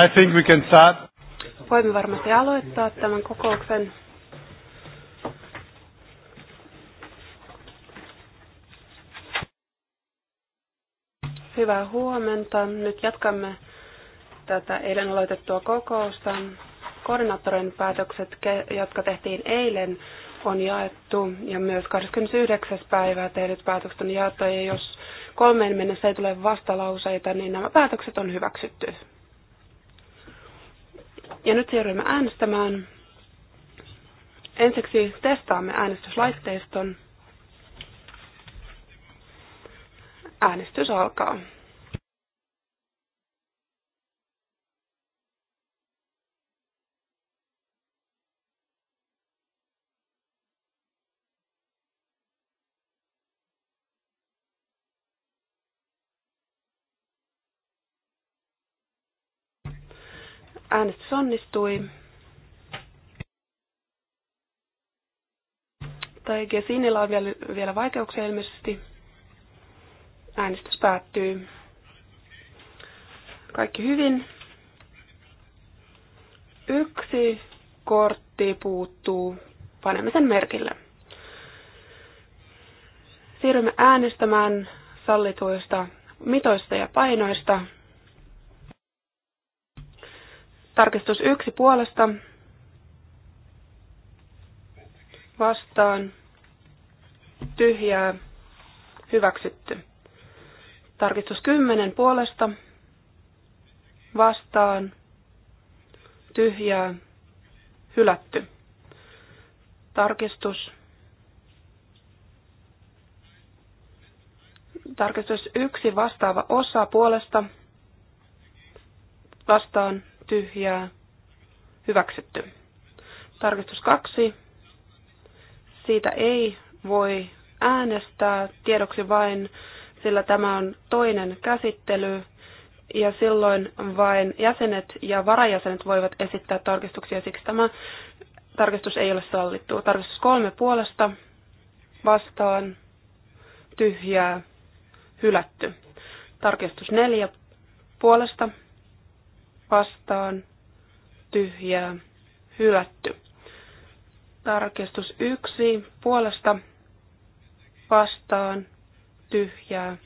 I think we can start. Voimme varmasti aloittaa tämän kokouksen. Hyvää huomenta. Nyt jatkamme tätä eilen aloitettua kokousta. Koordinaattorin päätökset, jotka tehtiin eilen, on jaettu ja myös 29. päivää tehdyt päätökset on jaettu ja jos kolmeen mennessä ei tule vastalauseita, niin nämä päätökset on hyväksytty. Ja nyt siirrymme äänestämään. Ensiksi testaamme äänestyslaitteiston. Äänestys alkaa. Äänestys onnistui. Tai Gesinillä on vielä, vielä vaikeuksia ilmeisesti. Äänestys päättyy. Kaikki hyvin. Yksi kortti puuttuu. Panemme sen merkille. Siirrymme äänestämään sallituista mitoista ja painoista. Tarkistus yksi puolesta vastaan tyhjää hyväksytty. Tarkistus kymmenen puolesta vastaan tyhjää hylätty. Tarkistus tarkistus yksi vastaava osa puolesta vastaan tyhjää, hyväksytty. Tarkistus kaksi. Siitä ei voi äänestää tiedoksi vain, sillä tämä on toinen käsittely ja silloin vain jäsenet ja varajäsenet voivat esittää tarkistuksia, siksi tämä tarkistus ei ole sallittu. Tarkistus kolme puolesta vastaan tyhjää hylätty. Tarkistus neljä puolesta vastaan tyhjää hylätty. Tarkistus 1 puolesta vastaan tyhjää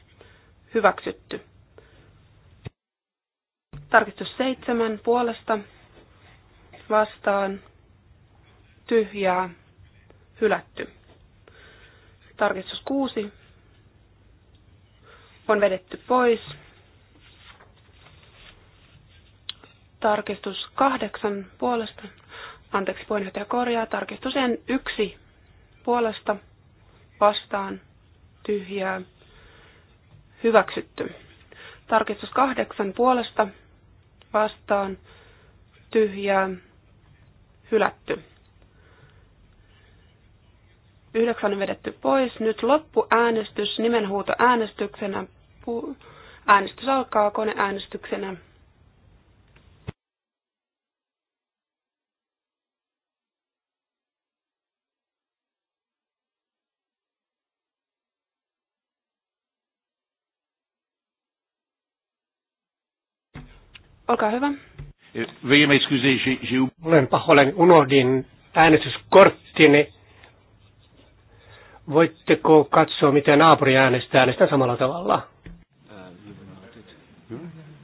hyväksytty. Tarkistus 7 puolesta vastaan tyhjää hylätty. Tarkistus 6 on vedetty pois. Tarkistus kahdeksan puolesta. Anteeksi, puheenjohtaja korjaa. Tarkistus en yksi puolesta vastaan tyhjää hyväksytty. Tarkistus kahdeksan puolesta vastaan tyhjää hylätty. Yhdeksän on vedetty pois. Nyt loppuäänestys äänestyksenä. Äänestys alkaa koneäänestyksenä. Olkaa hyvä. Olen pahoillani, unohdin äänestyskorttini. Voitteko katsoa, miten naapuri äänestää? Äänestää samalla tavalla.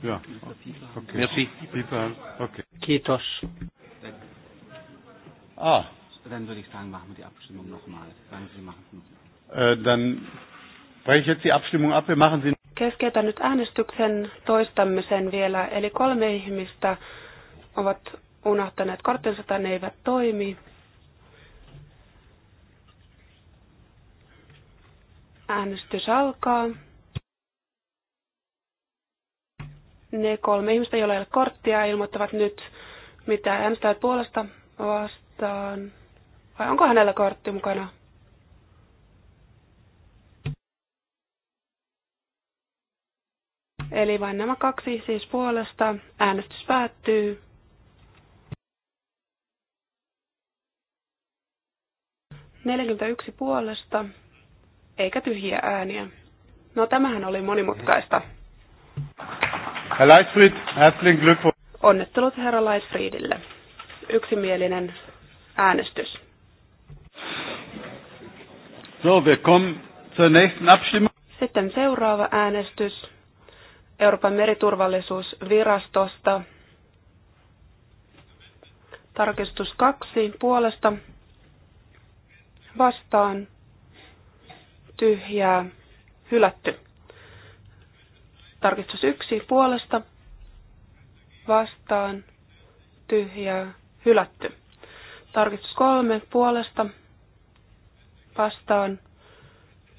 Yeah. Kiitos. Ah. Dann würde ich sagen, machen wir die Abstimmung nochmal. Äh, dann breche ich jetzt die Abstimmung ab. Wir machen sie. Keskeytän nyt äänestyksen, toistamme sen vielä. Eli kolme ihmistä ovat unohtaneet korttinsa tai ne eivät toimi. Äänestys alkaa. Ne kolme ihmistä, joilla ei ole korttia, ilmoittavat nyt, mitä äänestävät puolesta vastaan. Vai onko hänellä kortti mukana? Eli vain nämä kaksi siis puolesta. Äänestys päättyy. yksi puolesta, eikä tyhjiä ääniä. No tämähän oli monimutkaista. Herr Onnittelut herra Lightfriedille. Yksimielinen äänestys. So, wir kommen zur nächsten Abstimmung. Sitten seuraava äänestys. Euroopan meriturvallisuusvirastosta. Tarkistus kaksi puolesta vastaan tyhjää hylätty. Tarkistus yksi puolesta vastaan tyhjää hylätty. Tarkistus kolme puolesta vastaan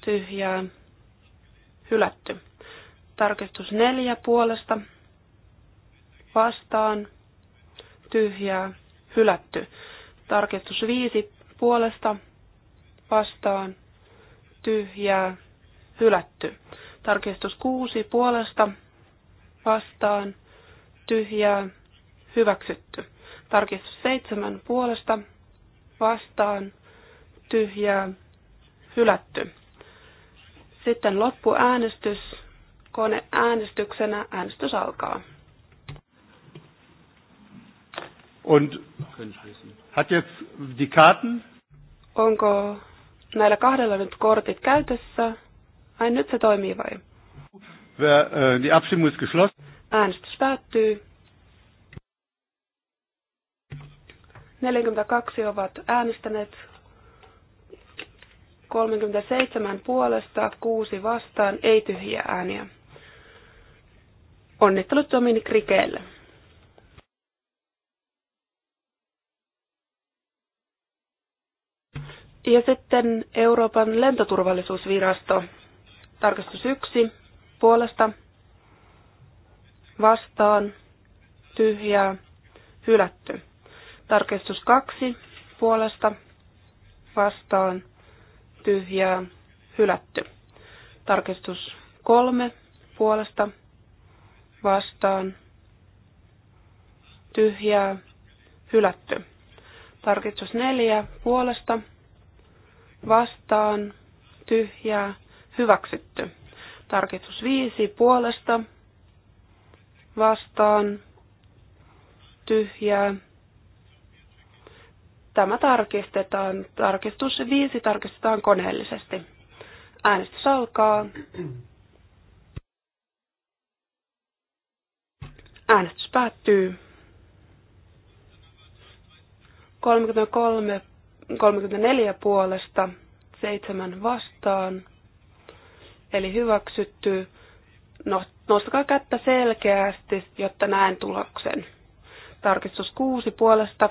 tyhjää hylätty. Tarkistus neljä puolesta vastaan tyhjää hylätty. Tarkistus viisi puolesta vastaan tyhjää hylätty. Tarkistus kuusi puolesta vastaan tyhjää hyväksytty. Tarkistus seitsemän puolesta vastaan tyhjää hylätty. Sitten loppuäänestys koneäänestyksenä. Äänestys alkaa. Und hat jetzt die Karten? Onko näillä kahdella nyt kortit käytössä? Ai nyt se toimii vai? Wer, äh, die Abstimmung ist geschlossen. Äänestys päättyy. 42 ovat äänestäneet 37 puolesta, 6 vastaan, ei tyhjiä ääniä. Onnittelut Dominik Rikeelle. Ja sitten Euroopan lentoturvallisuusvirasto, tarkastus 1, puolesta, vastaan, tyhjää, hylätty. Tarkistus 2, puolesta, vastaan, tyhjää, hylätty. Tarkistus 3, puolesta, vastaan tyhjää hylätty. Tarkistus neljä puolesta vastaan tyhjää hyväksytty. Tarkistus viisi puolesta vastaan tyhjää. Tämä tarkistetaan. Tarkistus viisi tarkistetaan koneellisesti. Äänestys alkaa. Äänestys päättyy. 33, 34 puolesta, 7 vastaan, eli hyväksytty. No, nostakaa kättä selkeästi, jotta näen tuloksen. Tarkistus 6 puolesta,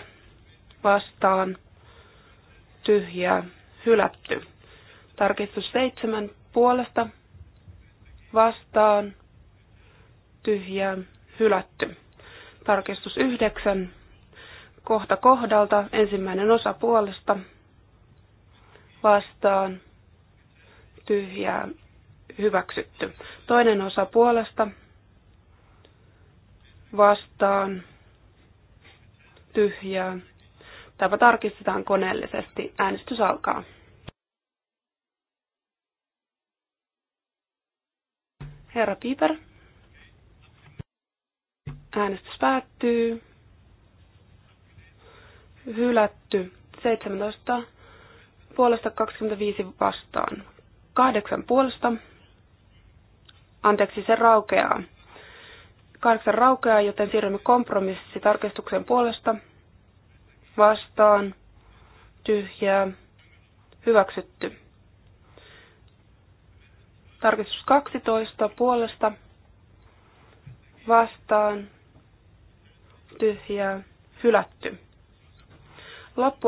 vastaan, tyhjää, hylätty. Tarkistus 7 puolesta, vastaan, tyhjää, hylätty. Tarkistus 9. Kohta kohdalta ensimmäinen osa puolesta vastaan tyhjää hyväksytty. Toinen osa puolesta vastaan tyhjää. Tämä tarkistetaan koneellisesti. Äänestys alkaa. Herra Piper. Äänestys päättyy. Hylätty 17 puolesta 25 vastaan. 8 puolesta. Anteeksi, se raukeaa. 8 raukeaa, joten siirrymme kompromissi tarkistuksen puolesta. Vastaan. Tyhjää. Hyväksytty. Tarkistus 12 puolesta vastaan ja hylätty.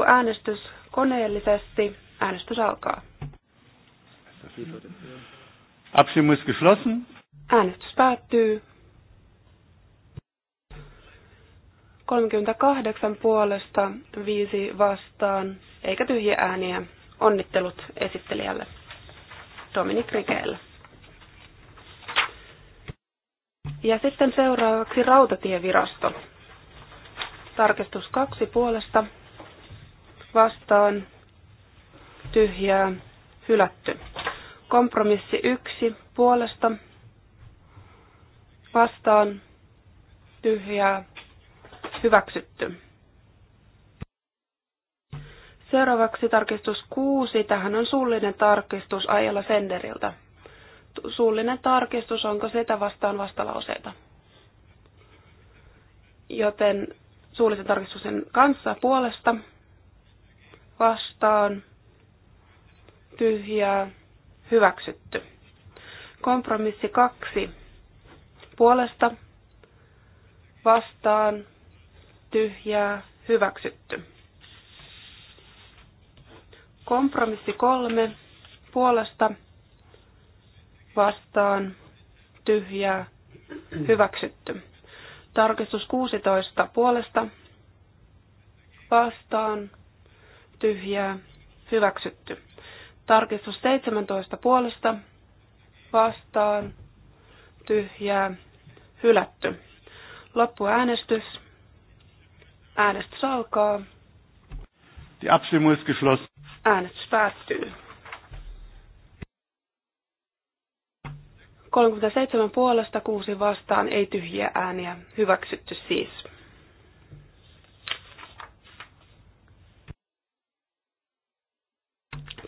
äänestys koneellisesti. Äänestys alkaa. Abstimmung ist geschlossen. Äänestys päättyy. 38 puolesta, 5 vastaan, eikä tyhjiä ääniä. Onnittelut esittelijälle Dominik Rikeelle. Ja sitten seuraavaksi Rautatievirasto. Tarkistus kaksi puolesta vastaan tyhjää hylätty. Kompromissi yksi puolesta vastaan tyhjää hyväksytty. Seuraavaksi tarkistus kuusi. Tähän on suullinen tarkistus Aijalla Senderiltä. Suullinen tarkistus, onko sitä vastaan vastalauseita? Joten suullisen tarkistuksen kanssa puolesta vastaan tyhjää hyväksytty. Kompromissi kaksi puolesta vastaan tyhjää hyväksytty. Kompromissi kolme puolesta vastaan tyhjää hyväksytty. Tarkistus 16 puolesta vastaan tyhjää hyväksytty. Tarkistus 17 puolesta vastaan tyhjää hylätty. Loppuäänestys. Äänestys alkaa. Die Abstimmung ist geschlossen. Äänestys päättyy. 37 puolesta, 6 vastaan, ei tyhjiä ääniä. Hyväksytty siis.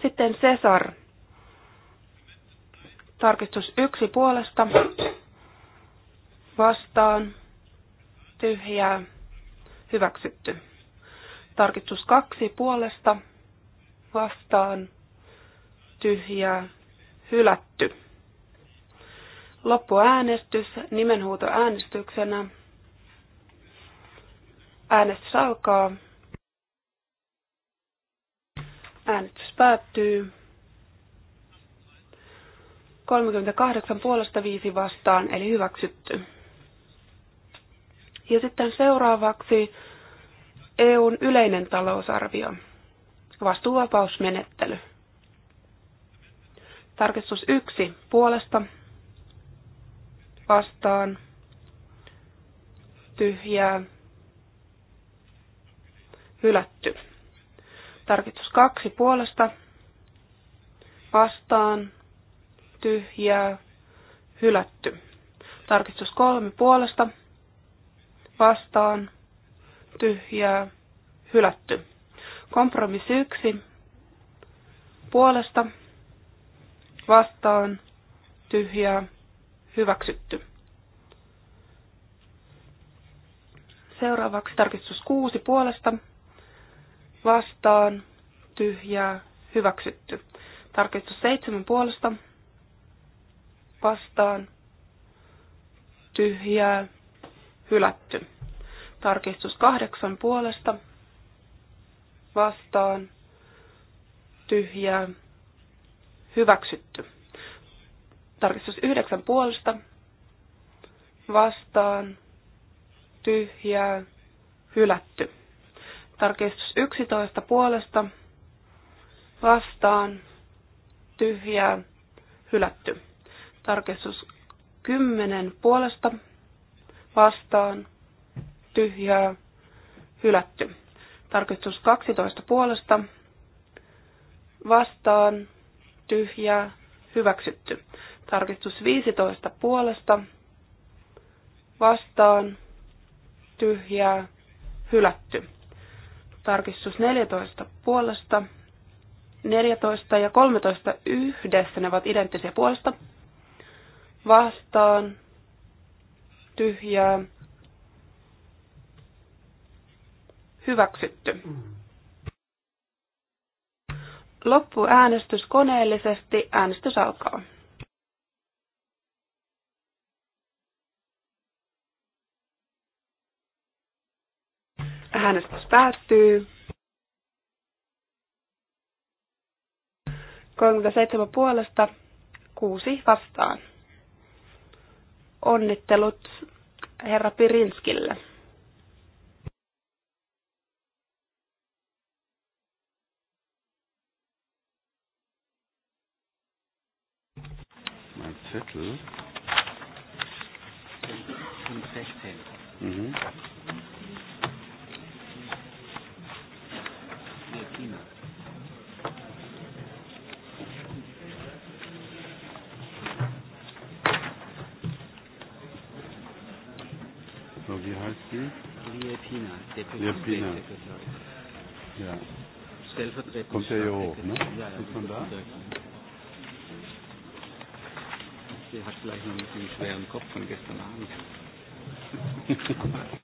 Sitten Cesar. Tarkistus yksi puolesta. Vastaan. Tyhjää. Hyväksytty. Tarkistus kaksi puolesta. Vastaan. Tyhjää. Hylätty. Loppuäänestys nimenhuutoäänestyksenä. Äänestys alkaa. Äänestys päättyy. 38 puolesta 5 vastaan, eli hyväksytty. Ja sitten seuraavaksi EUn yleinen talousarvio. Vastuuvapausmenettely. Tarkistus 1 puolesta vastaan tyhjää hylätty. Tarkistus kaksi puolesta vastaan tyhjää hylätty. Tarkistus kolme puolesta vastaan tyhjää hylätty. Kompromissi yksi puolesta vastaan tyhjää hyväksytty. Seuraavaksi tarkistus kuusi puolesta vastaan tyhjää hyväksytty. Tarkistus seitsemän puolesta vastaan tyhjää hylätty. Tarkistus kahdeksan puolesta vastaan tyhjää hyväksytty. Tarkistus yhdeksän puolesta vastaan tyhjää hylätty. Tarkistus 11 puolesta vastaan tyhjää hylätty. Tarkistus 10 puolesta vastaan tyhjää hylätty. Tarkistus 12 puolesta vastaan tyhjää hyväksytty. Tarkistus 15 puolesta vastaan tyhjää hylätty. Tarkistus 14 puolesta 14 ja 13 yhdessä ne ovat identtisiä puolesta vastaan tyhjää hyväksytty. Loppu äänestys koneellisesti. Äänestys alkaa. Äänestys päättyy. 37 puolesta, 6 vastaan. Onnittelut herra Pirinskille. Mein Zettel. 16. Mhm. So, wie heißt sie? Liepina, Liepina. Ja. Stellvertretend. Kommt ja hier hoch, ne? Ja, ja. Ist man da? Sie hat vielleicht noch ein bisschen schweren Kopf von gestern Abend.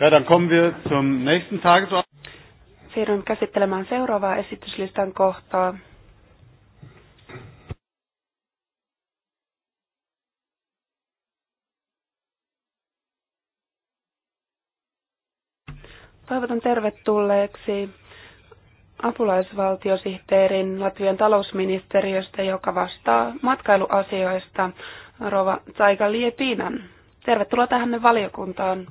Ja, dann kommen wir zum nächsten Siirryn käsittelemään seuraavaa esityslistan kohtaa. Toivotan tervetulleeksi apulaisvaltiosihteerin Latvian talousministeriöstä, joka vastaa matkailuasioista, Rova Zaika Liepinan. Tervetuloa tähän valiokuntaan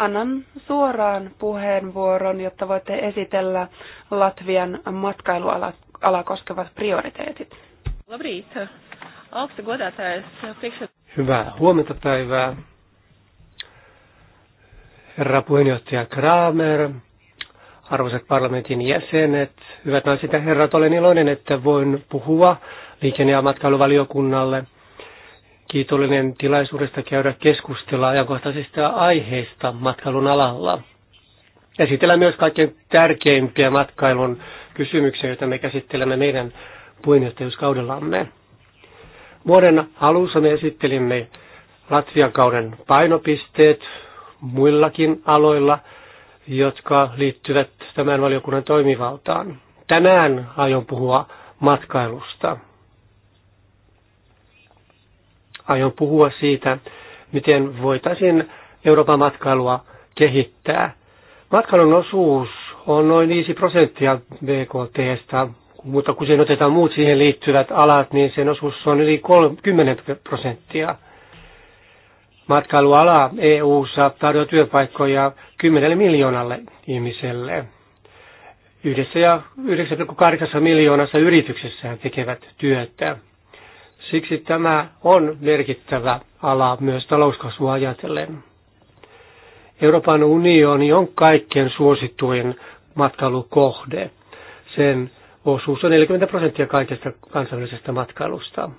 annan suoraan puheenvuoron, jotta voitte esitellä Latvian matkailuala koskevat prioriteetit. Hyvää huomenta päivää. Herra puheenjohtaja Kramer, arvoisat parlamentin jäsenet, hyvät naiset ja herrat, olen iloinen, että voin puhua liikenne- ja matkailuvaliokunnalle – kiitollinen tilaisuudesta käydä keskustella ajankohtaisista aiheista matkailun alalla. Esitellään myös kaikkein tärkeimpiä matkailun kysymyksiä, joita me käsittelemme meidän puheenjohtajuuskaudellamme. Vuoden alussa me esittelimme Latvian kauden painopisteet muillakin aloilla, jotka liittyvät tämän valiokunnan toimivaltaan. Tänään aion puhua matkailusta aion puhua siitä, miten voitaisiin Euroopan matkailua kehittää. Matkailun osuus on noin 5 prosenttia BKTstä, mutta kun siihen otetaan muut siihen liittyvät alat, niin sen osuus on yli 30 prosenttia. Matkailuala EU-ssa tarjoaa työpaikkoja 10 miljoonalle ihmiselle. Yhdessä ja 9,8 miljoonassa yrityksessä tekevät työtä. Siksi tämä on merkittävä ala myös talouskasvua ajatellen. Euroopan unioni on kaikkien suosituin matkailukohde. Sen osuus on 40 prosenttia kaikesta kansainvälisestä matkailusta.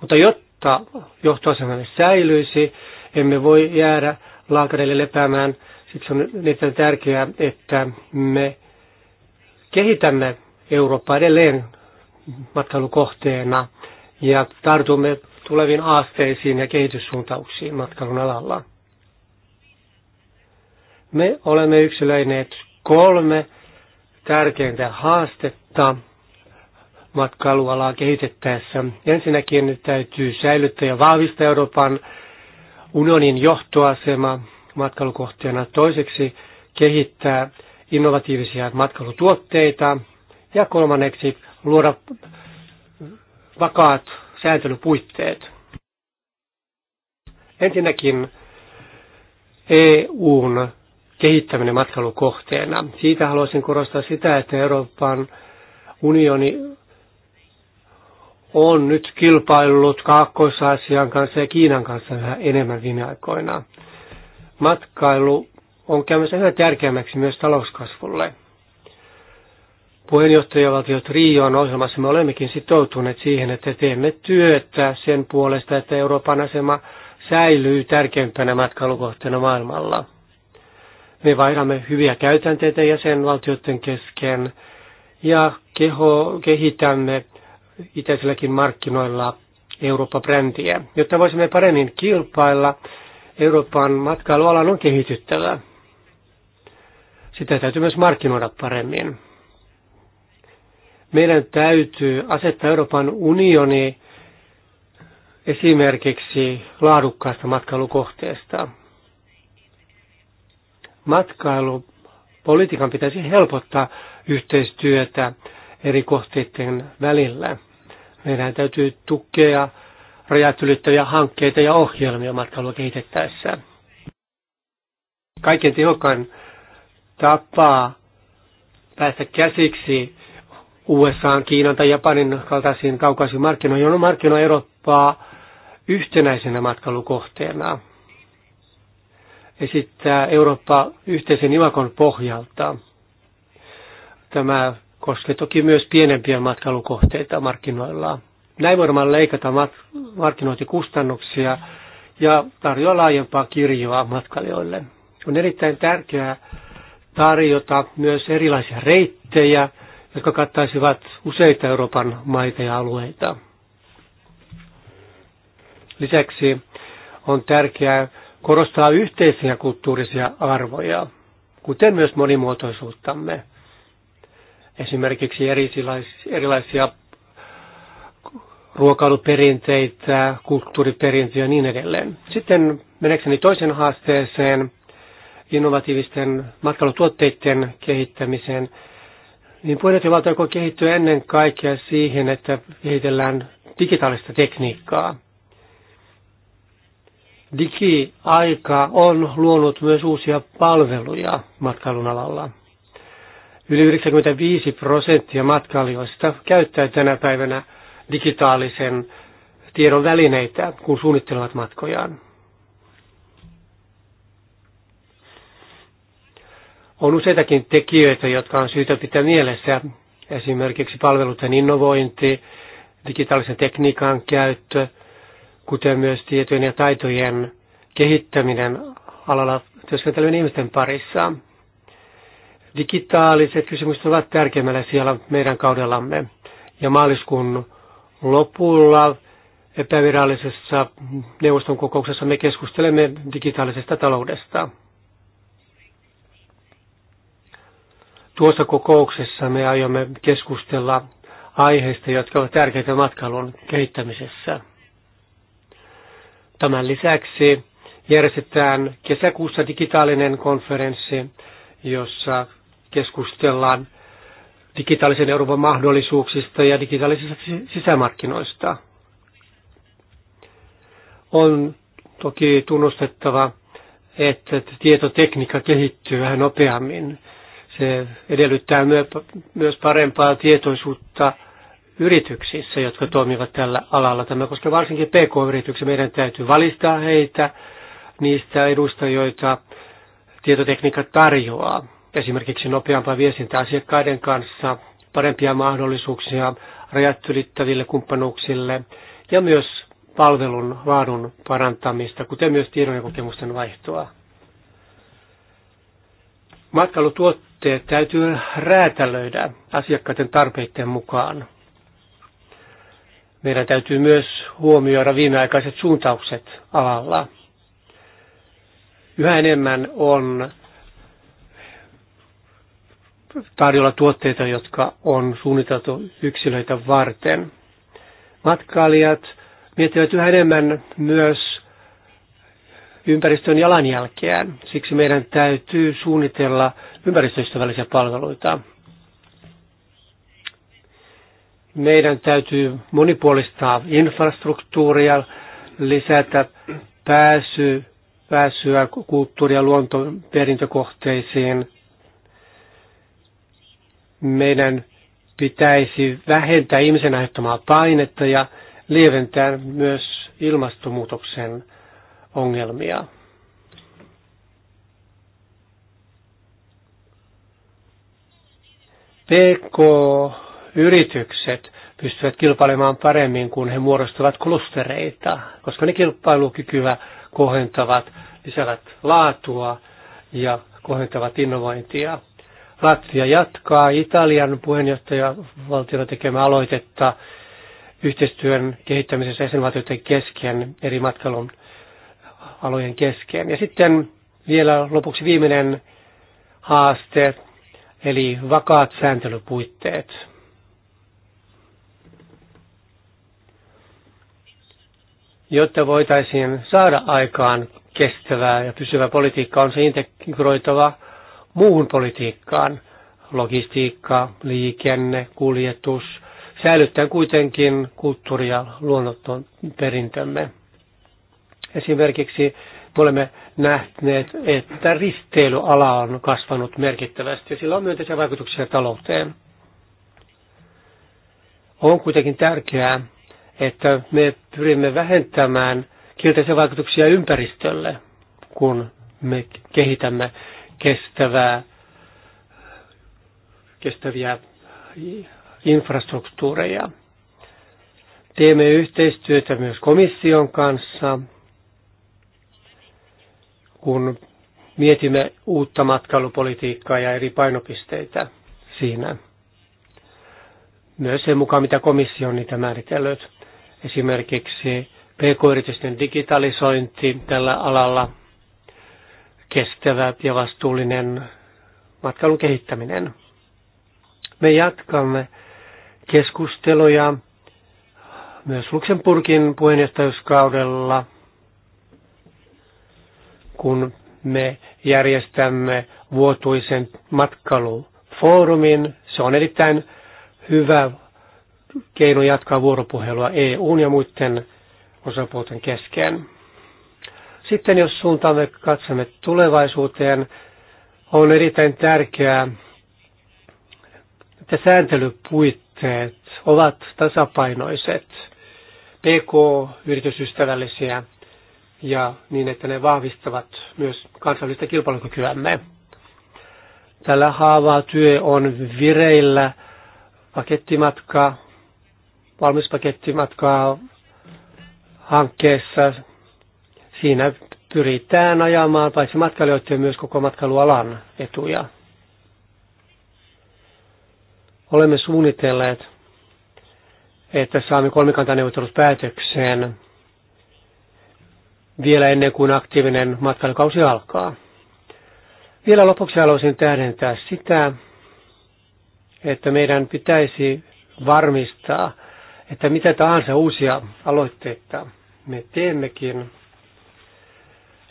Mutta jotta johtoasemamme säilyisi, emme voi jäädä laakareille lepäämään. Siksi on erittäin tärkeää, että me kehitämme Eurooppaa edelleen matkailukohteena ja tartumme tuleviin aasteisiin ja kehityssuuntauksiin matkailun alalla. Me olemme yksilöineet kolme tärkeintä haastetta matkailualaa kehitettäessä. Ensinnäkin täytyy säilyttää ja vahvistaa Euroopan unionin johtoasema matkailukohteena. Toiseksi kehittää innovatiivisia matkailutuotteita. Ja kolmanneksi luoda vakaat sääntelypuitteet. Ensinnäkin EUn kehittäminen matkailukohteena. Siitä haluaisin korostaa sitä, että Euroopan unioni on nyt kilpaillut Kaakkois-Aasian kanssa ja Kiinan kanssa yhä enemmän viime aikoina. Matkailu on käymässä yhä tärkeämmäksi myös talouskasvulle puheenjohtajavaltiot Rion ohjelmassa me olemmekin sitoutuneet siihen, että teemme työtä sen puolesta, että Euroopan asema säilyy tärkeimpänä matkailukohteena maailmalla. Me vaihdamme hyviä käytänteitä jäsenvaltioiden kesken ja keho, kehitämme itäisilläkin markkinoilla Eurooppa-brändiä, jotta voisimme paremmin kilpailla. Euroopan matkailualan on kehityttävä. Sitä täytyy myös markkinoida paremmin. Meidän täytyy asettaa Euroopan unioni esimerkiksi laadukkaasta matkailukohteesta. Matkailupolitiikan pitäisi helpottaa yhteistyötä eri kohteiden välillä. Meidän täytyy tukea rajat ylittäviä hankkeita ja ohjelmia matkailua kehitettäessä. Kaiken tehokkain tapa päästä käsiksi USA, Kiinan tai Japanin kaltaisiin kaukaisiin markkinoihin, jolloin markkino Eurooppaa yhtenäisenä matkailukohteena. Esittää Eurooppa yhteisen imakon pohjalta. Tämä koskee toki myös pienempiä matkailukohteita markkinoilla. Näin voidaan leikata mat- markkinointikustannuksia ja tarjoaa laajempaa kirjoa matkailijoille. On erittäin tärkeää tarjota myös erilaisia reittejä, jotka kattaisivat useita Euroopan maita ja alueita. Lisäksi on tärkeää korostaa yhteisiä kulttuurisia arvoja, kuten myös monimuotoisuuttamme. Esimerkiksi erilaisia ruokailuperinteitä, kulttuuriperintöjä ja niin edelleen. Sitten menekseni toisen haasteeseen, innovatiivisten matkailutuotteiden kehittämiseen – niin budjettivalta alkoi kehittyä ennen kaikkea siihen, että kehitellään digitaalista tekniikkaa. Digi-aika on luonut myös uusia palveluja matkailun alalla. Yli 95 prosenttia matkailijoista käyttää tänä päivänä digitaalisen tiedon välineitä, kun suunnittelevat matkojaan. On useitakin tekijöitä, jotka on syytä pitää mielessä, esimerkiksi palveluiden innovointi, digitaalisen tekniikan käyttö, kuten myös tietojen ja taitojen kehittäminen alalla työskentelevien ihmisten parissa. Digitaaliset kysymykset ovat tärkeimmällä siellä meidän kaudellamme. Ja maaliskuun lopulla epävirallisessa neuvoston kokouksessa me keskustelemme digitaalisesta taloudesta. Tuossa kokouksessa me aiomme keskustella aiheista, jotka ovat tärkeitä matkailun kehittämisessä. Tämän lisäksi järjestetään kesäkuussa digitaalinen konferenssi, jossa keskustellaan digitaalisen Euroopan mahdollisuuksista ja digitaalisista sisämarkkinoista. On toki tunnustettava, että tietotekniikka kehittyy vähän nopeammin se edellyttää myös parempaa tietoisuutta yrityksissä, jotka toimivat tällä alalla. Tämä koskee varsinkin PK-yrityksiä. Meidän täytyy valistaa heitä niistä edusta, joita tietotekniikka tarjoaa. Esimerkiksi nopeampaa viestintää asiakkaiden kanssa, parempia mahdollisuuksia rajat ylittäville kumppanuuksille ja myös palvelun laadun parantamista, kuten myös tiedon ja kokemusten vaihtoa. Matkailutuotteet täytyy räätälöidä asiakkaiden tarpeiden mukaan. Meidän täytyy myös huomioida viimeaikaiset suuntaukset alalla. Yhä enemmän on tarjolla tuotteita, jotka on suunniteltu yksilöitä varten. Matkailijat miettivät yhä enemmän myös ympäristön jalanjälkeään. Siksi meidän täytyy suunnitella ympäristöystävällisiä palveluita. Meidän täytyy monipuolistaa infrastruktuuria, lisätä pääsy, pääsyä kulttuuri- ja luontoperintökohteisiin. Meidän pitäisi vähentää ihmisen aiheuttamaa painetta ja lieventää myös ilmastonmuutoksen ongelmia. PK-yritykset pystyvät kilpailemaan paremmin, kun he muodostavat klustereita, koska ne kilpailukykyä kohentavat, lisäävät laatua ja kohentavat innovointia. Latvia jatkaa Italian puheenjohtajavaltiona tekemää aloitetta yhteistyön kehittämisessä jäsenvaltioiden kesken eri matkailun alojen kesken. Ja sitten vielä lopuksi viimeinen haaste, eli vakaat sääntelypuitteet. Jotta voitaisiin saada aikaan kestävää ja pysyvää politiikkaa, on se integroitava muuhun politiikkaan, logistiikka, liikenne, kuljetus, säilyttäen kuitenkin kulttuuri- ja luonnoton perintömme. Esimerkiksi me olemme nähneet, että risteilyala on kasvanut merkittävästi ja sillä on myönteisiä vaikutuksia talouteen. On kuitenkin tärkeää, että me pyrimme vähentämään kielteisiä vaikutuksia ympäristölle, kun me kehitämme kestävää, kestäviä infrastruktuureja. Teemme yhteistyötä myös komission kanssa kun mietimme uutta matkailupolitiikkaa ja eri painopisteitä siinä. Myös sen mukaan, mitä komissio on niitä määritellyt. Esimerkiksi pk-yritysten digitalisointi tällä alalla, kestävä ja vastuullinen matkailun kehittäminen. Me jatkamme keskusteluja myös Luxemburgin puheenjohtajuuskaudella – kun me järjestämme vuotuisen matkailufoorumin. Se on erittäin hyvä keino jatkaa vuoropuhelua EUn ja muiden osapuolten kesken. Sitten jos suuntaamme katsomme tulevaisuuteen, on erittäin tärkeää, että sääntelypuitteet ovat tasapainoiset, pk-yritysystävällisiä ja niin, että ne vahvistavat myös kansallista kilpailukykyämme. Tällä haavaa työ on vireillä pakettimatka, valmis pakettimatka hankkeessa. Siinä pyritään ajamaan paitsi matkailijoiden myös koko matkailualan etuja. Olemme suunnitelleet, että saamme kolmikantaneuvottelut päätökseen vielä ennen kuin aktiivinen matkailukausi alkaa. Vielä lopuksi haluaisin tähdentää sitä, että meidän pitäisi varmistaa, että mitä tahansa uusia aloitteita me teemmekin,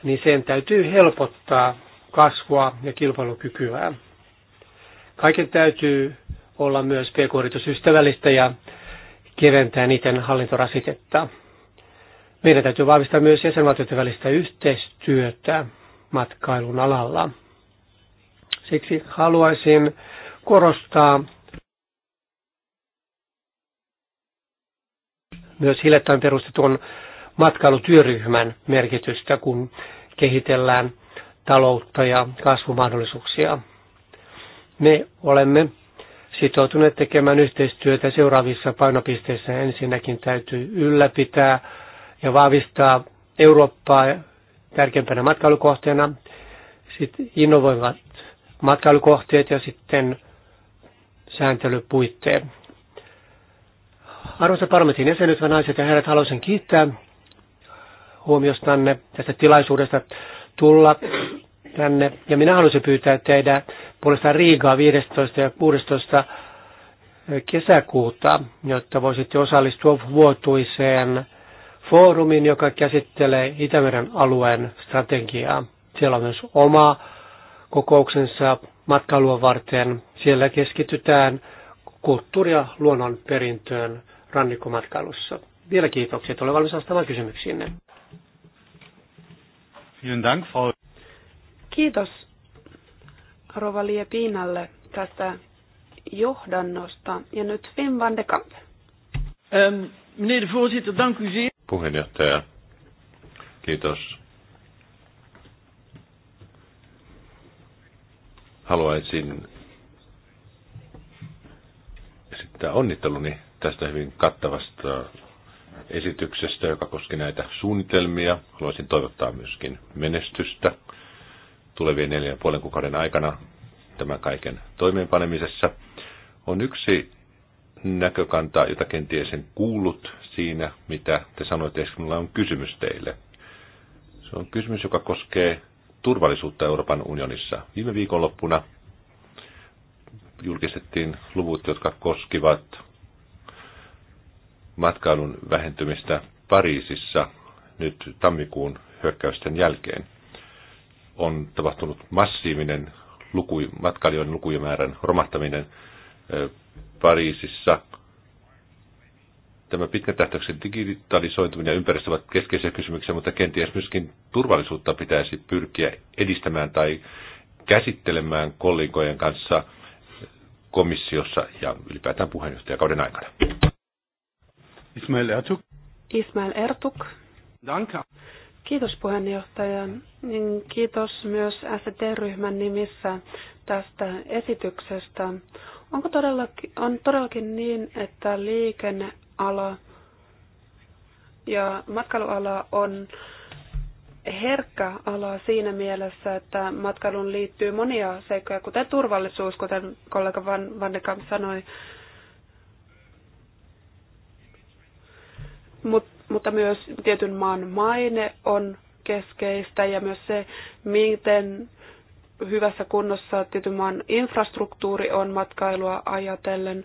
niin sen täytyy helpottaa kasvua ja kilpailukykyä. Kaiken täytyy olla myös pk ja keventää niiden hallintorasitetta. Meidän täytyy vahvistaa myös jäsenvaltioiden välistä yhteistyötä matkailun alalla. Siksi haluaisin korostaa myös hiljattain perustetun matkailutyöryhmän merkitystä, kun kehitellään taloutta ja kasvumahdollisuuksia. Me olemme sitoutuneet tekemään yhteistyötä seuraavissa painopisteissä. Ensinnäkin täytyy ylläpitää ja vahvistaa Eurooppaa tärkeimpänä matkailukohteena. Sitten innovoivat matkailukohteet ja sitten sääntelypuitteet. Arvoisa parlamentin jäsenet, naiset ja herrat, haluaisin kiittää huomiostanne tästä tilaisuudesta tulla tänne. Ja minä haluaisin pyytää teidän puolestaan Riigaa 15. ja 16. kesäkuuta, jotta voisitte osallistua vuotuiseen foorumin, joka käsittelee Itämeren alueen strategiaa. Siellä on myös oma kokouksensa matkailua varten. Siellä keskitytään kulttuuri- ja luonnonperintöön rannikkomatkailussa. Vielä kiitoksia, että olen valmis vastaamaan kysymyksiinne. Kiitos Rova Liepinalle tästä johdannosta. Ja nyt Wim van de Kamp. Um, meneer de voorzitter, dank u zeer puheenjohtaja. Kiitos. Haluaisin esittää onnitteluni tästä hyvin kattavasta esityksestä, joka koski näitä suunnitelmia. Haluaisin toivottaa myöskin menestystä tulevien neljän ja puolen kuukauden aikana tämän kaiken toimeenpanemisessa. On yksi näkökantaa, jota kenties en kuullut siinä, mitä te sanoitte, että minulla on kysymys teille. Se on kysymys, joka koskee turvallisuutta Euroopan unionissa. Viime viikonloppuna julkistettiin luvut, jotka koskivat matkailun vähentymistä Pariisissa nyt tammikuun hyökkäysten jälkeen. On tapahtunut massiivinen luku, matkailijoiden lukujen määrän romahtaminen Pariisissa. Tämä pitkän tähtäyksen digitalisoituminen ja ympäristö ovat keskeisiä kysymyksiä, mutta kenties myöskin turvallisuutta pitäisi pyrkiä edistämään tai käsittelemään kollegojen kanssa komissiossa ja ylipäätään puheenjohtajakauden aikana. Ismail Ertuk. Ismail Ertuk. Danke. Kiitos puheenjohtaja. Niin kiitos myös ST-ryhmän nimissä tästä esityksestä. Onko todellakin, on todellakin niin, että liikenneala ja matkailuala on herkkä ala siinä mielessä, että matkailuun liittyy monia seikkoja, kuten turvallisuus, kuten kollega Van, Van de Kamp sanoi. Mut, mutta myös tietyn maan maine on keskeistä ja myös se, miten hyvässä kunnossa tietyn maan infrastruktuuri on matkailua ajatellen.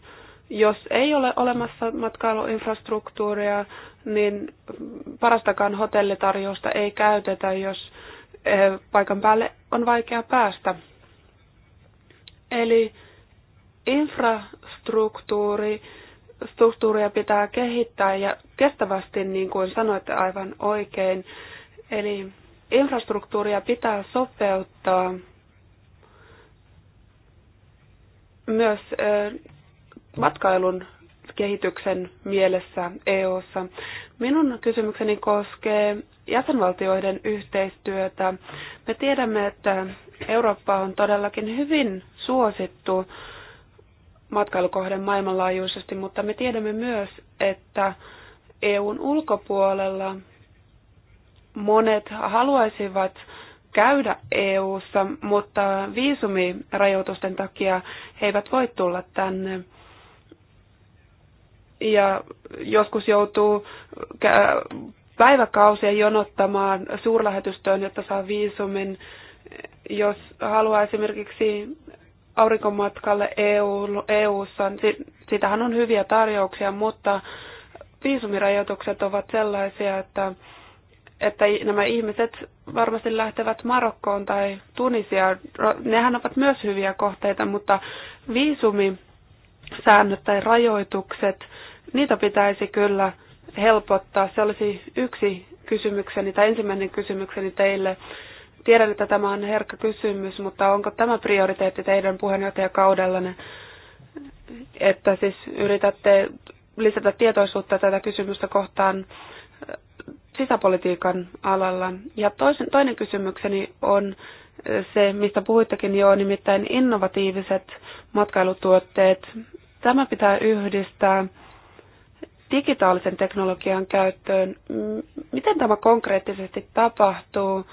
Jos ei ole olemassa matkailuinfrastruktuuria, niin parastakaan hotellitarjousta ei käytetä, jos eh, paikan päälle on vaikea päästä. Eli infrastruktuuri struktuuria pitää kehittää ja kestävästi, niin kuin sanoitte aivan oikein. Eli infrastruktuuria pitää sopeuttaa myös matkailun kehityksen mielessä EU:ssa. Minun kysymykseni koskee jäsenvaltioiden yhteistyötä. Me tiedämme, että Eurooppa on todellakin hyvin suosittu matkailukohde maailmanlaajuisesti, mutta me tiedämme myös, että EUn ulkopuolella monet haluaisivat käydä EU:ssa, mutta viisumirajoitusten takia he eivät voi tulla tänne. Ja joskus joutuu päiväkausia jonottamaan suurlähetystöön, jotta saa viisumin. Jos haluaa esimerkiksi aurinkomatkalle EU, ssa niin sitähän on hyviä tarjouksia, mutta viisumirajoitukset ovat sellaisia, että että nämä ihmiset varmasti lähtevät Marokkoon tai Tunisiaan. Nehän ovat myös hyviä kohteita, mutta viisumisäännöt tai rajoitukset, niitä pitäisi kyllä helpottaa. Se olisi yksi kysymykseni tai ensimmäinen kysymykseni teille. Tiedän, että tämä on herkkä kysymys, mutta onko tämä prioriteetti teidän puheenjohtajakaudellanne, että siis yritätte lisätä tietoisuutta tätä kysymystä kohtaan sisäpolitiikan alalla. Ja toisen, toinen kysymykseni on se, mistä puhuittekin jo, nimittäin innovatiiviset matkailutuotteet. Tämä pitää yhdistää digitaalisen teknologian käyttöön. Miten tämä konkreettisesti tapahtuu?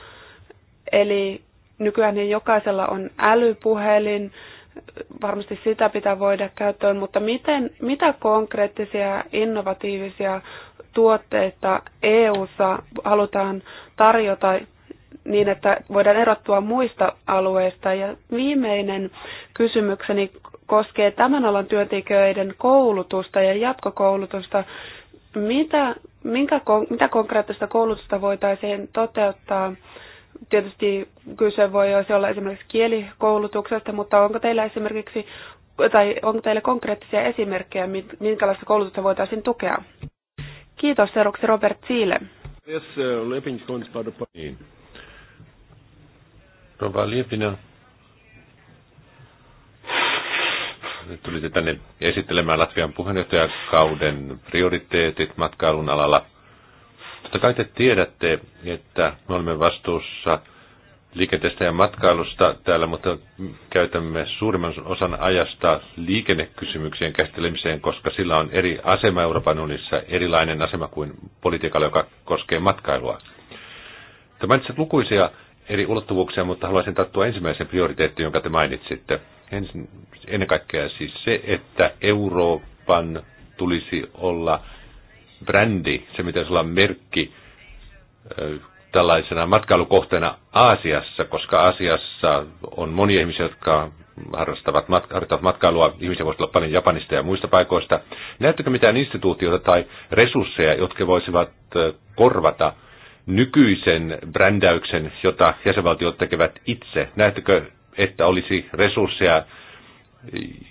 Eli nykyään jokaisella on älypuhelin, varmasti sitä pitää voida käyttöön, mutta miten, mitä konkreettisia innovatiivisia tuotteita EU:ssa halutaan tarjota niin, että voidaan erottua muista alueista. Ja viimeinen kysymykseni koskee tämän alan työntekijöiden koulutusta ja jatkokoulutusta. Mitä, minkä, mitä konkreettista koulutusta voitaisiin toteuttaa Tietysti kyse voi olla esimerkiksi kielikoulutuksesta, mutta onko teillä esimerkiksi tai onko teillä konkreettisia esimerkkejä, minkälaista koulutusta voitaisiin tukea? Kiitos seuraavaksi Robert Siile. Yes, uh, uh, niin. Rova Liepinen, tulitte tänne esittelemään Latvian puheenjohtajakauden prioriteetit matkailun alalla – Totta kai te tiedätte, että me olemme vastuussa liikenteestä ja matkailusta täällä, mutta käytämme suurimman osan ajasta liikennekysymyksien käsittelemiseen, koska sillä on eri asema Euroopan unissa, erilainen asema kuin politiikalla, joka koskee matkailua. Te mainitsit lukuisia eri ulottuvuuksia, mutta haluaisin tarttua ensimmäisen prioriteettiin, jonka te mainitsitte. Ensin, ennen kaikkea siis se, että Euroopan tulisi olla brändi, se mitä sulla on merkki tällaisena matkailukohteena Aasiassa, koska Aasiassa on moni ihmisiä, jotka harrastavat, matka- harrastavat matkailua, ihmisiä voisi olla paljon Japanista ja muista paikoista. Näyttäkö mitään instituutioita tai resursseja, jotka voisivat korvata nykyisen brändäyksen, jota jäsenvaltiot tekevät itse? Näyttäkö, että olisi resursseja,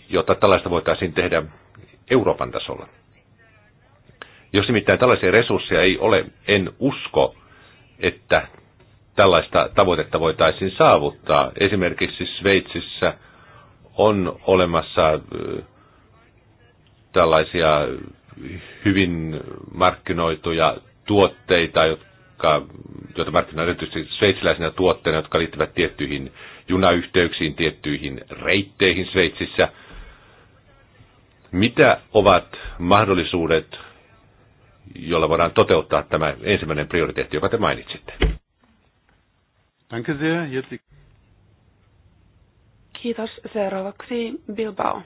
jota tällaista voitaisiin tehdä Euroopan tasolla? Jos nimittäin tällaisia resursseja ei ole, en usko, että tällaista tavoitetta voitaisiin saavuttaa. Esimerkiksi Sveitsissä on olemassa tällaisia hyvin markkinoituja tuotteita, jotka, joita markkinoidaan erityisesti sveitsiläisinä tuotteina, jotka liittyvät tiettyihin junayhteyksiin, tiettyihin reitteihin Sveitsissä. Mitä ovat mahdollisuudet jolla voidaan toteuttaa tämä ensimmäinen prioriteetti, joka te mainitsitte. Kiitos. Seuraavaksi Bilbao.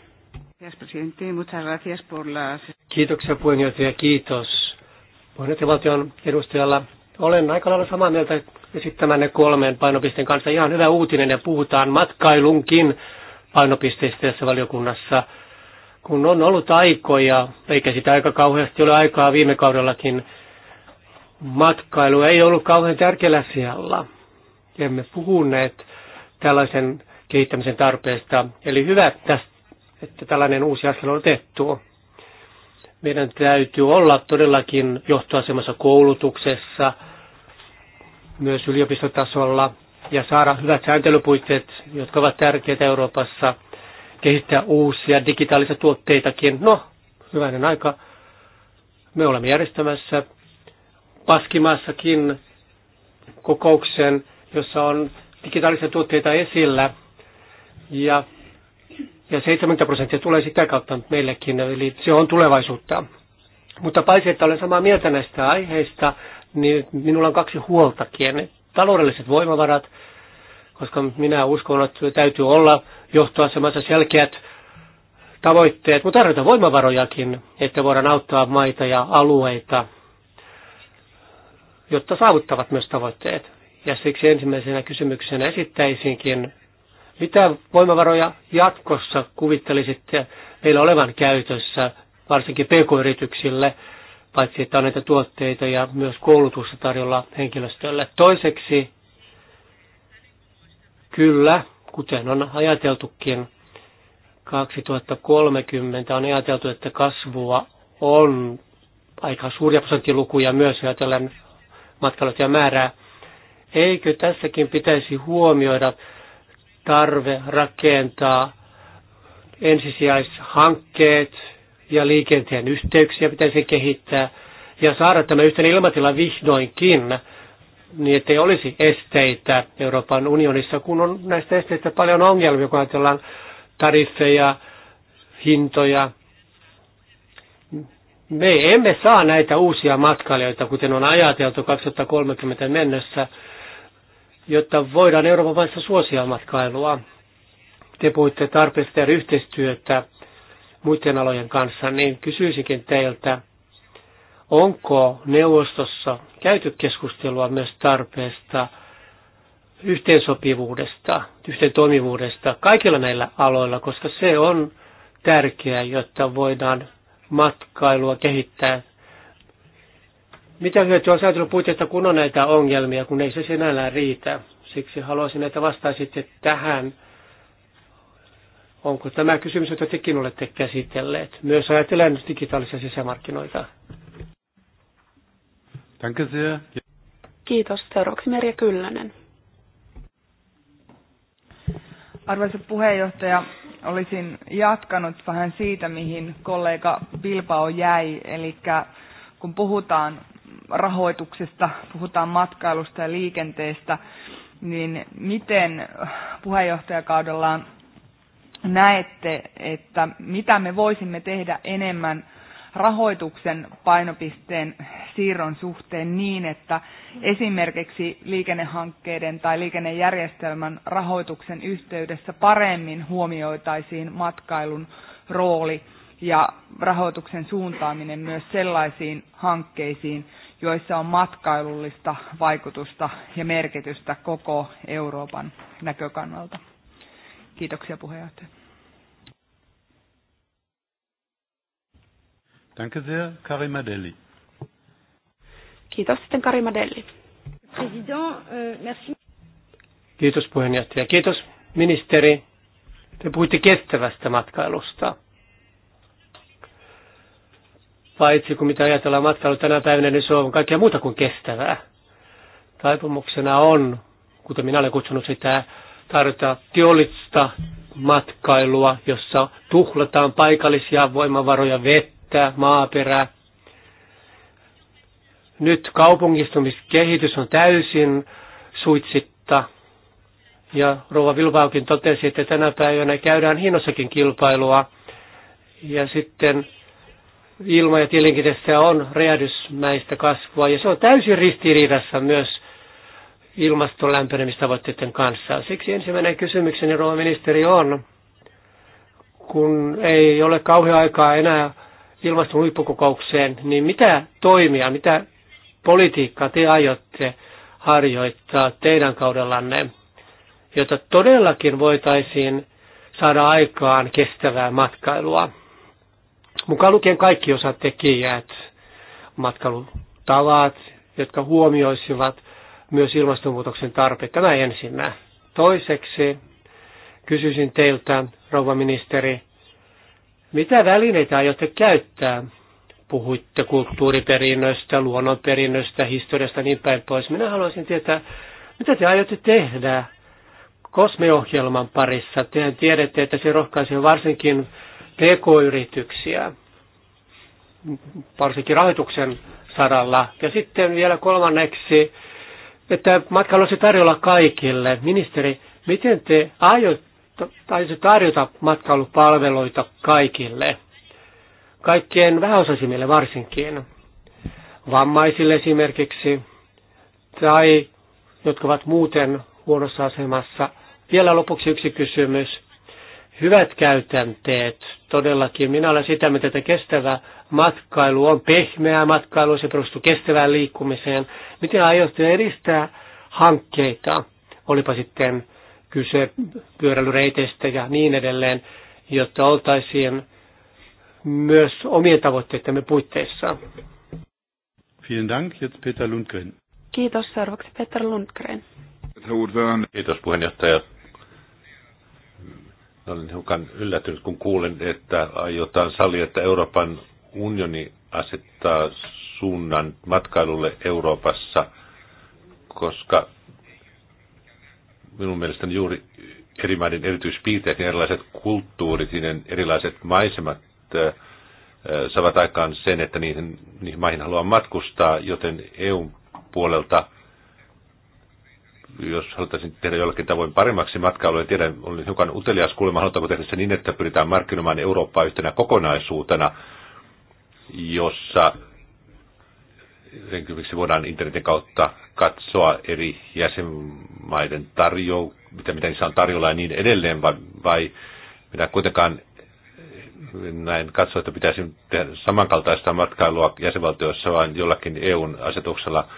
Kiitoksia puheenjohtaja, kiitos. Puheenjohtajan valtion edustajalla olen aika lailla samaa mieltä esittämänne kolmeen painopisteen kanssa. Ihan hyvä uutinen ja puhutaan matkailunkin painopisteistä tässä valiokunnassa kun on ollut aikoja, eikä sitä aika kauheasti ole aikaa viime kaudellakin, matkailu ei ollut kauhean tärkeällä sijalla. Emme puhuneet tällaisen kehittämisen tarpeesta. Eli hyvä, että tällainen uusi askel on otettu. Meidän täytyy olla todellakin johtoasemassa koulutuksessa, myös yliopistotasolla, ja saada hyvät sääntelypuitteet, jotka ovat tärkeitä Euroopassa – kehittää uusia digitaalisia tuotteitakin. No, hyvänen aika. Me olemme järjestämässä Paskimaassakin kokouksen, jossa on digitaalisia tuotteita esillä. Ja, ja 70 prosenttia tulee sitä kautta meillekin, eli se on tulevaisuutta. Mutta paitsi, että olen samaa mieltä näistä aiheista, niin minulla on kaksi huoltakin. Taloudelliset voimavarat, koska minä uskon, että täytyy olla johtoasemansa selkeät tavoitteet, mutta tarvitaan voimavarojakin, että voidaan auttaa maita ja alueita, jotta saavuttavat myös tavoitteet. Ja siksi ensimmäisenä kysymyksenä esittäisinkin, mitä voimavaroja jatkossa kuvittelisitte meillä olevan käytössä, varsinkin pk-yrityksille, paitsi että on näitä tuotteita ja myös koulutusta tarjolla henkilöstölle. Toiseksi, kyllä, kuten on ajateltukin, 2030 on ajateltu, että kasvua on aika suuria prosenttilukuja myös ajatellen matkailijoiden määrää. Eikö tässäkin pitäisi huomioida tarve rakentaa ensisijaishankkeet ja liikenteen yhteyksiä pitäisi kehittää ja saada tämä yhteen ilmatila vihdoinkin – niin ettei olisi esteitä Euroopan unionissa, kun on näistä esteistä paljon ongelmia, kun ajatellaan tariffeja, hintoja. Me emme saa näitä uusia matkailijoita, kuten on ajateltu 2030 mennessä, jotta voidaan Euroopan maissa suosia matkailua. Te puhutte tarpeesta yhteistyötä muiden alojen kanssa, niin kysyisinkin teiltä, onko neuvostossa käyty keskustelua myös tarpeesta yhteensopivuudesta, yhteen toimivuudesta kaikilla näillä aloilla, koska se on tärkeää, jotta voidaan matkailua kehittää. Mitä hyötyä on puitteista kun on näitä ongelmia, kun ei se sinällään riitä? Siksi haluaisin, että vastaisitte tähän. Onko tämä kysymys, jota tekin olette käsitelleet? Myös ajatellen digitaalisia sisämarkkinoita. Danke sehr. Kiitos. Seuraavaksi Merja Kyllönen. Arvoisa puheenjohtaja, olisin jatkanut vähän siitä, mihin kollega Bilbao jäi. Eli kun puhutaan rahoituksesta, puhutaan matkailusta ja liikenteestä, niin miten puheenjohtajakaudellaan näette, että mitä me voisimme tehdä enemmän rahoituksen painopisteen siirron suhteen niin, että esimerkiksi liikennehankkeiden tai liikennejärjestelmän rahoituksen yhteydessä paremmin huomioitaisiin matkailun rooli ja rahoituksen suuntaaminen myös sellaisiin hankkeisiin, joissa on matkailullista vaikutusta ja merkitystä koko Euroopan näkökannalta. Kiitoksia puheenjohtaja. Danke sehr, Kiitos sitten Karima President, euh, merci. Kiitos puheenjohtaja. Kiitos ministeri. Te puhuitte kestävästä matkailusta. Paitsi kun mitä ajatellaan matkailu tänä päivänä, niin se on kaikkea muuta kuin kestävää. Taipumuksena on, kuten minä olen kutsunut sitä, tarjota teollista matkailua, jossa tuhlataan paikallisia voimavaroja vettä vettä, maaperä. Nyt kaupungistumiskehitys on täysin suitsitta. Ja Rova Vilvaukin totesi, että tänä päivänä käydään hinnossakin kilpailua. Ja sitten ilma- ja tilinkitessä on räjähdysmäistä kasvua. Ja se on täysin ristiriidassa myös ilmaston lämpenemistavoitteiden kanssa. Siksi ensimmäinen kysymykseni, Rova ministeri, on, kun ei ole kauhean aikaa enää ilmaston huippukokoukseen, niin mitä toimia, mitä politiikkaa te aiotte harjoittaa teidän kaudellanne, jotta todellakin voitaisiin saada aikaan kestävää matkailua. Mukaan lukien kaikki tekijät, matkailutavat, jotka huomioisivat myös ilmastonmuutoksen tarpeet. Tämä ensinnä. Toiseksi kysyisin teiltä, rouva ministeri, mitä välineitä aiotte käyttää? Puhuitte kulttuuriperinnöstä, luonnonperinnöstä, historiasta niin päin pois. Minä haluaisin tietää, mitä te aiotte tehdä kosmeohjelman parissa? Tehän tiedätte, että se rohkaisee varsinkin pk-yrityksiä, varsinkin rahoituksen saralla. Ja sitten vielä kolmanneksi, että matkailu olisi tarjolla kaikille. Ministeri, miten te aiotte taisi tarjota matkailupalveluita kaikille, kaikkien vähäosaisimmille varsinkin, vammaisille esimerkiksi, tai jotka ovat muuten huonossa asemassa. Vielä lopuksi yksi kysymys. Hyvät käytänteet, todellakin. Minä olen sitä mieltä, että kestävä matkailu on pehmeää matkailu, se perustuu kestävään liikkumiseen. Miten aiotte edistää hankkeita, olipa sitten kyse pyöräilyreiteistä ja niin edelleen, jotta oltaisiin myös omien tavoitteidemme puitteissa. Vielen Dank, jetzt Peter Lundgren. Kiitos, seuraavaksi Peter Lundgren. Kiitos puheenjohtaja. Olen hiukan yllätynyt, kun kuulen, että aiotaan sali, että Euroopan unioni asettaa suunnan matkailulle Euroopassa, koska minun mielestäni juuri eri maiden erityispiirteet ja erilaiset kulttuurit, niiden erilaiset maisemat saavat aikaan sen, että niihin, niihin maihin haluaa matkustaa, joten EUn puolelta, jos haluttaisiin tehdä jollakin tavoin paremmaksi matkailua, en tiedä, olen hiukan utelias kuulemma, halutaanko tehdä se niin, että pyritään markkinoimaan Eurooppaa yhtenä kokonaisuutena, jossa esimerkiksi voidaan internetin kautta katsoa eri jäsenmaiden tarjo, mitä, mitä niissä on tarjolla ja niin edelleen, vai, vai minä kuitenkaan näin katso, että pitäisi tehdä samankaltaista matkailua jäsenvaltioissa, vaan jollakin EUn asetuksella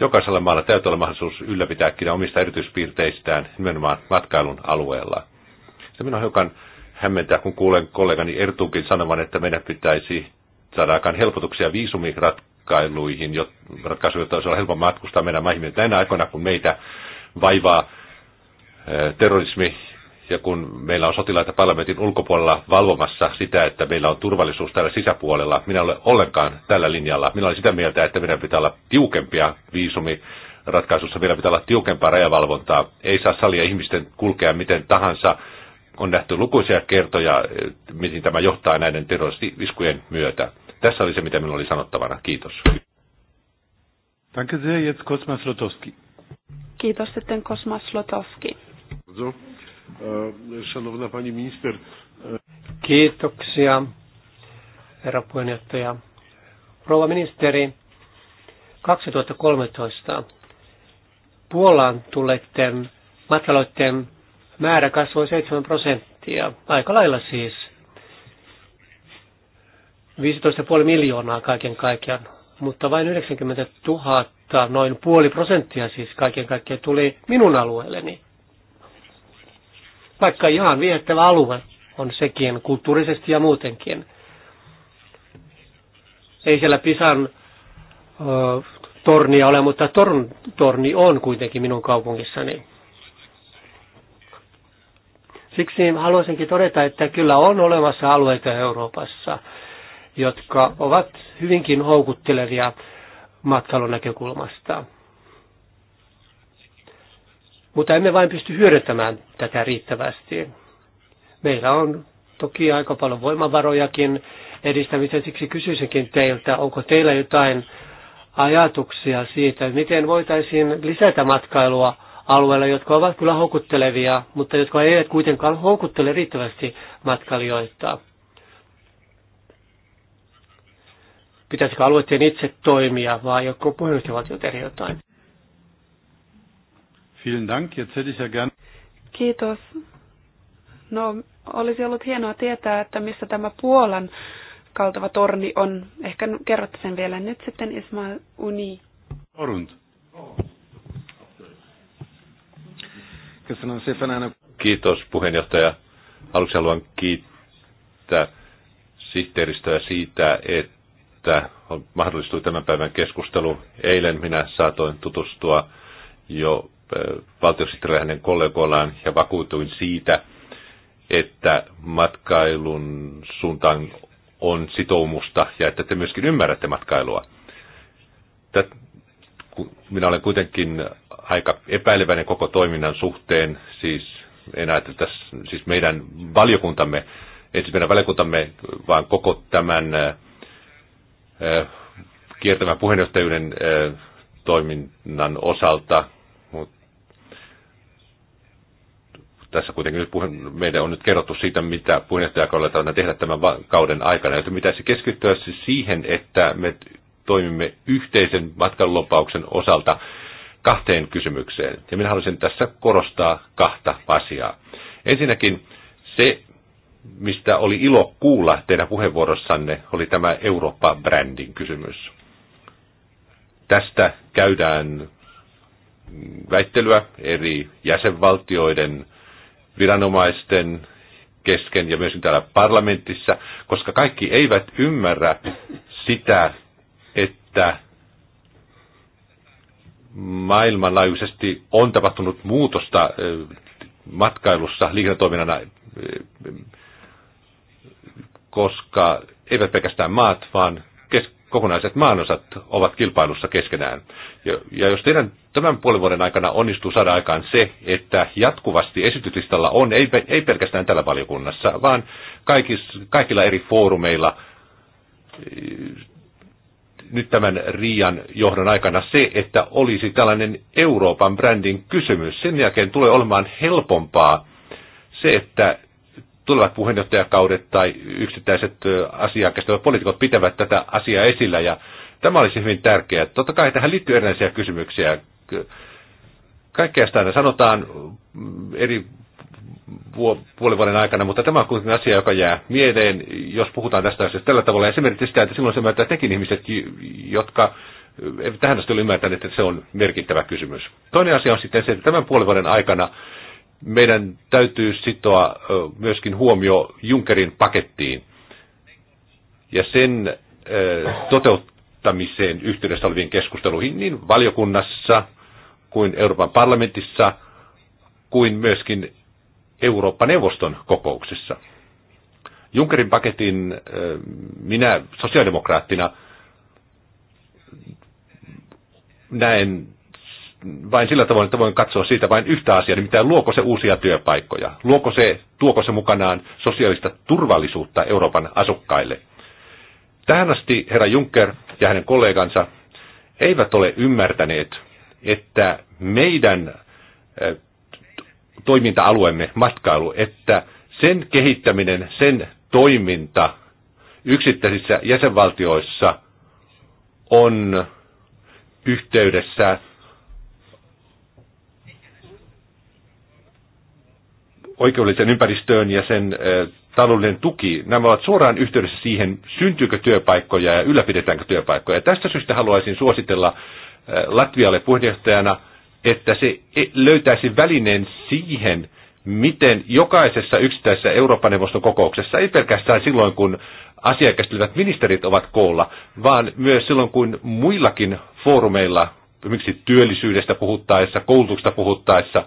jokaisella maalla täytyy olla mahdollisuus ylläpitääkin omista erityispiirteistään nimenomaan matkailun alueella. Se minua hiukan hämmentää, kun kuulen kollegani Ertuukin sanovan, että meidän pitäisi saada aikaan helpotuksia viisumirat ratkaisuihin, ratkaisuja, joita olisi helppo matkustaa meidän maihimme tänä aikoina, kun meitä vaivaa terrorismi ja kun meillä on sotilaita parlamentin ulkopuolella valvomassa sitä, että meillä on turvallisuus täällä sisäpuolella, minä olen ollenkaan tällä linjalla. Minä olen sitä mieltä, että meidän pitää olla tiukempia viisumi ratkaisussa vielä pitää olla tiukempaa rajavalvontaa. Ei saa salia ihmisten kulkea miten tahansa. On nähty lukuisia kertoja, miten tämä johtaa näiden terroristiviskujen myötä. Tässä oli se, mitä minulla oli sanottavana. Kiitos. Danke sehr, jetzt Kosma Slotowski. Kiitos sitten Kosma Slotowski. E, szanowna pani minister. E, Kiitoksia, herra puheenjohtaja. Rouva ministeri, 2013 Puolaan tulleiden matkaloiden määrä kasvoi 7 prosenttia, aika lailla siis. 15,5 miljoonaa kaiken kaikkiaan, mutta vain 90 000, noin puoli prosenttia siis kaiken kaikkiaan tuli minun alueelleni. Vaikka ihan viettävä alue on sekin kulttuurisesti ja muutenkin. Ei siellä Pisan ö, tornia ole, mutta torn, torni on kuitenkin minun kaupungissani. Siksi haluaisinkin todeta, että kyllä on olemassa alueita Euroopassa, jotka ovat hyvinkin houkuttelevia matkailun näkökulmasta. Mutta emme vain pysty hyödyntämään tätä riittävästi. Meillä on toki aika paljon voimavarojakin edistämiseen, siksi kysyisinkin teiltä, onko teillä jotain ajatuksia siitä, miten voitaisiin lisätä matkailua alueilla, jotka ovat kyllä houkuttelevia, mutta jotka eivät kuitenkaan houkuttele riittävästi matkailijoita. Pitäisikö alueiden itse toimia vai joku puheenjohtajavaltio tehdä jotain? Vielen Dank. Jetzt hätte ich ja gern... Kiitos. No, olisi ollut hienoa tietää, että missä tämä Puolan kaltava torni on. Ehkä kerrotte sen vielä nyt sitten, Ismail Uni. Orund. Kiitos puheenjohtaja. Aluksi haluan kiittää sihteeristöä siitä, että että mahdollistui tämän päivän keskustelu. Eilen minä saatoin tutustua jo valtiosihteerillä hänen kollegoillaan ja vakuutuin siitä, että matkailun suuntaan on sitoumusta ja että te myöskin ymmärrätte matkailua. Tätä, minä olen kuitenkin aika epäileväinen koko toiminnan suhteen, siis enää, että tässä, siis meidän valiokuntamme, ensin meidän valiokuntamme, vaan koko tämän kiertämään puheenjohtajuuden toiminnan osalta, mutta tässä kuitenkin nyt puheen, meidän on nyt kerrottu siitä, mitä puheenjohtajakaudella tarvitaan tehdä tämän kauden aikana. Joten pitäisi keskittyä siihen, että me toimimme yhteisen matkanlopauksen osalta kahteen kysymykseen. Ja minä haluaisin tässä korostaa kahta asiaa. Ensinnäkin se, mistä oli ilo kuulla teidän puheenvuorossanne, oli tämä Eurooppa-brändin kysymys. Tästä käydään väittelyä eri jäsenvaltioiden viranomaisten kesken ja myös täällä parlamentissa, koska kaikki eivät ymmärrä sitä, että maailmanlaajuisesti on tapahtunut muutosta matkailussa liiketoiminnana koska eivät pelkästään maat, vaan kes- kokonaiset maanosat ovat kilpailussa keskenään. Ja, ja jos teidän tämän puolen vuoden aikana onnistuu saada aikaan se, että jatkuvasti esityslistalla on, ei, ei pelkästään tällä valiokunnassa, vaan kaikis, kaikilla eri foorumeilla eh, nyt tämän Riian johdon aikana se, että olisi tällainen Euroopan brändin kysymys. Sen jälkeen tulee olemaan helpompaa se, että tulevat puheenjohtajakaudet tai yksittäiset asiaa käsittelevät poliitikot pitävät tätä asiaa esillä ja tämä olisi hyvin tärkeää. Totta kai tähän liittyy erilaisia kysymyksiä. Kaikkea sitä aina sanotaan mm, eri puolivuoden aikana, mutta tämä on kuitenkin asia, joka jää mieleen, jos puhutaan tästä asiasta tällä tavalla. Esimerkiksi sitä, että silloin se ymmärtää tekin ihmiset, jotka tähän asti ymmärtäneet, että se on merkittävä kysymys. Toinen asia on sitten se, että tämän puolivuoden aikana meidän täytyy sitoa myöskin huomio Junkerin pakettiin ja sen toteuttamiseen yhteydessä oleviin keskusteluihin niin valiokunnassa kuin Euroopan parlamentissa kuin myöskin Eurooppa-neuvoston kokouksissa. Junkerin paketin minä sosiaalidemokraattina näen vain sillä tavoin, että voin katsoa siitä vain yhtä asiaa, nimittäin niin luoko se uusia työpaikkoja, luoko se, tuoko se mukanaan sosiaalista turvallisuutta Euroopan asukkaille. Tähän asti herra Juncker ja hänen kollegansa eivät ole ymmärtäneet, että meidän äh, toiminta-alueemme, matkailu, että sen kehittäminen, sen toiminta yksittäisissä jäsenvaltioissa on yhteydessä oikeudelliseen ympäristöön ja sen taloudellinen tuki, nämä ovat suoraan yhteydessä siihen, syntyykö työpaikkoja ja ylläpidetäänkö työpaikkoja. Ja tästä syystä haluaisin suositella Latvialle puheenjohtajana, että se e, löytäisi välineen siihen, miten jokaisessa yksittäisessä Euroopan neuvoston kokouksessa, ei pelkästään silloin, kun asiaa ministerit ovat koolla, vaan myös silloin, kun muillakin foorumeilla, miksi työllisyydestä puhuttaessa, koulutuksesta puhuttaessa,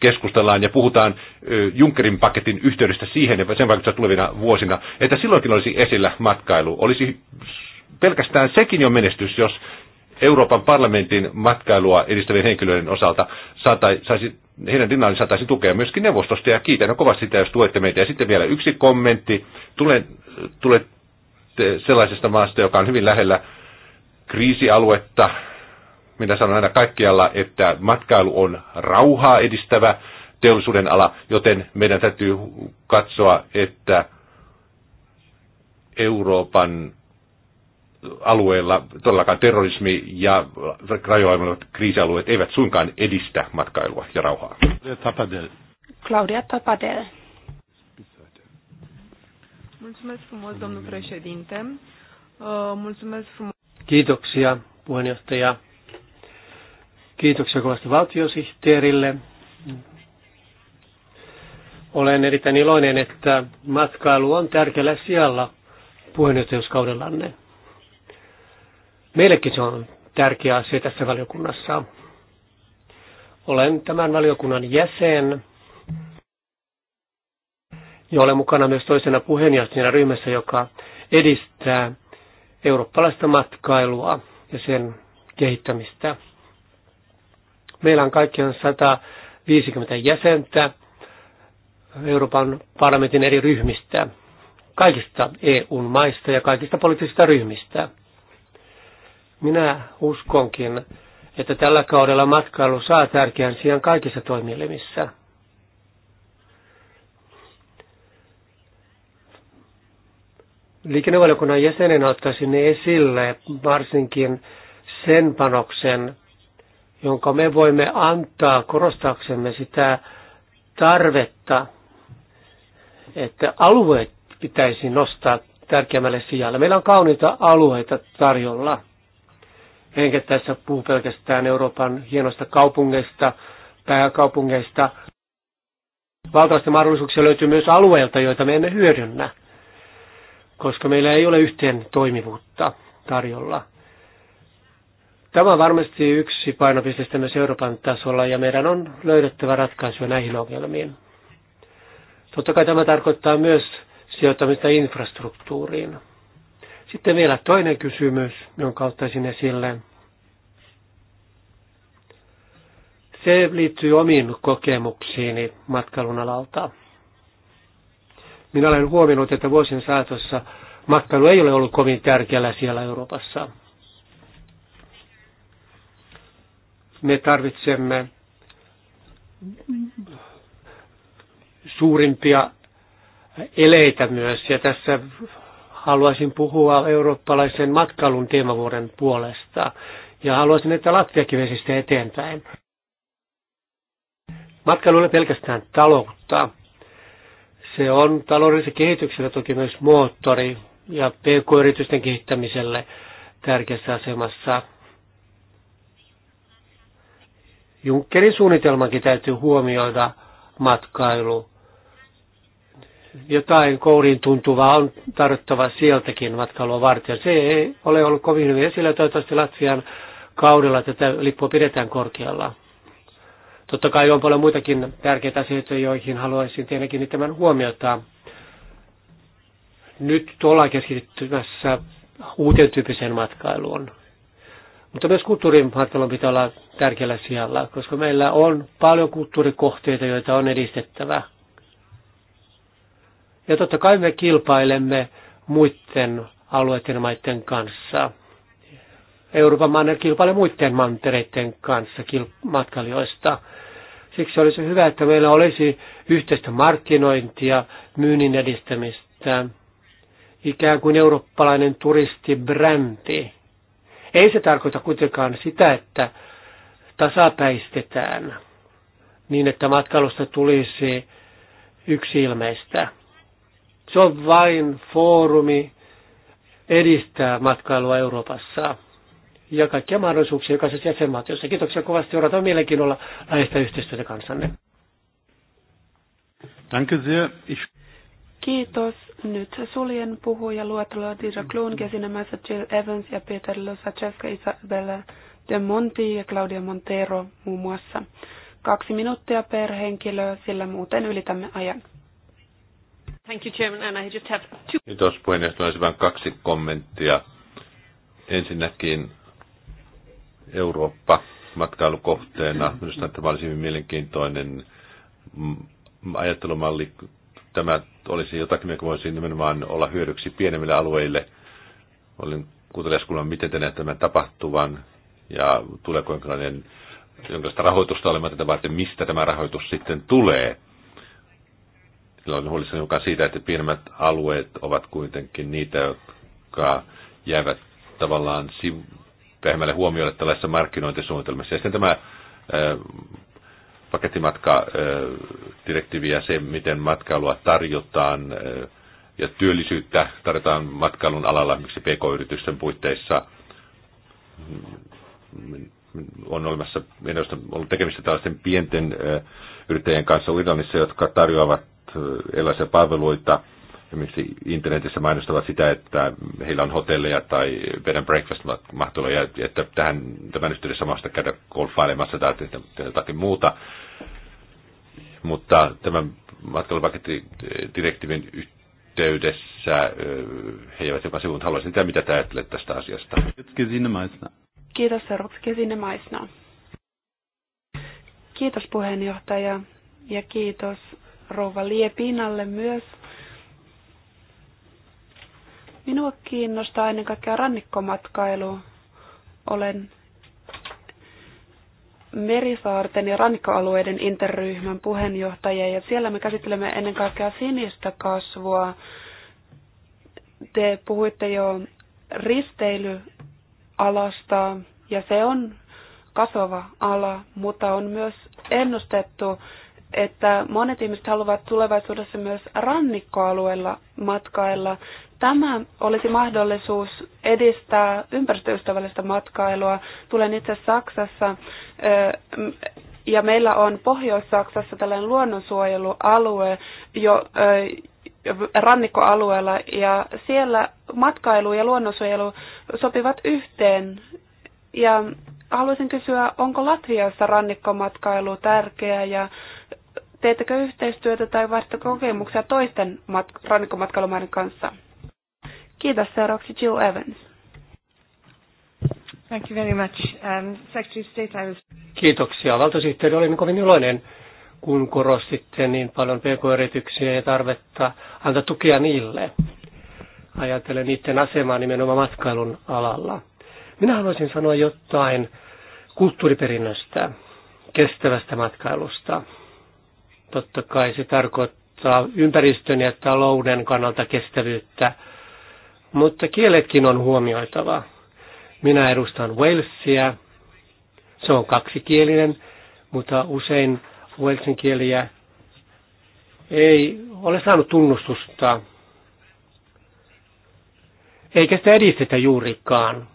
keskustellaan ja puhutaan Junckerin paketin yhteydestä siihen ja sen vaikutusta tulevina vuosina, että silloinkin olisi esillä matkailu. Olisi pelkästään sekin jo menestys, jos Euroopan parlamentin matkailua edistävien henkilöiden osalta saisi, heidän rinnalleen saataisiin tukea myöskin neuvostosta ja kiitän kovasti sitä, jos tuette meitä. Ja sitten vielä yksi kommentti. Tule, tulette sellaisesta maasta, joka on hyvin lähellä kriisialuetta, minä sanon aina kaikkialla, että matkailu on rauhaa edistävä teollisuuden ala, joten meidän täytyy katsoa, että Euroopan alueella todellakaan terrorismi ja rajoimmat kriisialueet eivät suinkaan edistä matkailua ja rauhaa. Tapadel. Claudia Tapadel. Uh, Kiitoksia, puheenjohtaja. Kiitoksia kovasti valtiosihteerille. Olen erittäin iloinen, että matkailu on tärkeällä sijalla puheenjohtajuuskaudellanne. Meillekin se on tärkeä asia tässä valiokunnassa. Olen tämän valiokunnan jäsen ja olen mukana myös toisena puheenjohtajana ryhmässä, joka edistää eurooppalaista matkailua ja sen kehittämistä. Meillä on kaikkiaan 150 jäsentä Euroopan parlamentin eri ryhmistä, kaikista EUn maista ja kaikista poliittisista ryhmistä. Minä uskonkin, että tällä kaudella matkailu saa tärkeän sijaan kaikissa toimielimissä. Liikennevaliokunnan jäsenenä ottaisin esille varsinkin sen panoksen, jonka me voimme antaa korostaaksemme sitä tarvetta, että alueet pitäisi nostaa tärkeämmälle sijalle. Meillä on kauniita alueita tarjolla. Enkä tässä puhu pelkästään Euroopan hienosta kaupungeista, pääkaupungeista. Valtavasti mahdollisuuksia löytyy myös alueilta, joita me emme hyödynnä, koska meillä ei ole yhteen toimivuutta tarjolla. Tämä on varmasti yksi painopiste myös Euroopan tasolla ja meidän on löydettävä ratkaisuja näihin ongelmiin. Totta kai tämä tarkoittaa myös sijoittamista infrastruktuuriin. Sitten vielä toinen kysymys, jonka ottaisin esille. Se liittyy omiin kokemuksiini matkailun alalta. Minä olen huomannut, että vuosien saatossa matkailu ei ole ollut kovin tärkeällä siellä Euroopassa. Me tarvitsemme suurimpia eleitä myös, ja tässä haluaisin puhua eurooppalaisen matkailun teemavuoden puolesta, ja haluaisin, että Latviakin veisi eteenpäin. Matkailu ei pelkästään taloutta. Se on taloudellisen kehityksellä toki myös moottori ja pk-yritysten kehittämiselle tärkeässä asemassa. Junckerin suunnitelmankin täytyy huomioida matkailu. Jotain kouriin tuntuvaa on tarjottava sieltäkin matkailua varten. Se ei ole ollut kovin hyvin esillä. Toivottavasti Latvian kaudella tätä lippua pidetään korkealla. Totta kai on paljon muitakin tärkeitä asioita, joihin haluaisin tietenkin tämän huomiota. Nyt ollaan keskittymässä uuteen tyyppiseen matkailuun. Mutta myös kulttuurin pitää olla tärkeällä sijalla, koska meillä on paljon kulttuurikohteita, joita on edistettävä. Ja totta kai me kilpailemme muiden alueiden ja maiden kanssa. Euroopan manner kilpailee muiden mantereiden kanssa matkailijoista. Siksi olisi hyvä, että meillä olisi yhteistä markkinointia, myynnin edistämistä, ikään kuin eurooppalainen turistibrändi. Ei se tarkoita kuitenkaan sitä, että tasapäistetään niin, että matkailusta tulisi yksi ilmeistä. Se on vain foorumi edistää matkailua Euroopassa ja kaikkia mahdollisuuksia jokaisessa jäsenmaatiossa. Kiitoksia kovasti. on mielenkiinnolla läheistä yhteistyötä kanssanne. Danke sehr. Ich... Kiitos. Nyt suljen puhuja luettelo Dira Kluun, Kesina Massa, Jill Evans ja Peter Losacheska, Isabella de Monti ja Claudia Montero muun muassa. Kaksi minuuttia per henkilö, sillä muuten ylitämme ajan. Thank you, Chairman, and I just have two... Kiitos puheenjohtaja. Olisi vain kaksi kommenttia. Ensinnäkin Eurooppa matkailukohteena. Minusta tämä olisi hyvin mielenkiintoinen ajattelumalli tämä olisi jotakin, mikä voisi nimenomaan olla hyödyksi pienemmille alueille. Olin kuuntelijassa kuulemma, miten te näette tämän tapahtuvan ja tuleeko jonkinlainen jonkinlaista rahoitusta olemaan tätä varten, mistä tämä rahoitus sitten tulee. Sillä olen huolissani mukaan siitä, että pienemmät alueet ovat kuitenkin niitä, jotka jäävät tavallaan vähemmälle huomiolle tällaisessa markkinointisuunnitelmassa. Ja sitten tämä pakettimatkadirektiivi ja se, miten matkailua tarjotaan ja työllisyyttä tarjotaan matkailun alalla, miksi PK-yritysten puitteissa on olemassa, minusta ollut tekemistä tällaisten pienten yrittäjien kanssa Irlannissa, jotka tarjoavat erilaisia palveluita – esimerkiksi internetissä mainostavat sitä, että heillä on hotelleja tai bed and breakfast mahtuloja, että tähän, tämän yhteydessä samasta käydä golfailemassa tai jotakin muuta. Mutta tämän matkailupakettidirektiivin yhteydessä he eivät jopa sivuun haluaisi sitä, mitä te ajattelet tästä asiasta. Kiitos, seuraavaksi Kesine Maisna. Kiitos puheenjohtaja ja kiitos rouva Liepinalle myös Minua kiinnostaa ennen kaikkea rannikkomatkailu. Olen merisaarten ja rannikkoalueiden interryhmän puheenjohtaja ja siellä me käsittelemme ennen kaikkea sinistä kasvua. Te puhuitte jo risteilyalasta ja se on kasvava ala, mutta on myös ennustettu että monet ihmiset haluavat tulevaisuudessa myös rannikkoalueilla matkailla. Tämä olisi mahdollisuus edistää ympäristöystävällistä matkailua. Tulen itse Saksassa ja meillä on Pohjois-Saksassa tällainen luonnonsuojelualue jo rannikkoalueella ja siellä matkailu ja luonnonsuojelu sopivat yhteen. Ja haluaisin kysyä, onko Latviassa rannikkomatkailu tärkeä ja Teettekö yhteistyötä tai vaihto kokemuksia toisten mat- rannikkomatkailumaiden kanssa? Kiitos seuraavaksi Jill Evans. Thank you very much. Um, Secretary State, I was... Kiitoksia. Valtosihteeri, olin kovin iloinen, kun korostitte niin paljon pk-yrityksiä ja tarvetta antaa tukea niille. Ajattelen niiden asemaa nimenomaan matkailun alalla. Minä haluaisin sanoa jotain kulttuuriperinnöstä, kestävästä matkailusta. Totta kai se tarkoittaa ympäristön ja talouden kannalta kestävyyttä, mutta kieletkin on huomioitava. Minä edustan Walesia, se on kaksikielinen, mutta usein Walesin kieliä ei ole saanut tunnustusta, eikä sitä edistetä juurikaan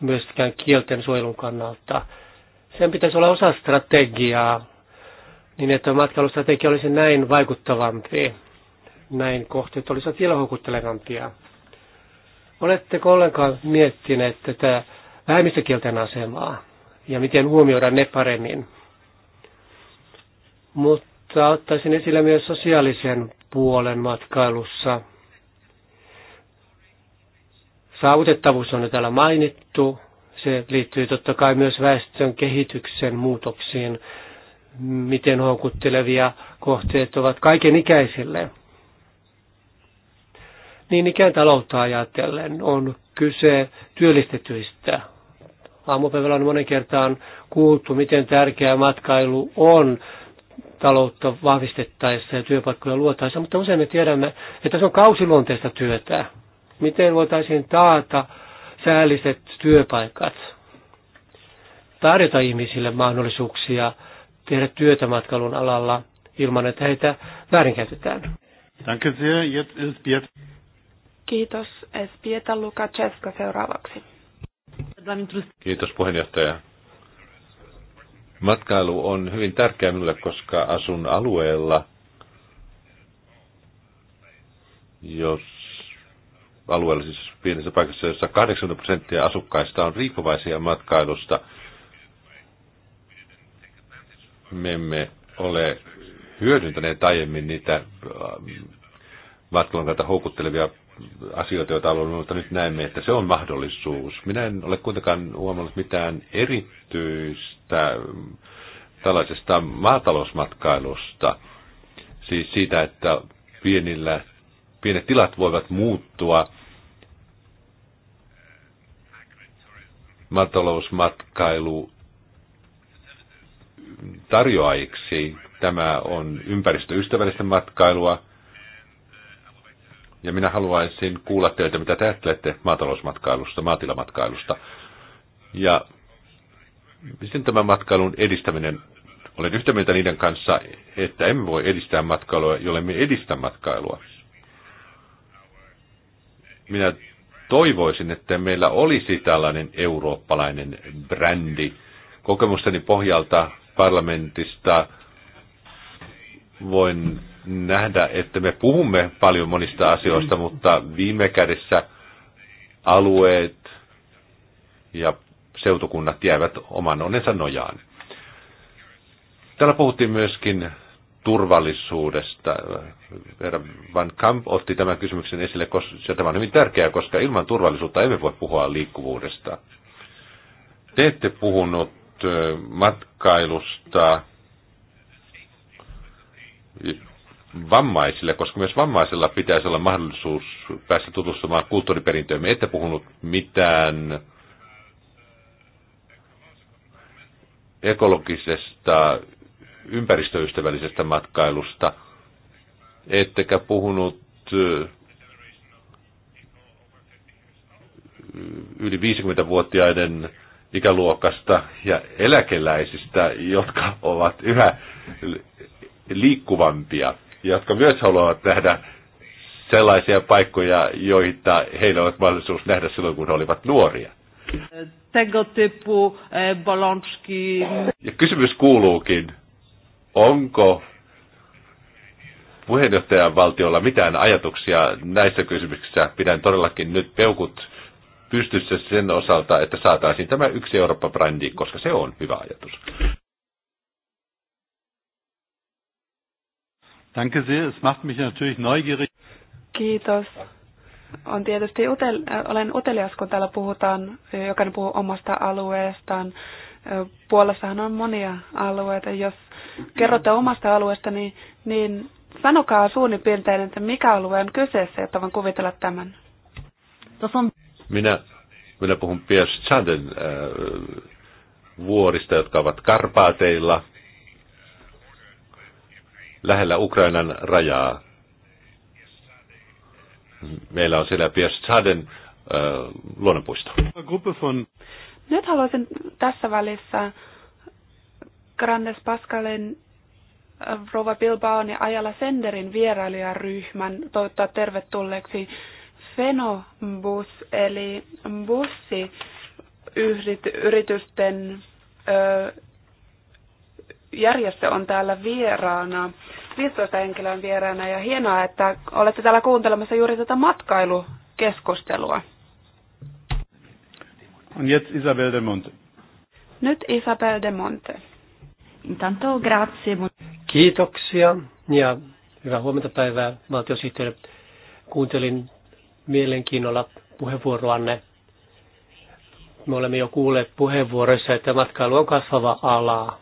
myöskään kielten suojelun kannalta. Sen pitäisi olla osa strategiaa niin että matkailustrategia olisi näin vaikuttavampi, näin kohteet olisivat vielä houkuttelevampia. Oletteko ollenkaan miettineet tätä vähemmistökielten asemaa ja miten huomioida ne paremmin? Mutta ottaisin esille myös sosiaalisen puolen matkailussa. Saavutettavuus on jo täällä mainittu. Se liittyy totta kai myös väestön kehityksen muutoksiin miten houkuttelevia kohteet ovat kaiken ikäisille. Niin ikään taloutta ajatellen on kyse työllistetyistä. Aamupäivällä on monen kertaan kuultu, miten tärkeää matkailu on taloutta vahvistettaessa ja työpaikkoja luotaessa, mutta usein me tiedämme, että se on kausiluonteista työtä. Miten voitaisiin taata säälliset työpaikat, tarjota ihmisille mahdollisuuksia tehdä työtä matkailun alalla ilman, että heitä väärinkäytetään. Kiitos. Espieta Lukachevska seuraavaksi. Kiitos puheenjohtaja. Matkailu on hyvin tärkeä minulle, koska asun alueella, jos alueella siis pienessä paikassa, jossa 80 prosenttia asukkaista on riippuvaisia matkailusta – me emme ole hyödyntäneet aiemmin niitä äh, matkailun kannalta houkuttelevia asioita, joita on mutta nyt näemme, että se on mahdollisuus. Minä en ole kuitenkaan huomannut mitään erityistä tällaisesta maatalousmatkailusta, siis siitä, että pienillä, pienet tilat voivat muuttua maatalousmatkailu tarjoajiksi. Tämä on ympäristöystävällistä matkailua. Ja minä haluaisin kuulla teiltä, mitä te ajattelette maatalousmatkailusta, maatilamatkailusta. Ja sitten tämän matkailun edistäminen. Olen yhtä mieltä niiden kanssa, että emme voi edistää matkailua, jolle me edistä matkailua. Minä toivoisin, että meillä olisi tällainen eurooppalainen brändi. Kokemusteni pohjalta parlamentista voin nähdä, että me puhumme paljon monista asioista, mutta viime kädessä alueet ja seutukunnat jäävät oman onnensa nojaan. Täällä puhuttiin myöskin turvallisuudesta. Herra Van Kamp otti tämän kysymyksen esille, koska tämä on hyvin tärkeää, koska ilman turvallisuutta emme voi puhua liikkuvuudesta. Te ette puhunut matkailusta vammaisille, koska myös vammaisilla pitäisi olla mahdollisuus päästä tutustumaan kulttuuriperintöömme. Ette puhunut mitään ekologisesta, ympäristöystävällisestä matkailusta, ettekä puhunut yli 50-vuotiaiden ikäluokasta ja eläkeläisistä, jotka ovat yhä liikkuvampia, jotka myös haluavat nähdä sellaisia paikkoja, joita heillä on mahdollisuus nähdä silloin, kun he olivat nuoria. Tego typu e, Ja kysymys kuuluukin, onko puheenjohtajan valtiolla mitään ajatuksia näissä kysymyksissä? Pidän todellakin nyt peukut pystyssä sen osalta, että saataisiin tämä yksi Eurooppa-brändi, koska se on hyvä ajatus. Danke sehr, es macht mich natürlich neugierig. Kiitos. On tietysti utel, äh, olen utelias, kun täällä puhutaan, äh, jokainen puhuu omasta alueestaan. Äh, Puolassahan on monia alueita. Jos kerrotte omasta alueesta, niin, niin sanokaa suunnin että mikä alue on kyseessä, jotta voin kuvitella tämän. Tuossa on minä, minä puhun Pierre Chanden äh, vuorista, jotka ovat Karpaateilla, lähellä Ukrainan rajaa. Meillä on siellä Pierre Chanden äh, luonnonpuisto. Nyt haluaisin tässä välissä Grandes Pascalin äh, Rova Bilbaon ja Ajala Senderin vierailijaryhmän toivottaa tervetulleeksi Fenobus eli yritysten järjestö on täällä vieraana. 15 henkilöä on vieraana ja hienoa, että olette täällä kuuntelemassa juuri tätä matkailukeskustelua. On jetzt Isabel de Monte. Nyt Isabel de Monte. Intanto grazie. Kiitoksia ja hyvää huomenta päivää valtiosihteeri. Kuuntelin mielenkiinnolla puheenvuoroanne. Me olemme jo kuulleet puheenvuoroissa, että matkailu on kasvava ala.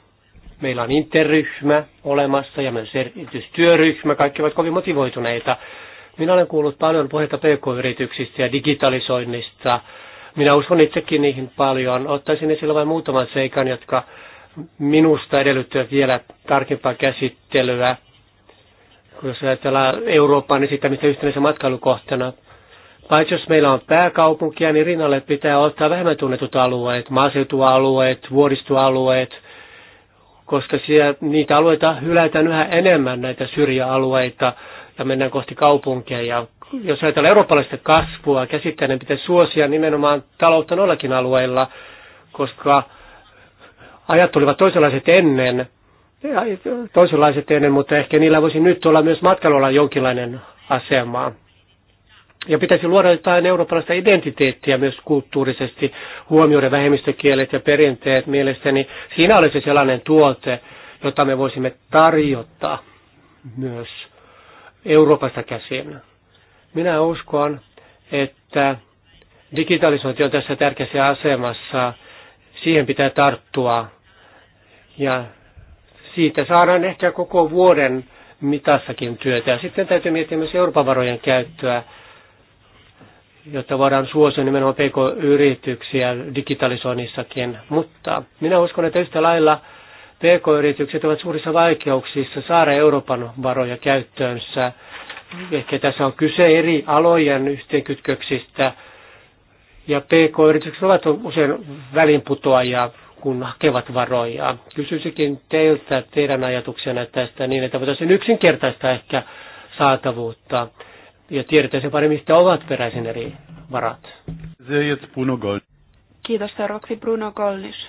Meillä on interryhmä olemassa ja myös erityistyöryhmä. Kaikki ovat kovin motivoituneita. Minä olen kuullut paljon puhetta pk-yrityksistä ja digitalisoinnista. Minä uskon itsekin niihin paljon. Ottaisin esille vain muutaman seikan, jotka minusta edellyttävät vielä tarkempaa käsittelyä. Kun jos ajatellaan Eurooppaa, niin sitä, mistä yhtenäisen matkailukohtana Paitsi jos meillä on pääkaupunkia, niin rinnalle pitää ottaa vähemmän tunnetut alueet, maaseutualueet, vuoristoalueet, koska siellä niitä alueita hylätään yhä enemmän, näitä syrjäalueita, ja mennään kohti kaupunkia. Ja jos ajatellaan eurooppalaista kasvua, käsittäinen pitäisi suosia nimenomaan taloutta noillakin alueilla, koska ajat olivat toisenlaiset ennen, toisenlaiset ennen, mutta ehkä niillä voisi nyt olla myös matkailulla jonkinlainen asema. Ja pitäisi luoda jotain eurooppalaista identiteettiä myös kulttuurisesti, huomioida vähemmistökielet ja perinteet mielestäni. Siinä olisi sellainen tuote, jota me voisimme tarjota myös Euroopasta käsin. Minä uskon, että digitalisointi on tässä tärkeässä asemassa. Siihen pitää tarttua. Ja siitä saadaan ehkä koko vuoden mitassakin työtä. Ja sitten täytyy miettiä myös Euroopan varojen käyttöä jotta voidaan suosia nimenomaan pk-yrityksiä digitalisoinnissakin. Mutta minä uskon, että yhtä lailla pk-yritykset ovat suurissa vaikeuksissa saada Euroopan varoja käyttöönsä. Ehkä tässä on kyse eri alojen yhteenkytköksistä, ja pk-yritykset ovat usein välinputoajia, kun hakevat varoja. Kysyisikin teiltä teidän ajatuksena tästä niin, että voitaisiin yksinkertaista ehkä saatavuutta ja se paremmin, mistä ovat peräisin eri varat. Bruno Kiitos seuraavaksi Bruno Gollnisch.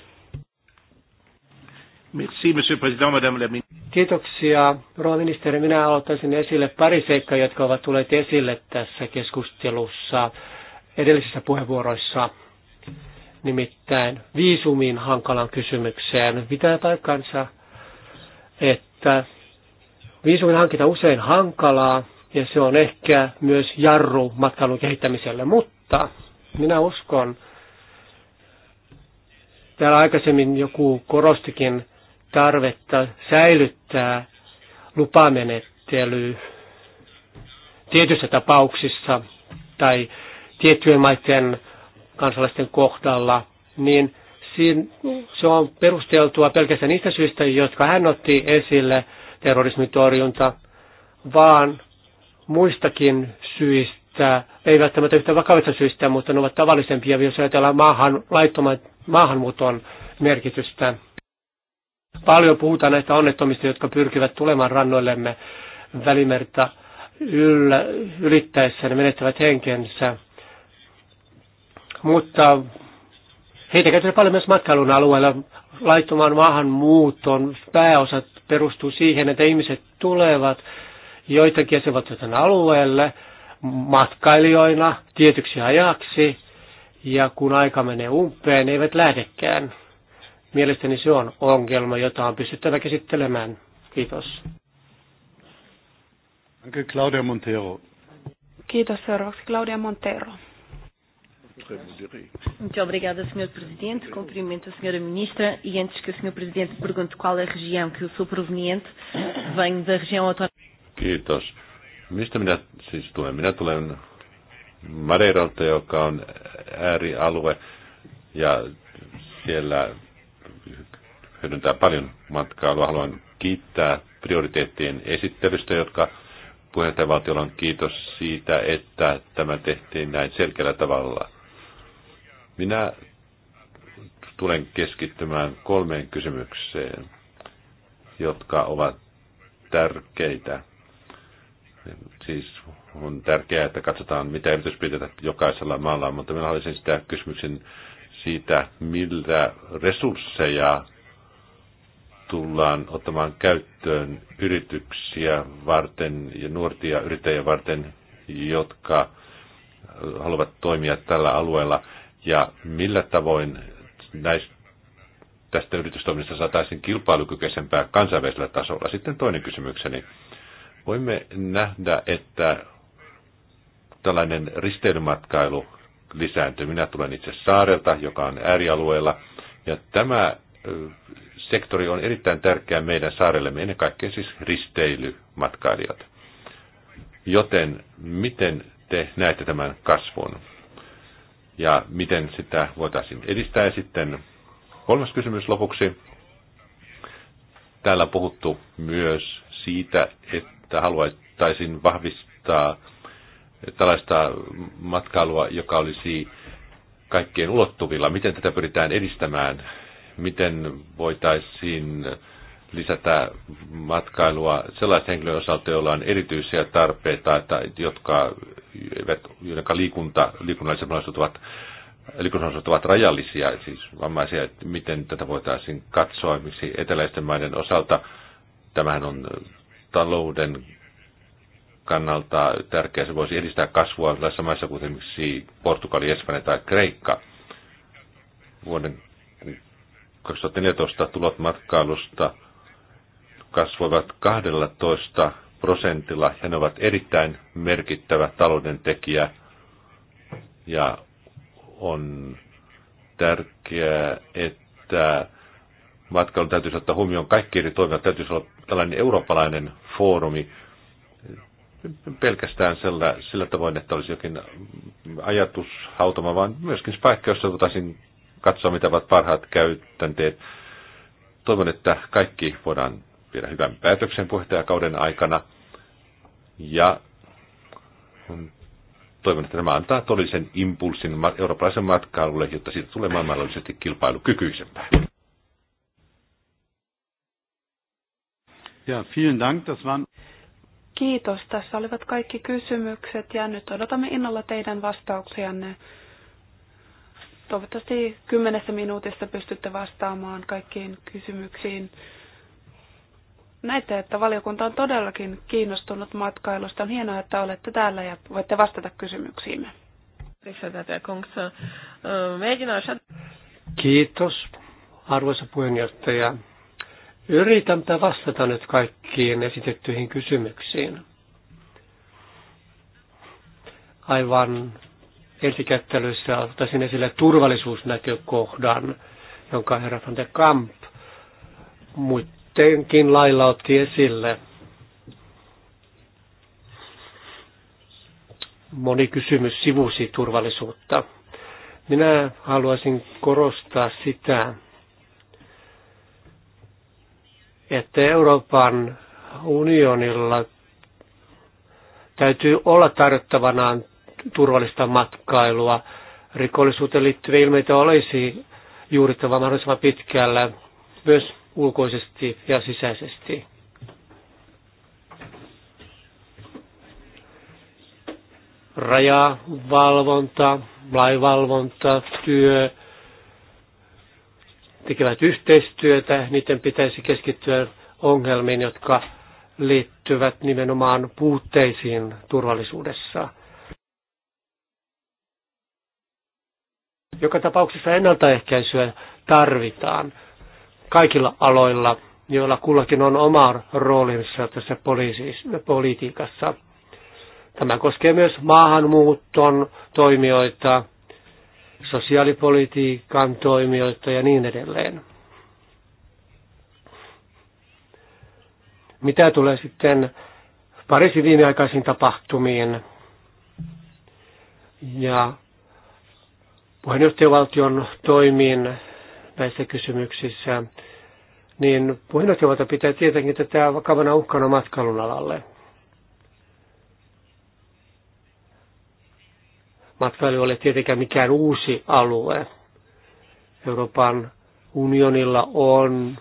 monsieur président, madame Kiitoksia, rouva ministeri. Minä aloittaisin esille pari seikkaa, jotka ovat tulleet esille tässä keskustelussa edellisissä puheenvuoroissa. Nimittäin viisumiin hankalan kysymykseen. Mitä taikkaansa, että viisumin hankinta usein hankalaa, ja se on ehkä myös jarru matkailun kehittämiselle, mutta minä uskon, täällä aikaisemmin joku korostikin tarvetta säilyttää lupamenettely tietyissä tapauksissa tai tiettyjen maiden kansalaisten kohdalla, niin se on perusteltua pelkästään niistä syistä, jotka hän otti esille, terrorismin torjunta, vaan muistakin syistä, ei välttämättä yhtä vakavista syistä, mutta ne ovat tavallisempia, jos ajatellaan maahan, laittoman maahanmuuton merkitystä. Paljon puhutaan näistä onnettomista, jotka pyrkivät tulemaan rannoillemme välimerta yllä, ylittäessä, ne menettävät henkensä. Mutta heitä käytetään paljon myös matkailun alueella. Laittoman maahanmuuton pääosat perustuu siihen, että ihmiset tulevat joitakin tämän alueelle matkailijoina tietyksi ajaksi, ja kun aika menee umpeen, ne eivät lähdekään. Mielestäni se on ongelma, jota on pystyttävä käsittelemään. Kiitos. Claudia Montero. Kiitos. Seuraavaksi Claudia Montero. Muito obrigada, Sr. Presidente. Cumprimento a Sra. Ministra e antes que o Sr. Presidente pergunte qual é a região que eu sou proveniente, venho da região autónoma. Kiitos. Mistä minä siis tulen? Minä tulen Madeiralta, joka on äärialue ja siellä hyödyntää paljon matkailua. Haluan kiittää prioriteettien esittelystä, jotka puheenjohtajavaltiolla on kiitos siitä, että tämä tehtiin näin selkeällä tavalla. Minä tulen keskittymään kolmeen kysymykseen, jotka ovat tärkeitä Siis on tärkeää, että katsotaan, mitä erityispiirteitä jokaisella maalla on, mutta minä haluaisin sitä kysymyksen siitä, millä resursseja tullaan ottamaan käyttöön yrityksiä varten ja nuortia yrittäjiä varten, jotka haluavat toimia tällä alueella ja millä tavoin näistä, tästä yritystoiminnasta saataisiin kilpailukykyisempää kansainvälisellä tasolla. Sitten toinen kysymykseni. Voimme nähdä, että tällainen risteilymatkailu lisääntyy. Minä tulen itse saarelta, joka on äärialueella, ja tämä sektori on erittäin tärkeä meidän saarellemme, ennen kaikkea siis risteilymatkailijat. Joten miten te näette tämän kasvun ja miten sitä voitaisiin edistää? Ja sitten kolmas kysymys lopuksi. Täällä on puhuttu myös siitä, että että haluaisin vahvistaa tällaista matkailua, joka olisi kaikkien ulottuvilla. Miten tätä pyritään edistämään? Miten voitaisiin lisätä matkailua sellaisten henkilöiden osalta, joilla on erityisiä tarpeita, että, jotka, joiden liikunta, liikunnalliset mahdollisuudet ovat liikunnallisuudet ovat rajallisia, siis vammaisia, että miten tätä voitaisiin katsoa, miksi eteläisten maiden osalta. Tämähän on talouden kannalta tärkeä Se voisi edistää kasvua tässä maissa kuin esimerkiksi Portugali, Espanja tai Kreikka. Vuoden 2014 tulot matkailusta kasvoivat 12 prosentilla ja ne ovat erittäin merkittävä talouden tekijä ja on tärkeää, että matkailun täytyisi ottaa huomioon kaikki eri toimijat, täytyisi olla tällainen eurooppalainen foorumi pelkästään sillä, sillä tavoin, että olisi jokin ajatushautoma, vaan myöskin paikka, jossa voitaisiin katsoa, mitä ovat parhaat käytänteet. Toivon, että kaikki voidaan viedä hyvän päätöksen puheenjohtajakauden aikana. Ja toivon, että tämä antaa todellisen impulssin eurooppalaisen matkailulle, jotta siitä tulee maailmanlaajuisesti kilpailukykyisempää. Ja, vielen Dank, das waren... Kiitos. Tässä olivat kaikki kysymykset ja nyt odotamme innolla teidän vastauksianne. Toivottavasti kymmenessä minuutissa pystytte vastaamaan kaikkiin kysymyksiin. Näette, että valiokunta on todellakin kiinnostunut matkailusta. On hienoa, että olette täällä ja voitte vastata kysymyksiimme. Uh, Kiitos, arvoisa puheenjohtaja. Yritänpä vastata nyt kaikkiin esitettyihin kysymyksiin. Aivan ensikättelyssä ottaisin esille turvallisuusnäkökohdan, jonka herra van de Kamp muidenkin lailla otti esille. Moni kysymys sivusi turvallisuutta. Minä haluaisin korostaa sitä, että Euroopan unionilla täytyy olla tarjottavanaan turvallista matkailua. Rikollisuuteen liittyviä ilmeitä olisi juurittava mahdollisimman pitkällä myös ulkoisesti ja sisäisesti. Rajavalvonta, laivalvonta, työ, tekevät yhteistyötä, niiden pitäisi keskittyä ongelmiin, jotka liittyvät nimenomaan puutteisiin turvallisuudessa. Joka tapauksessa ennaltaehkäisyä tarvitaan kaikilla aloilla, joilla kullakin on oma roolinsa tässä politiikassa. Tämä koskee myös maahanmuuton toimijoita, sosiaalipolitiikan toimijoita ja niin edelleen. Mitä tulee sitten Pariisin viimeaikaisiin tapahtumiin ja puheenjohtajavaltion toimiin näissä kysymyksissä, niin puheenjohtajavalta pitää tietenkin tätä vakavana uhkana matkailun alalle – Matkailu ole tietenkään mikään uusi alue. Euroopan unionilla on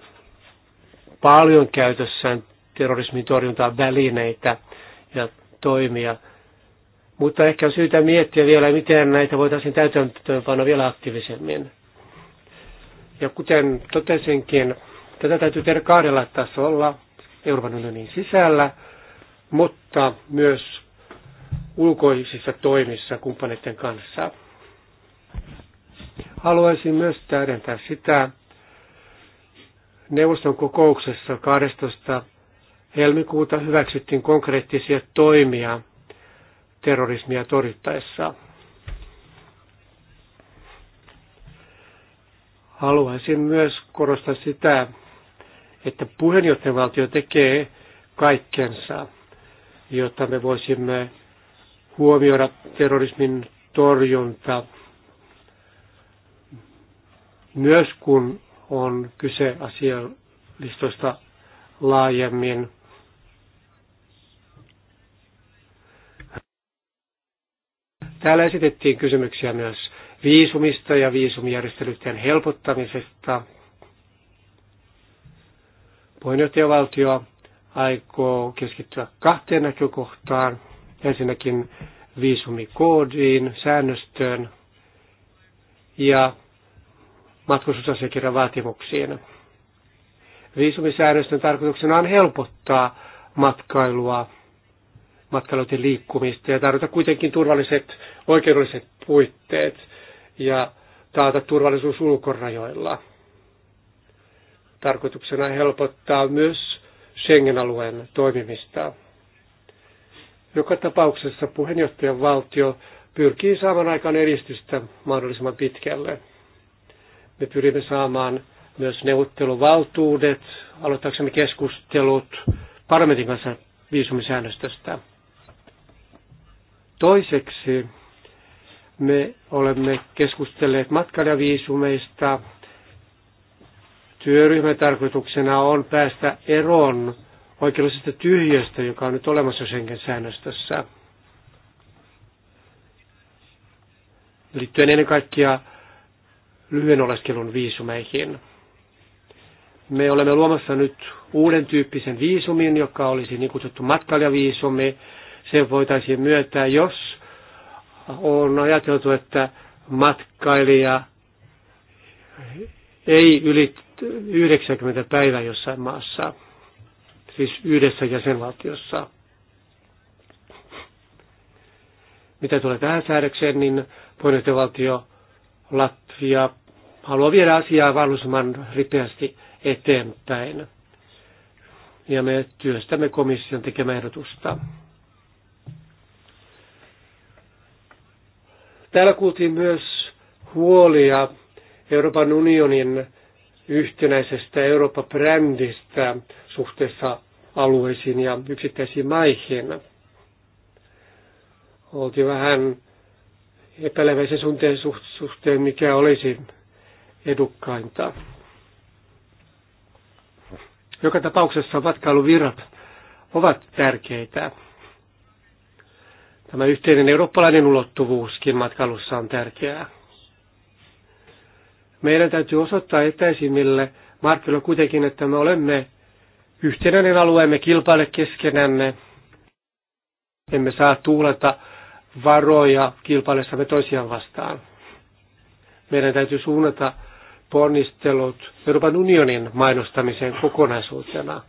paljon käytössään terrorismin torjuntaa välineitä ja toimia. Mutta ehkä on syytä miettiä vielä, miten näitä voitaisiin täytäntöönpanna vielä aktiivisemmin. Ja kuten totesinkin, tätä täytyy tehdä kahdella tasolla Euroopan unionin sisällä, mutta myös ulkoisissa toimissa kumppaneiden kanssa. Haluaisin myös täydentää sitä neuvoston kokouksessa 12. helmikuuta hyväksyttiin konkreettisia toimia terrorismia torjuttaessa. Haluaisin myös korostaa sitä, että puheenjohtajavaltio tekee kaikkensa, jotta me voisimme huomioida terrorismin torjunta myös kun on kyse asialistoista laajemmin. Täällä esitettiin kysymyksiä myös viisumista ja viisumijärjestelyiden helpottamisesta. Puheenjohtajavaltio aikoo keskittyä kahteen näkökohtaan. Ensinnäkin viisumikoodiin, säännöstöön ja matkustusasiakirjan vaatimuksiin. Viisumisäännöstön tarkoituksena on helpottaa matkailua, matkailuiden liikkumista ja tarjota kuitenkin turvalliset oikeudelliset puitteet ja taata turvallisuus ulkorajoilla. Tarkoituksena helpottaa myös Schengen-alueen toimimista. Joka tapauksessa puheenjohtajan valtio pyrkii saamaan aikaan edistystä mahdollisimman pitkälle. Me pyrimme saamaan myös neuvotteluvaltuudet, aloittaaksemme keskustelut parlamentin kanssa viisumisäännöstöstä. Toiseksi me olemme keskustelleet matkailijaviisumeista. Työryhmän tarkoituksena on päästä eroon oikeudellisesta tyhjästä, joka on nyt olemassa Schengen säännöstössä. Liittyen ennen kaikkea lyhyen oleskelun viisumeihin. Me olemme luomassa nyt uuden tyyppisen viisumin, joka olisi niin kutsuttu matkailijaviisumi. Se voitaisiin myöntää, jos on ajateltu, että matkailija ei yli 90 päivää jossain maassa siis yhdessä jäsenvaltiossa. Mitä tulee tähän säädökseen, niin puheenjohtajavaltio Latvia haluaa viedä asiaa mahdollisimman ripeästi eteenpäin. Ja me työstämme komission tekemää ehdotusta. Täällä kuultiin myös huolia Euroopan unionin yhtenäisestä Eurooppa-brändistä suhteessa alueisiin ja yksittäisiin maihin. Oltiin vähän epäileväisen suhteen, suhteen, mikä olisi edukkainta. Joka tapauksessa matkailuvirrat ovat tärkeitä. Tämä yhteinen eurooppalainen ulottuvuuskin matkailussa on tärkeää. Meidän täytyy osoittaa etäisimmille markkinoille kuitenkin, että me olemme yhtenäinen alueemme kilpaile keskenämme. Emme saa tuuleta varoja kilpailessamme toisiaan vastaan. Meidän täytyy suunnata ponnistelut Euroopan unionin mainostamiseen kokonaisuutena.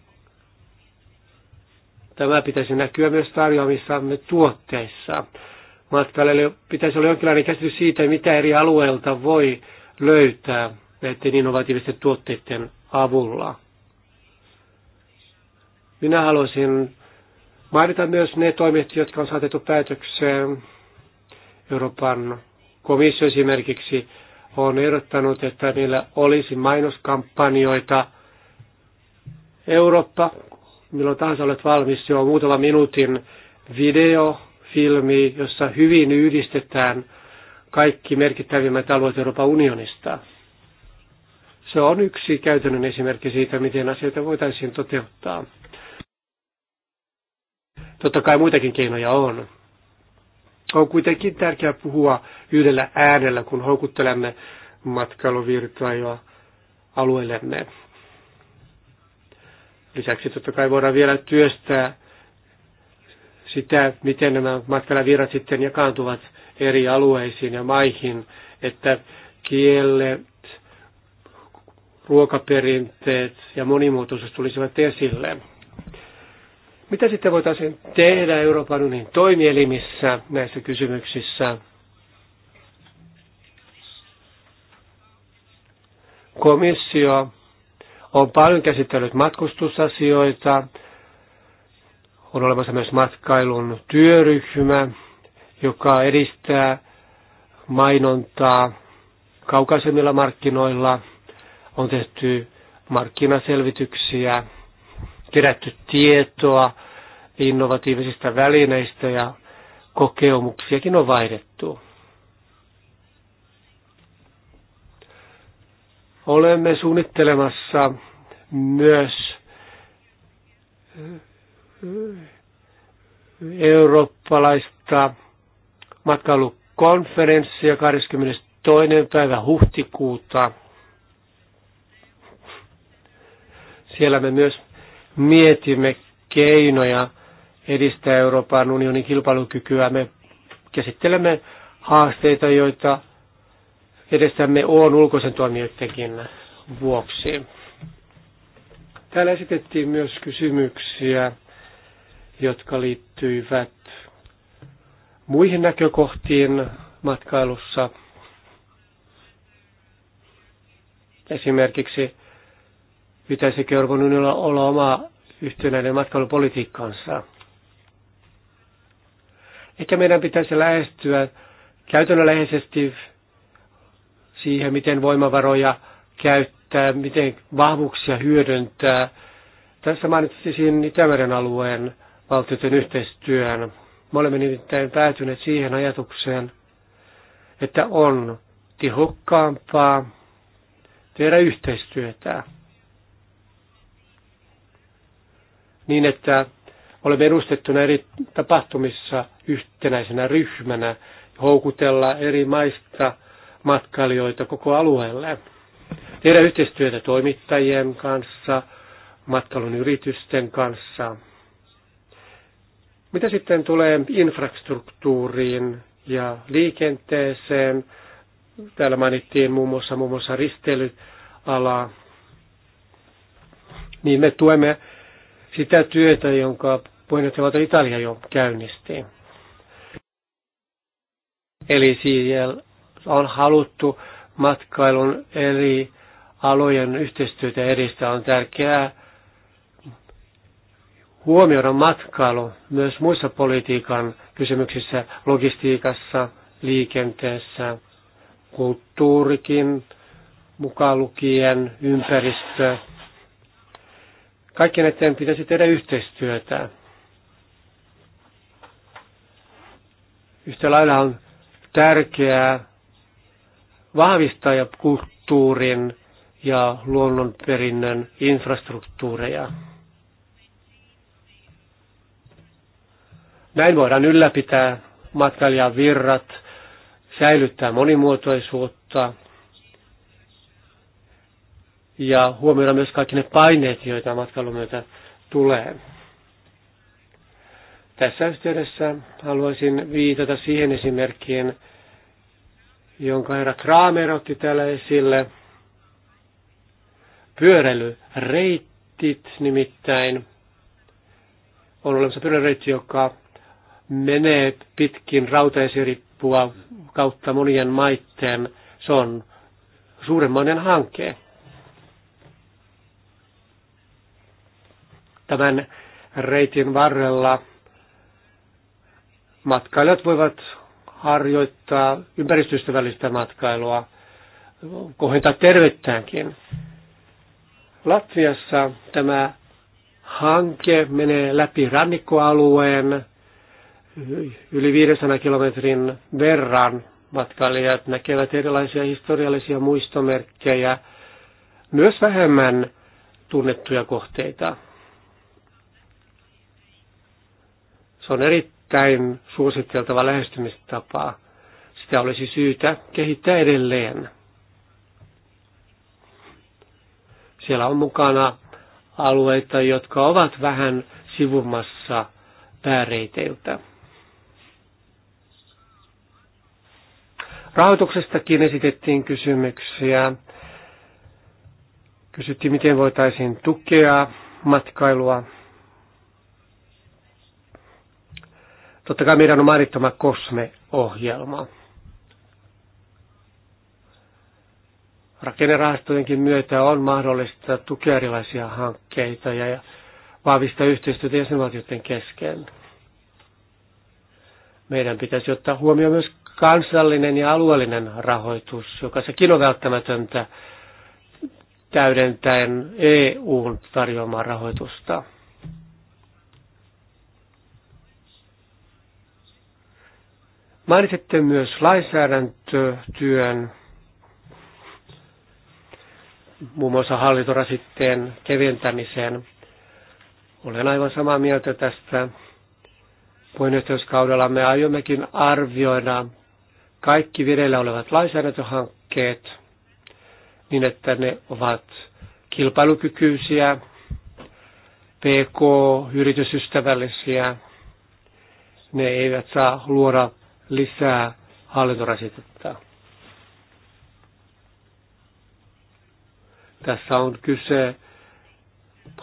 Tämä pitäisi näkyä myös tarjoamissamme tuotteissa. Matkailijoille pitäisi olla jonkinlainen käsitys siitä, mitä eri alueilta voi löytää näiden innovatiivisten tuotteiden avulla. Minä haluaisin mainita myös ne toimet, jotka on saatettu päätökseen. Euroopan komissio esimerkiksi on ehdottanut, että niillä olisi mainoskampanjoita. Eurooppa, milloin tahansa olet valmis, jo muutama minuutin video, filmi, jossa hyvin yhdistetään kaikki merkittävimmät alueet Euroopan unionista. Se on yksi käytännön esimerkki siitä, miten asioita voitaisiin toteuttaa. Totta kai muitakin keinoja on. On kuitenkin tärkeää puhua yhdellä äänellä, kun houkuttelemme matkailuvirtoja alueellemme. Lisäksi totta kai voidaan vielä työstää sitä, miten nämä matkailuvirrat sitten jakaantuvat eri alueisiin ja maihin, että kielet, ruokaperinteet ja monimuotoisuus tulisivat esille. Mitä sitten voitaisiin tehdä Euroopan unionin toimielimissä näissä kysymyksissä? Komissio on paljon käsitellyt matkustusasioita, on olemassa myös matkailun työryhmä, joka edistää mainontaa kaukaisemmilla markkinoilla. On tehty markkinaselvityksiä kerätty tietoa innovatiivisista välineistä ja kokemuksiakin on vaihdettu. Olemme suunnittelemassa myös eurooppalaista matkailukonferenssia 22. päivä huhtikuuta. Siellä me myös mietimme keinoja edistää Euroopan unionin kilpailukykyä. Me käsittelemme haasteita, joita edessämme on ulkoisen toimijoidenkin vuoksi. Täällä esitettiin myös kysymyksiä, jotka liittyivät muihin näkökohtiin matkailussa. Esimerkiksi Pitäisikö Euroopan unionilla olla oma yhtenäinen matkailupolitiikkaansa. Ehkä meidän pitäisi lähestyä käytännönläheisesti siihen, miten voimavaroja käyttää, miten vahvuuksia hyödyntää. Tässä mainitsisin Itämeren alueen valtioiden yhteistyön. Me olemme nimittäin päätyneet siihen ajatukseen, että on tehokkaampaa tehdä yhteistyötä. niin, että olemme edustettuna eri tapahtumissa yhtenäisenä ryhmänä houkutella eri maista matkailijoita koko alueelle. Tehdä yhteistyötä toimittajien kanssa, matkailun yritysten kanssa. Mitä sitten tulee infrastruktuuriin ja liikenteeseen? Täällä mainittiin muun muassa, muun muassa risteilyala. Niin me tuemme sitä työtä, jonka puheenjohtajavaltio Italia jo käynnisti. Eli siellä on haluttu matkailun eri alojen yhteistyötä edistää. On tärkeää huomioida matkailu myös muissa politiikan kysymyksissä, logistiikassa, liikenteessä, kulttuurikin, mukaan lukien ympäristö, Kaikkien eteen pitäisi tehdä yhteistyötä. Yhtä lailla on tärkeää vahvistaa ja kulttuurin ja luonnonperinnön infrastruktuureja. Näin voidaan ylläpitää matkailijavirrat, säilyttää monimuotoisuutta, ja huomioida myös kaikki ne paineet, joita matkailun myötä tulee. Tässä yhteydessä haluaisin viitata siihen esimerkkiin, jonka herra Kramer otti täällä esille. Pyöräilyreittit nimittäin. On olemassa pyöräilyreitti, joka menee pitkin rautaesirippua kautta monien maitten. Se on suuremmanen hankkeen. Tämän reitin varrella matkailijat voivat harjoittaa ympäristöystävällistä matkailua, kohentaa tervettäänkin. Latviassa tämä hanke menee läpi rannikkoalueen yli 500 kilometrin verran. Matkailijat näkevät erilaisia historiallisia muistomerkkejä, myös vähemmän tunnettuja kohteita. Se on erittäin suositteltava lähestymistapa. Sitä olisi syytä kehittää edelleen. Siellä on mukana alueita, jotka ovat vähän sivumassa pääreiteiltä. Rahoituksestakin esitettiin kysymyksiä. Kysyttiin, miten voitaisiin tukea matkailua Totta kai meidän on mainittava COSME-ohjelma. Rakennerahastojenkin myötä on mahdollista tukea erilaisia hankkeita ja vahvistaa yhteistyötä jäsenvaltioiden kesken. Meidän pitäisi ottaa huomioon myös kansallinen ja alueellinen rahoitus, joka sekin on välttämätöntä täydentäen EUn tarjoamaa rahoitusta. Mainitsitte myös lainsäädäntötyön, muun muassa hallintorasitteen keventämisen. Olen aivan samaa mieltä tästä. Puheenjohtajuuskaudella me aiommekin arvioida kaikki vireillä olevat lainsäädäntöhankkeet niin, että ne ovat kilpailukykyisiä, pk-yritysystävällisiä, ne eivät saa luoda lisää hallintorasitetta. Tässä on kyse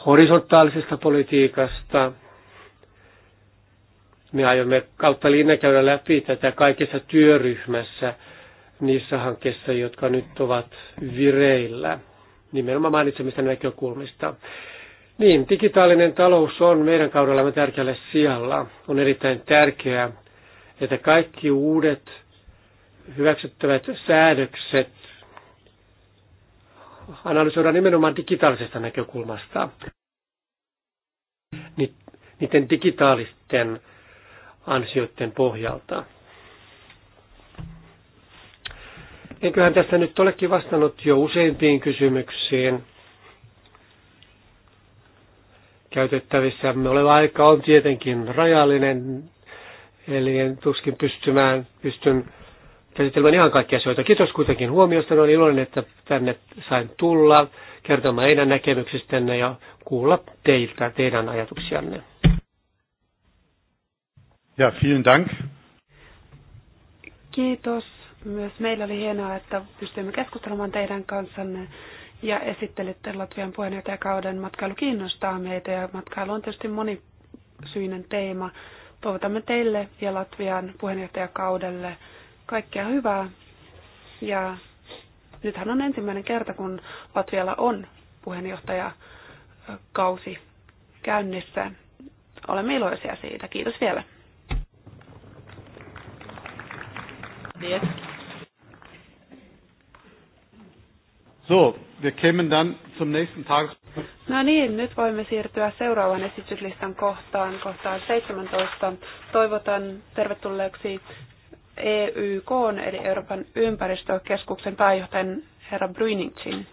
horisontaalisesta politiikasta. Me aiomme kautta linja käydä läpi tätä kaikessa työryhmässä niissä hankkeissa, jotka nyt ovat vireillä, nimenomaan mainitsemista näkökulmista. Niin, digitaalinen talous on meidän kaudellamme tärkeällä sijalla. On erittäin tärkeää, että kaikki uudet hyväksyttävät säädökset analysoidaan nimenomaan digitaalisesta näkökulmasta. Niiden digitaalisten ansioiden pohjalta. Enköhän tässä nyt olekin vastannut jo useimpiin kysymyksiin. Käytettävissämme oleva aika on tietenkin rajallinen Eli en tuskin pystymään, pystyn käsittelemään ihan kaikkia asioita. Kiitos kuitenkin huomiosta. Olen iloinen, että tänne sain tulla kertomaan heidän näkemyksistänne ja kuulla teiltä teidän ajatuksianne. Ja, vielen dank. Kiitos. Myös meillä oli hienoa, että pystyimme keskustelemaan teidän kanssanne ja esittelitte Latvian puheenjohtajakauden. Matkailu kiinnostaa meitä ja matkailu on tietysti monisyinen teema Toivotamme teille ja Latvian puheenjohtajakaudelle kaikkea hyvää. Ja nythän on ensimmäinen kerta, kun Latvialla on puheenjohtajakausi käynnissä. Olemme iloisia siitä. Kiitos vielä. So, wir kämen dann zum nächsten Tages No niin, nyt voimme siirtyä seuraavan esityslistan kohtaan, kohtaan 17. Toivotan tervetulleeksi EYK, eli Euroopan ympäristökeskuksen pääjohtajan herra Bryningin.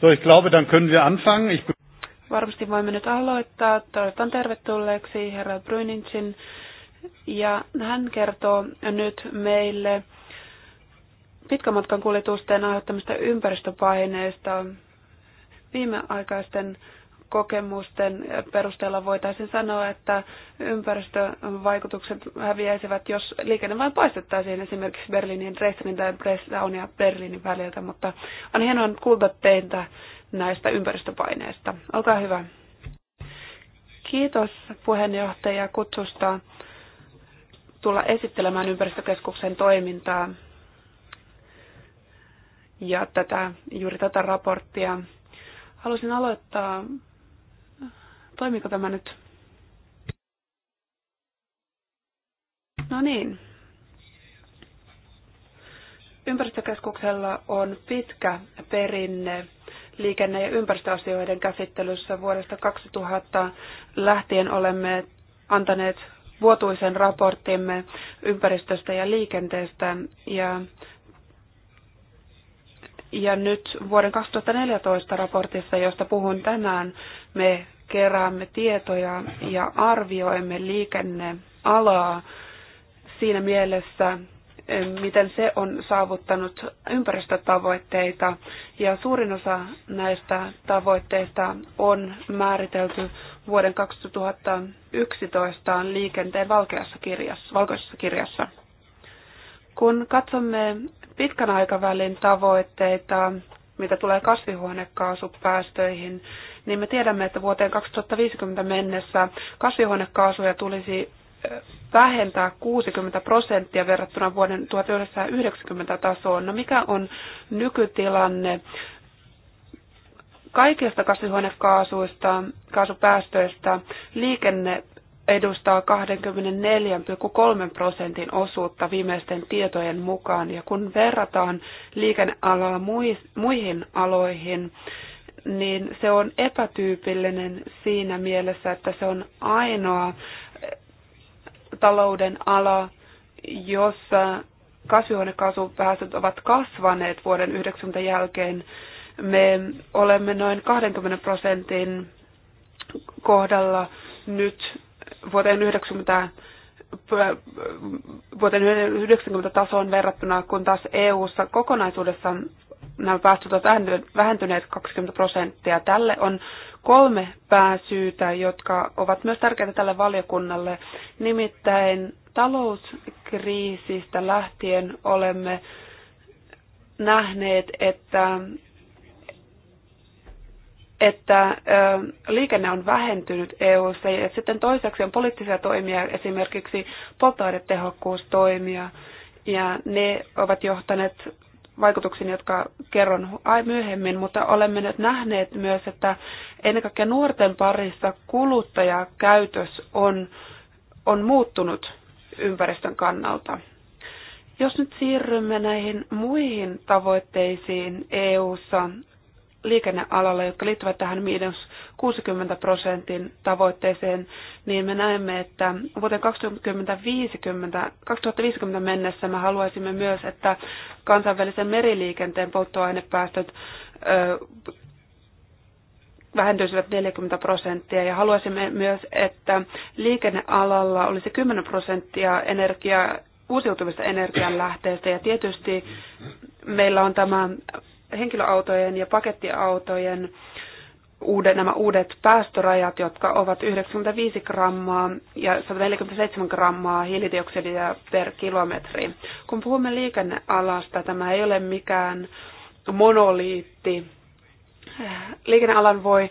So, ich glaube, dann können wir anfangen. Ich... Varmasti voimme nyt aloittaa. Toivotan tervetulleeksi herra Brynintsin. Ja hän kertoo nyt meille pitkämatkan kuljetusten aiheuttamista ympäristöpaineista viimeaikaisten kokemusten perusteella voitaisiin sanoa, että ympäristövaikutukset häviäisivät, jos liikenne vain poistettaisiin esimerkiksi Berliinin, Dresdenin tai Breslaun ja Berliinin väliltä, mutta on hienoa kuulla teiltä näistä ympäristöpaineista. Olkaa hyvä. Kiitos puheenjohtaja kutsusta tulla esittelemään ympäristökeskuksen toimintaa ja tätä, juuri tätä raporttia. Haluaisin aloittaa Toimiko tämä nyt? No niin. Ympäristökeskuksella on pitkä perinne liikenne- ja ympäristöasioiden käsittelyssä. Vuodesta 2000 lähtien olemme antaneet vuotuisen raporttimme ympäristöstä ja liikenteestä. Ja, ja nyt vuoden 2014 raportissa, josta puhun tänään, me keräämme tietoja ja arvioimme liikennealaa siinä mielessä, miten se on saavuttanut ympäristötavoitteita. Ja suurin osa näistä tavoitteista on määritelty vuoden 2011 liikenteen valkeassa kirjassa, valkoisessa kirjassa. Kun katsomme pitkän aikavälin tavoitteita, mitä tulee kasvihuonekaasupäästöihin, niin me tiedämme, että vuoteen 2050 mennessä kasvihuonekaasuja tulisi vähentää 60 prosenttia verrattuna vuoden 1990 tasoon. No mikä on nykytilanne? Kaikista kasvihuonekaasuista, kaasupäästöistä liikenne edustaa 24,3 prosentin osuutta viimeisten tietojen mukaan. Ja kun verrataan liikennealaa muihin aloihin, niin se on epätyypillinen siinä mielessä, että se on ainoa eh, talouden ala, jossa kasvihuonekaasupäästöt ovat kasvaneet vuoden 90 jälkeen. Me olemme noin 20 prosentin kohdalla nyt vuoteen 90 vuoteen 90 tasoon verrattuna, kun taas EU-ssa kokonaisuudessaan nämä päästöt ovat vähentyneet 20 prosenttia. Tälle on kolme pääsyytä, jotka ovat myös tärkeitä tälle valiokunnalle. Nimittäin talouskriisistä lähtien olemme nähneet, että että liikenne on vähentynyt EU:ssa ja sitten toiseksi on poliittisia toimia, esimerkiksi polttoainetehokkuustoimia, ja ne ovat johtaneet vaikutuksiin, jotka kerron myöhemmin, mutta olemme nyt nähneet myös, että ennen kaikkea nuorten parissa kuluttajakäytös on, on muuttunut ympäristön kannalta. Jos nyt siirrymme näihin muihin tavoitteisiin EU-ssa, liikennealalla, jotka liittyvät tähän miinus 60 prosentin tavoitteeseen, niin me näemme, että vuoteen 2050, 2050 mennessä me haluaisimme myös, että kansainvälisen meriliikenteen polttoainepäästöt ö, vähentyisivät 40 prosenttia ja haluaisimme myös, että liikennealalla olisi 10 prosenttia energiaa, uusiutuvista energianlähteistä ja tietysti meillä on tämä henkilöautojen ja pakettiautojen uudet, nämä uudet päästörajat, jotka ovat 95 grammaa ja 147 grammaa hiilidioksidia per kilometri. Kun puhumme liikennealasta, tämä ei ole mikään monoliitti. Liikennealan voi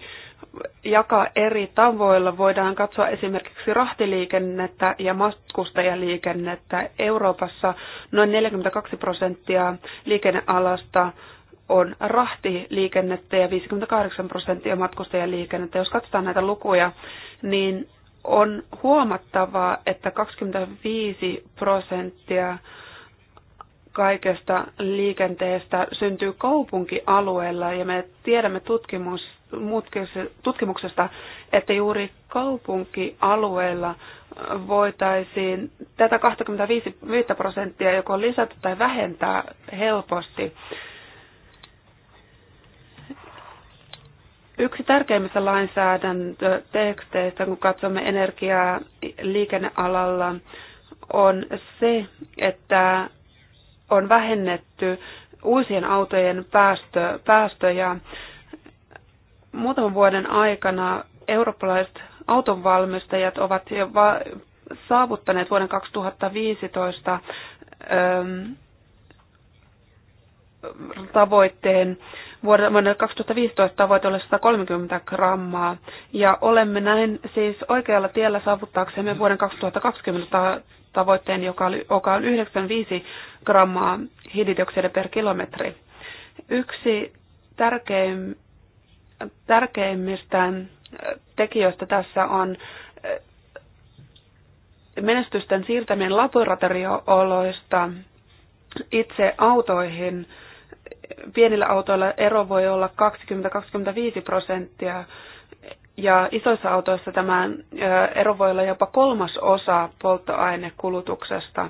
jakaa eri tavoilla. Voidaan katsoa esimerkiksi rahtiliikennettä ja matkustajaliikennettä. Euroopassa noin 42 prosenttia liikennealasta on rahtiliikennettä ja 58 prosenttia matkustajaliikennettä. Jos katsotaan näitä lukuja, niin on huomattavaa, että 25 prosenttia kaikesta liikenteestä syntyy kaupunkialueella ja me tiedämme tutkimus, tutkimuksesta, että juuri kaupunkialueella voitaisiin tätä 25 prosenttia joko lisätä tai vähentää helposti. Yksi tärkeimmistä lainsäädäntöteksteistä, kun katsomme energiaa liikennealalla, on se, että on vähennetty uusien autojen päästö, päästöjä. Muutaman vuoden aikana eurooppalaiset autonvalmistajat ovat jo va- saavuttaneet vuoden 2015 öö, tavoitteen vuonna 2015 tavoite oli 130 grammaa. Ja olemme näin siis oikealla tiellä saavuttaaksemme vuoden 2020 tavoitteen, joka, oli, joka on 95 grammaa hiilidioksidia per kilometri. Yksi tärkein, tärkeimmistä tekijöistä tässä on menestysten siirtäminen laboratoriooloista itse autoihin – pienillä autoilla ero voi olla 20-25 prosenttia ja isoissa autoissa tämä ero voi olla jopa kolmas osa polttoainekulutuksesta.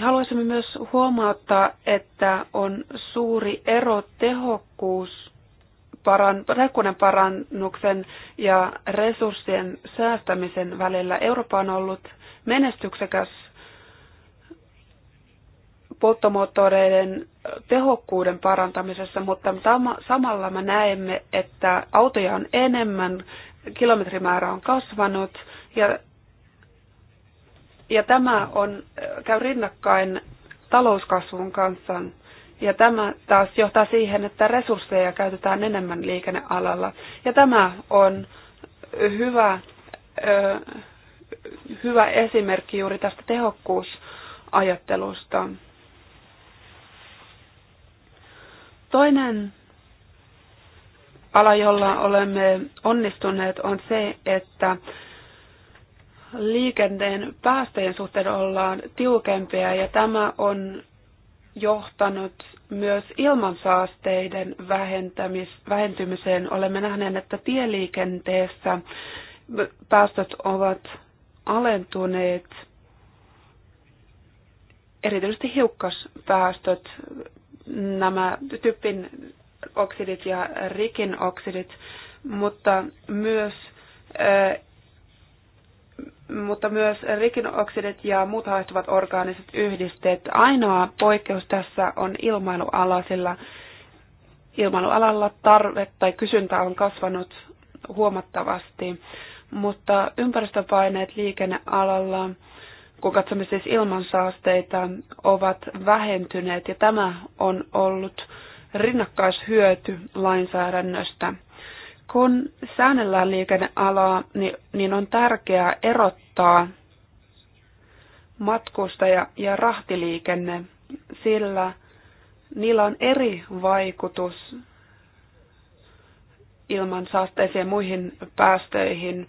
Haluaisimme myös huomauttaa, että on suuri ero tehokkuus, paran, parannuksen ja resurssien säästämisen välillä. Eurooppa on ollut menestyksekäs polttomoottoreiden tehokkuuden parantamisessa, mutta samalla me näemme, että autoja on enemmän, kilometrimäärä on kasvanut ja, ja tämä on, käy rinnakkain talouskasvun kanssa. Ja tämä taas johtaa siihen, että resursseja käytetään enemmän liikennealalla. Ja tämä on hyvä, ö, hyvä esimerkki juuri tästä tehokkuusajattelusta. Toinen ala, jolla olemme onnistuneet, on se, että liikenteen päästöjen suhteen ollaan tiukempia ja tämä on johtanut myös ilmansaasteiden vähentymiseen. Olemme nähneet, että tieliikenteessä päästöt ovat alentuneet. Erityisesti hiukkaspäästöt nämä typin oksidit ja rikin oksidit, mutta myös mutta myös rikin oksidit ja muut haehtuvat orgaaniset yhdisteet. Ainoa poikkeus tässä on ilmailuala, sillä ilmailualalla tarve tai kysyntä on kasvanut huomattavasti, mutta ympäristöpaineet liikennealalla kun katsomme siis ilmansaasteita, ovat vähentyneet ja tämä on ollut rinnakkaishyöty lainsäädännöstä. Kun säännellään liikennealaa, niin on tärkeää erottaa matkustaja- ja rahtiliikenne, sillä niillä on eri vaikutus ilman saasteisiin ja muihin päästöihin.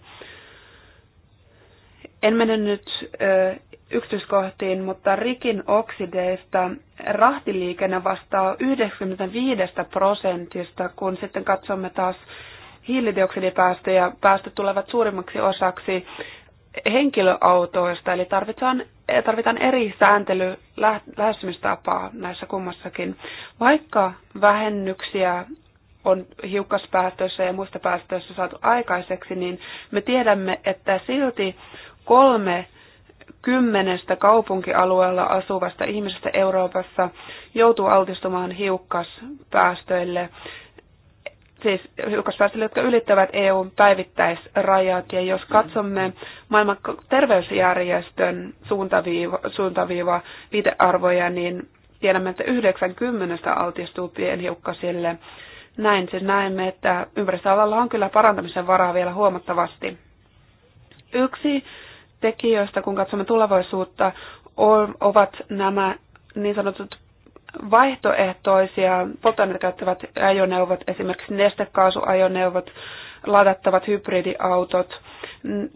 En mene nyt ö, yksityiskohtiin, mutta rikin oksideista rahtiliikenne vastaa 95 prosentista, kun sitten katsomme taas hiilidioksidipäästöjä. Päästöt tulevat suurimmaksi osaksi henkilöautoista, eli tarvitaan, eh, tarvitaan eri sääntely lähestymistapaa näissä kummassakin. Vaikka vähennyksiä on hiukkaspäästöissä ja muista päästöissä saatu aikaiseksi, niin me tiedämme, että silti kolme kymmenestä kaupunkialueella asuvasta ihmisestä Euroopassa joutuu altistumaan hiukkaspäästöille, siis hiukkaspäästöille, jotka ylittävät EUn päivittäisrajat. Ja jos katsomme maailman terveysjärjestön suuntaviiva, suuntaviiva viitearvoja, niin tiedämme, että 90 altistuu pienhiukkasille. Näin siis näemme, että ympäristöalalla on kyllä parantamisen varaa vielä huomattavasti. Yksi tekijöistä, kun katsomme tulevaisuutta, ovat nämä niin sanotut vaihtoehtoisia polttoaineita käyttävät ajoneuvot, esimerkiksi nestekaasuajoneuvot, ladattavat hybridiautot.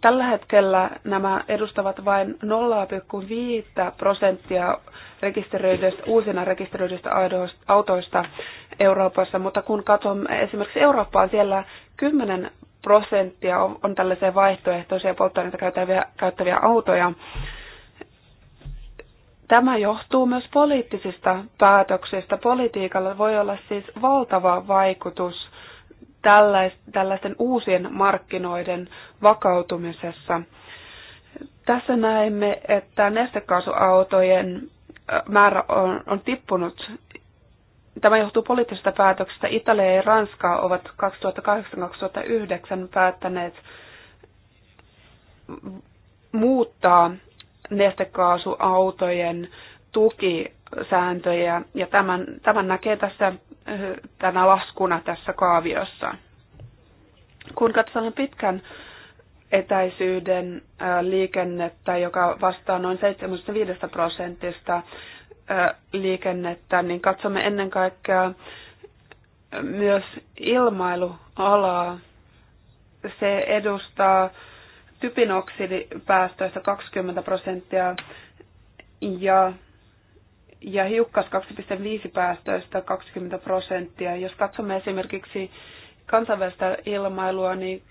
Tällä hetkellä nämä edustavat vain 0,5 prosenttia rekisteröidyistä, uusina rekisteröidyistä autoista Euroopassa, mutta kun katsomme esimerkiksi Eurooppaan, siellä 10 prosenttia on, on tällaisia vaihtoehtoisia polttoaineita käyttäviä, käyttäviä autoja. Tämä johtuu myös poliittisista päätöksistä. Politiikalla voi olla siis valtava vaikutus tällaisten uusien markkinoiden vakautumisessa. Tässä näemme, että nestekaasuautojen äh, määrä on, on tippunut Tämä johtuu poliittisesta päätöksestä. Italia ja Ranska ovat 2008-2009 päättäneet muuttaa nestekaasuautojen tukisääntöjä, ja tämän, tämän näkee tässä tänä laskuna tässä kaaviossa. Kun katsotaan pitkän etäisyyden liikennettä, joka vastaa noin 75 prosentista liikennettä, niin katsomme ennen kaikkea myös ilmailualaa. Se edustaa typinoksidipäästöistä 20 prosenttia ja, ja hiukkas 2,5 päästöistä 20 prosenttia. Jos katsomme esimerkiksi kansainvälistä ilmailua, niin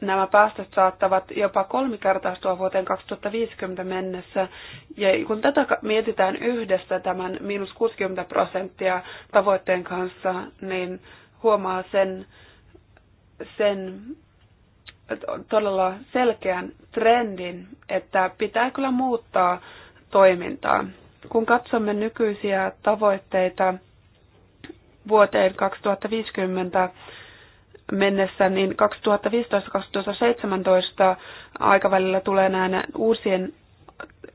nämä päästöt saattavat jopa kolmikertaistua vuoteen 2050 mennessä. Ja kun tätä mietitään yhdessä tämän miinus 60 prosenttia tavoitteen kanssa, niin huomaa sen, sen todella selkeän trendin, että pitää kyllä muuttaa toimintaa. Kun katsomme nykyisiä tavoitteita vuoteen 2050, mennessä, niin 2015-2017 aikavälillä tulee näin uusien,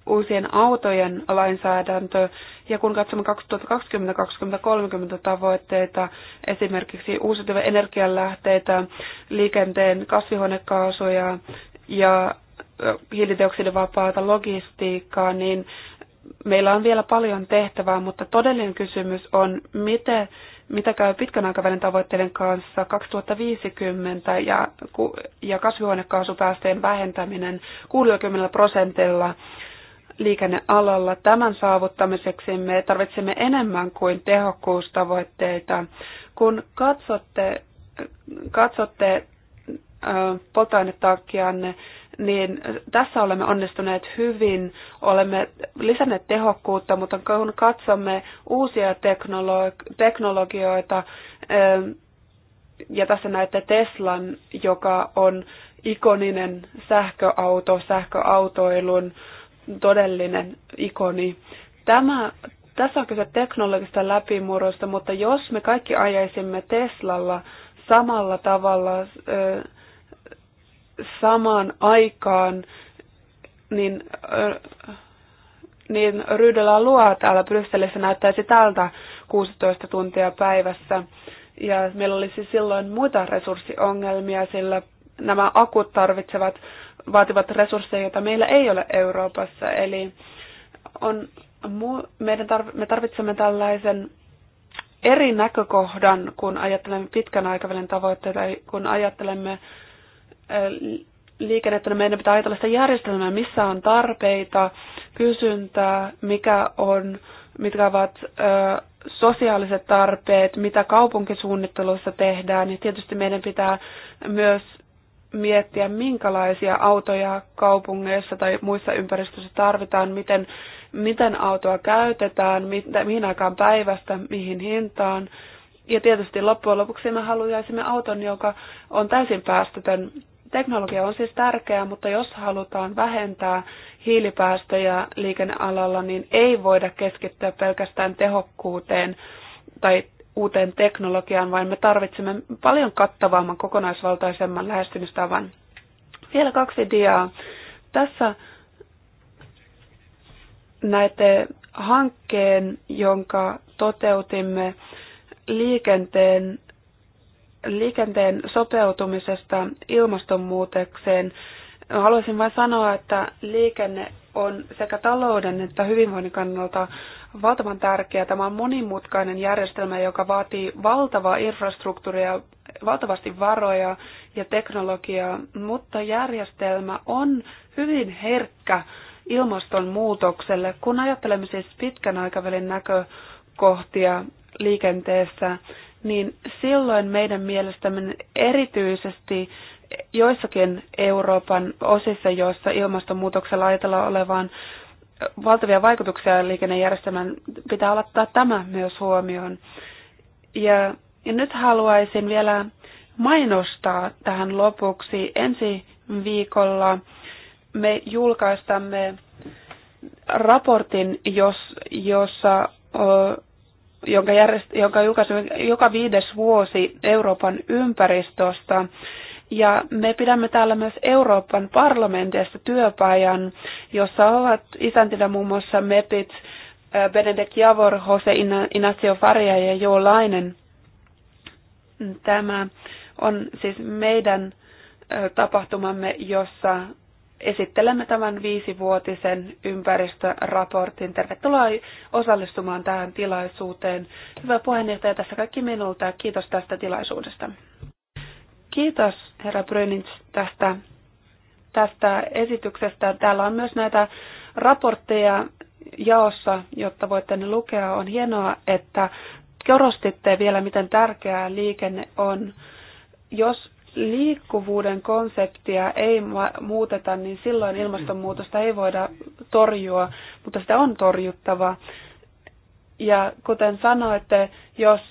uusien autojen lainsäädäntö. Ja kun katsomme 2020-2030 tavoitteita, esimerkiksi uusiutuvia energianlähteitä, liikenteen kasvihuonekaasuja ja hiilidioksidivapaata logistiikkaa, niin meillä on vielä paljon tehtävää, mutta todellinen kysymys on, miten, mitä käy pitkän aikavälin tavoitteiden kanssa 2050 ja, ja kasvihuonekaasupäästöjen vähentäminen 60 prosentilla liikennealalla. Tämän saavuttamiseksi me tarvitsemme enemmän kuin tehokkuustavoitteita. Kun katsotte, katsotte polttoainetaakkianne, niin äh, tässä olemme onnistuneet hyvin, olemme lisänneet tehokkuutta, mutta kun katsomme uusia teknologioita, ähm, ja tässä näette Teslan, joka on ikoninen sähköauto, sähköautoilun todellinen ikoni. Tämä, tässä on kyse teknologisesta läpimurrosta, mutta jos me kaikki ajaisimme Teslalla samalla tavalla, äh, samaan aikaan, niin, niin Rydellä luo täällä Brysselissä näyttäisi tältä 16 tuntia päivässä. Ja meillä olisi silloin muita resurssiongelmia, sillä nämä akut tarvitsevat, vaativat resursseja, joita meillä ei ole Euroopassa. Eli on, meidän tarv, me tarvitsemme tällaisen eri näkökohdan, kun ajattelemme pitkän aikavälin tavoitteita, kun ajattelemme liikennettä, niin meidän pitää ajatella sitä järjestelmää, missä on tarpeita, kysyntää, mikä on, mitkä ovat ö, sosiaaliset tarpeet, mitä kaupunkisuunnittelussa tehdään. Ja tietysti meidän pitää myös miettiä, minkälaisia autoja kaupungeissa tai muissa ympäristöissä tarvitaan, miten, miten autoa käytetään, mihin aikaan päivästä, mihin hintaan. Ja tietysti loppujen lopuksi me haluaisimme auton, joka on täysin päästötön Teknologia on siis tärkeää, mutta jos halutaan vähentää hiilipäästöjä liikennealalla, niin ei voida keskittyä pelkästään tehokkuuteen tai uuteen teknologiaan, vaan me tarvitsemme paljon kattavamman, kokonaisvaltaisemman lähestymistavan. Vielä kaksi diaa. Tässä näette hankkeen, jonka toteutimme liikenteen liikenteen sopeutumisesta ilmastonmuutokseen. Haluaisin vain sanoa, että liikenne on sekä talouden että hyvinvoinnin kannalta valtavan tärkeä. Tämä on monimutkainen järjestelmä, joka vaatii valtavaa infrastruktuuria, valtavasti varoja ja teknologiaa, mutta järjestelmä on hyvin herkkä ilmastonmuutokselle, kun ajattelemme siis pitkän aikavälin näkökohtia liikenteessä niin silloin meidän mielestämme erityisesti joissakin Euroopan osissa, joissa ilmastonmuutoksella ajatellaan olevaan valtavia vaikutuksia liikennejärjestelmään, pitää ottaa tämä myös huomioon. Ja, ja nyt haluaisin vielä mainostaa tähän lopuksi ensi viikolla me julkaistamme raportin, jos, jossa jonka, järjest, jonka julkaisu joka viides vuosi Euroopan ympäristöstä. Ja me pidämme täällä myös Euroopan parlamentissa työpajan, jossa ovat isäntinä muun muassa MEPit, eh, Benedek Javor, Jose Inacio Faria ja Jo Lainen. Tämä on siis meidän eh, tapahtumamme, jossa esittelemme tämän viisivuotisen ympäristöraportin. Tervetuloa osallistumaan tähän tilaisuuteen. Hyvä puheenjohtaja, tässä kaikki minulta ja kiitos tästä tilaisuudesta. Kiitos herra Brynins tästä, tästä esityksestä. Täällä on myös näitä raportteja jaossa, jotta voitte ne lukea. On hienoa, että korostitte vielä, miten tärkeää liikenne on. Jos liikkuvuuden konseptia ei muuteta, niin silloin ilmastonmuutosta ei voida torjua, mutta sitä on torjuttava. Ja kuten sanoitte, jos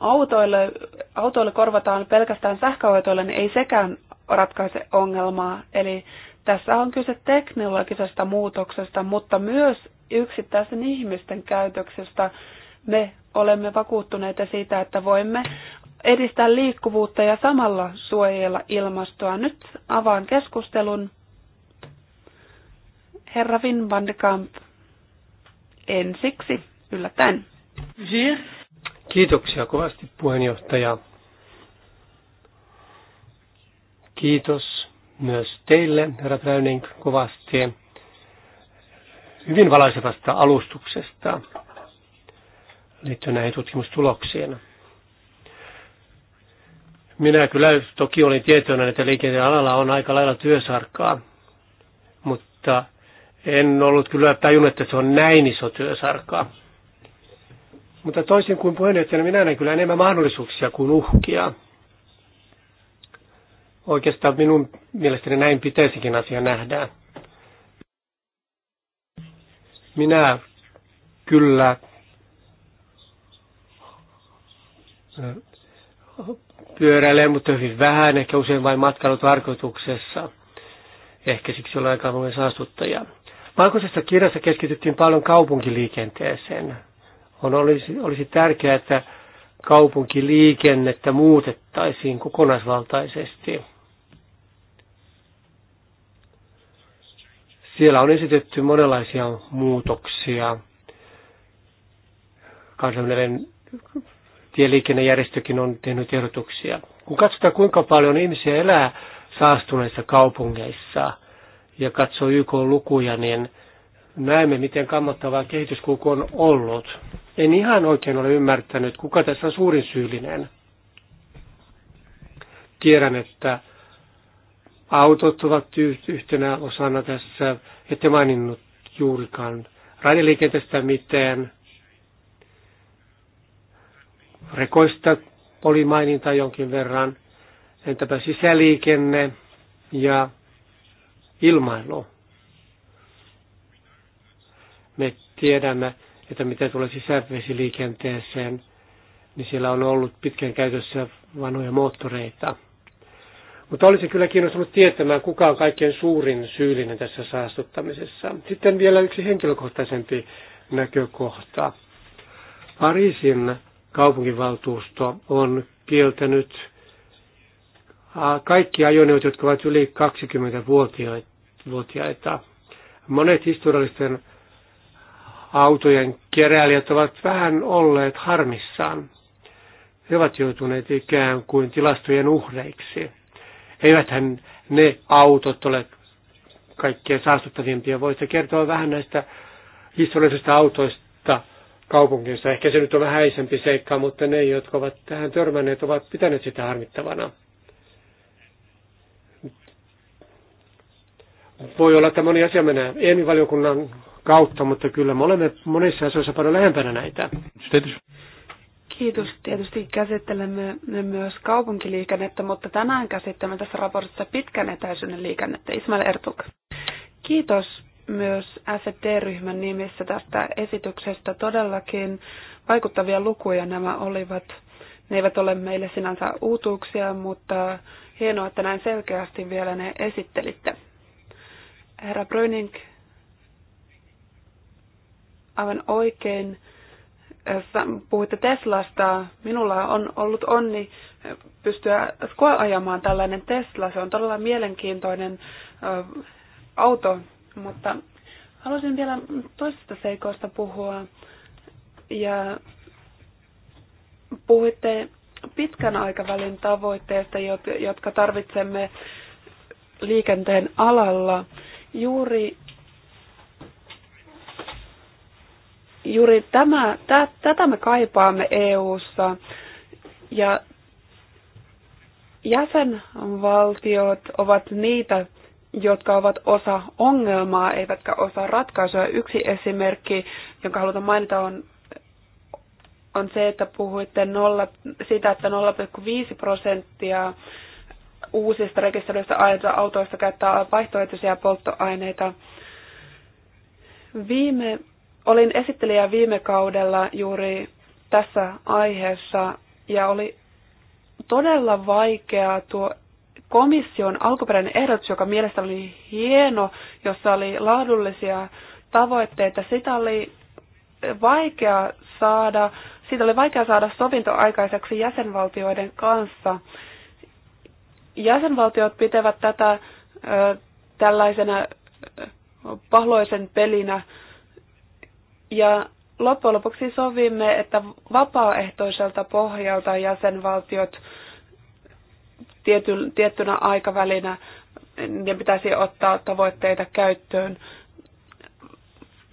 autoille, autoille korvataan pelkästään sähköautoille, niin ei sekään ratkaise ongelmaa. Eli tässä on kyse teknologisesta muutoksesta, mutta myös yksittäisten ihmisten käytöksestä. Me olemme vakuuttuneita siitä, että voimme edistää liikkuvuutta ja samalla suojella ilmastoa. Nyt avaan keskustelun. Herra Vin van de Kamp, ensiksi yllätän. Kiitoksia kovasti puheenjohtaja. Kiitos myös teille, herra Browning, kovasti hyvin valaisevasta alustuksesta liittyen näihin tutkimustuloksiin. Minä kyllä toki olin tietoinen, että liikenteen alalla on aika lailla työsarkaa, mutta en ollut kyllä tajunnut, että se on näin iso työsarkaa. Mutta toisin kuin puheenjohtajana, minä näen kyllä enemmän mahdollisuuksia kuin uhkia. Oikeastaan minun mielestäni näin pitäisikin asia nähdä. Minä kyllä pyöräilee, mutta hyvin vähän, ehkä usein vain matkailutarkoituksessa. Ehkä siksi on aika monen saastuttaja. Valkoisessa kirjassa keskityttiin paljon kaupunkiliikenteeseen. On, olisi, olisi tärkeää, että kaupunkiliikennettä muutettaisiin kokonaisvaltaisesti. Siellä on esitetty monenlaisia muutoksia. Kansainvälinen Tieliikennejärjestökin on tehnyt ehdotuksia. Kun katsotaan, kuinka paljon ihmisiä elää saastuneissa kaupungeissa ja katsoo YK-lukuja, niin näemme, miten kammottavaa kehityskulku on ollut. En ihan oikein ole ymmärtänyt, kuka tässä on suurin syyllinen. Tiedän, että autot ovat yhtenä osana tässä, ette maininnut juurikaan raideliikenteestä mitään. Rekoista oli maininta jonkin verran. Entäpä sisäliikenne ja ilmailu? Me tiedämme, että mitä tulee sisävesiliikenteeseen, niin siellä on ollut pitkän käytössä vanhoja moottoreita. Mutta olisin kyllä kiinnostunut tietämään, kuka on kaikkein suurin syyllinen tässä saastuttamisessa. Sitten vielä yksi henkilökohtaisempi näkökohta. Pariisin kaupunginvaltuusto on kieltänyt kaikki ajoneuvot, jotka ovat yli 20-vuotiaita. Monet historiallisten autojen keräilijät ovat vähän olleet harmissaan. He ovat joutuneet ikään kuin tilastojen uhreiksi. Eiväthän ne autot ole kaikkein saastuttavimpia. Voitte kertoa vähän näistä historiallisista autoista, kaupunkinsa. Ehkä se nyt on vähäisempi seikka, mutta ne, jotka ovat tähän törmänneet, ovat pitäneet sitä harmittavana. Voi olla, että moni asia menee EMI-valiokunnan kautta, mutta kyllä me olemme monissa asioissa paljon lähempänä näitä. Kiitos. Tietysti käsittelemme myös kaupunkiliikennettä, mutta tänään käsittelemme tässä raportissa pitkän etäisyyden liikennettä. Ismail Ertuk. Kiitos myös SED-ryhmän nimissä tästä esityksestä. Todellakin vaikuttavia lukuja nämä olivat. Ne eivät ole meille sinänsä uutuuksia, mutta hienoa, että näin selkeästi vielä ne esittelitte. Herra Bröning, aivan oikein äh, puhuitte Teslasta. Minulla on ollut onni pystyä koeajamaan tällainen Tesla. Se on todella mielenkiintoinen äh, auto, mutta haluaisin vielä toisesta seikoista puhua. Ja puhuitte pitkän aikavälin tavoitteista, jotka tarvitsemme liikenteen alalla. Juuri, juuri tämä, tä, tätä me kaipaamme EU:ssa ja jäsenvaltiot ovat niitä jotka ovat osa ongelmaa eivätkä osa ratkaisua. Yksi esimerkki, jonka haluan mainita, on, on se, että puhuitte nolla, sitä, että 0,5 prosenttia uusista rekisteröistä autoista käyttää vaihtoehtoisia polttoaineita. Viime, olin esittelijä viime kaudella juuri tässä aiheessa ja oli todella vaikeaa tuo komission alkuperäinen ehdotus, joka mielestäni oli hieno, jossa oli laadullisia tavoitteita, sitä oli vaikea saada, siitä oli vaikea saada sovinto aikaiseksi jäsenvaltioiden kanssa. Jäsenvaltiot pitävät tätä ö, tällaisena pahloisen pelinä. Ja loppujen lopuksi sovimme, että vapaaehtoiselta pohjalta jäsenvaltiot tiety, tiettynä aikavälinä ja pitäisi ottaa tavoitteita käyttöön.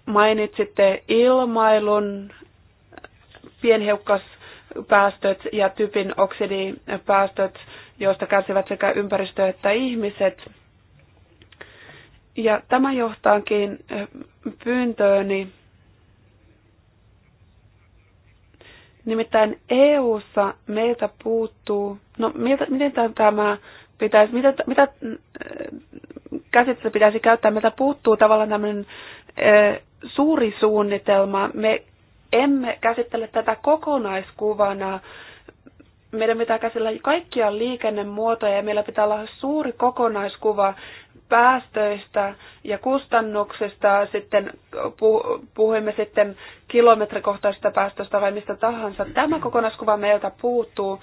Mainitsitte ilmailun pienheukkaspäästöt ja typin oksidipäästöt, joista kärsivät sekä ympäristö että ihmiset. Ja tämä johtaakin pyyntööni Nimittäin EU:ssa meiltä puuttuu, no miltä, miten tämä pitäisi, mitä, mitä mm, käsitettä pitäisi käyttää, meiltä puuttuu tavallaan tämmöinen suuri suunnitelma. Me emme käsittele tätä kokonaiskuvana. Meidän pitää käsitellä kaikkia liikennemuotoja ja meillä pitää olla suuri kokonaiskuva päästöistä ja kustannuksista sitten puhuimme sitten kilometrikohtaisista päästöistä vai mistä tahansa. Tämä kokonaiskuva meiltä puuttuu.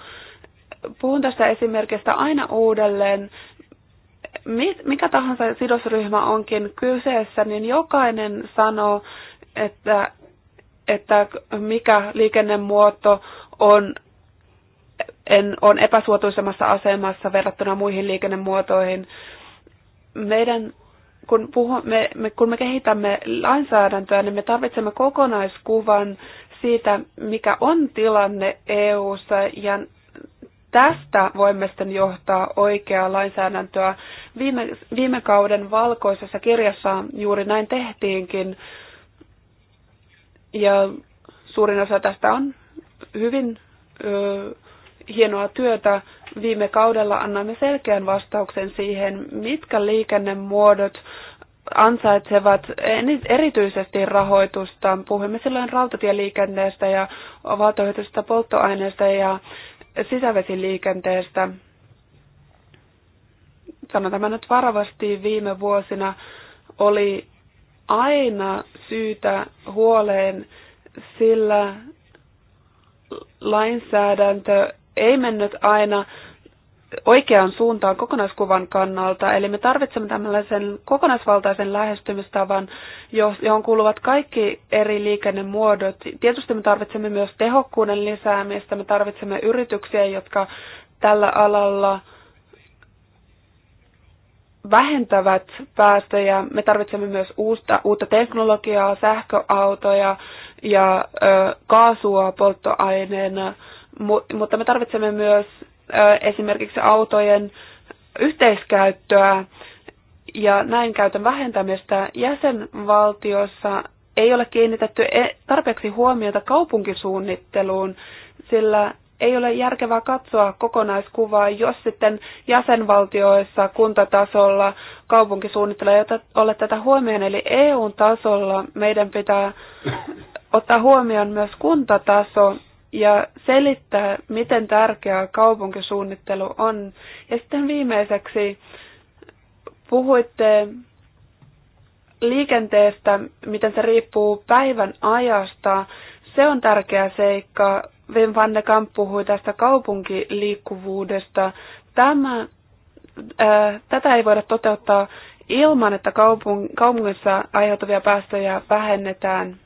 Puhun tästä esimerkistä aina uudelleen. Mikä tahansa sidosryhmä onkin kyseessä, niin jokainen sanoo, että, että mikä liikennemuoto on en, on epäsuotuisemmassa asemassa verrattuna muihin liikennemuotoihin meidän kun, puhu, me, me, kun me kehitämme lainsäädäntöä, niin me tarvitsemme kokonaiskuvan siitä, mikä on tilanne EU:ssa ja tästä voimme sitten johtaa oikeaa lainsäädäntöä. Viime, viime kauden valkoisessa kirjassa juuri näin tehtiinkin ja suurin osa tästä on hyvin ö, hienoa työtä viime kaudella annamme selkeän vastauksen siihen, mitkä liikennemuodot ansaitsevat erityisesti rahoitusta. Puhumme silloin rautatieliikenteestä ja vaatoihoitusta polttoaineesta ja sisävesiliikenteestä. Sanotaan tämän nyt varovasti, viime vuosina oli aina syytä huoleen, sillä lainsäädäntö ei mennyt aina oikeaan suuntaan kokonaiskuvan kannalta. Eli me tarvitsemme tämmöisen kokonaisvaltaisen lähestymistavan, johon kuuluvat kaikki eri liikennemuodot. Tietysti me tarvitsemme myös tehokkuuden lisäämistä, me tarvitsemme yrityksiä, jotka tällä alalla vähentävät päästöjä. Me tarvitsemme myös uutta, uutta teknologiaa, sähköautoja ja ö, kaasua polttoaineena, mutta me tarvitsemme myös esimerkiksi autojen yhteiskäyttöä ja näin käytön vähentämistä jäsenvaltiossa ei ole kiinnitetty e- tarpeeksi huomiota kaupunkisuunnitteluun, sillä ei ole järkevää katsoa kokonaiskuvaa, jos sitten jäsenvaltioissa, kuntatasolla, kaupunkisuunnittelu ei ole tätä huomioon. Eli EUn tasolla meidän pitää ottaa huomioon myös kuntataso ja selittää, miten tärkeää kaupunkisuunnittelu on. Ja sitten viimeiseksi puhuitte liikenteestä, miten se riippuu päivän ajasta. Se on tärkeä seikka. Vim van de Kamp puhui tästä kaupunkiliikkuvuudesta. Tämä, ää, äh, tätä ei voida toteuttaa ilman, että kaupung- kaupungissa aiheutuvia päästöjä vähennetään.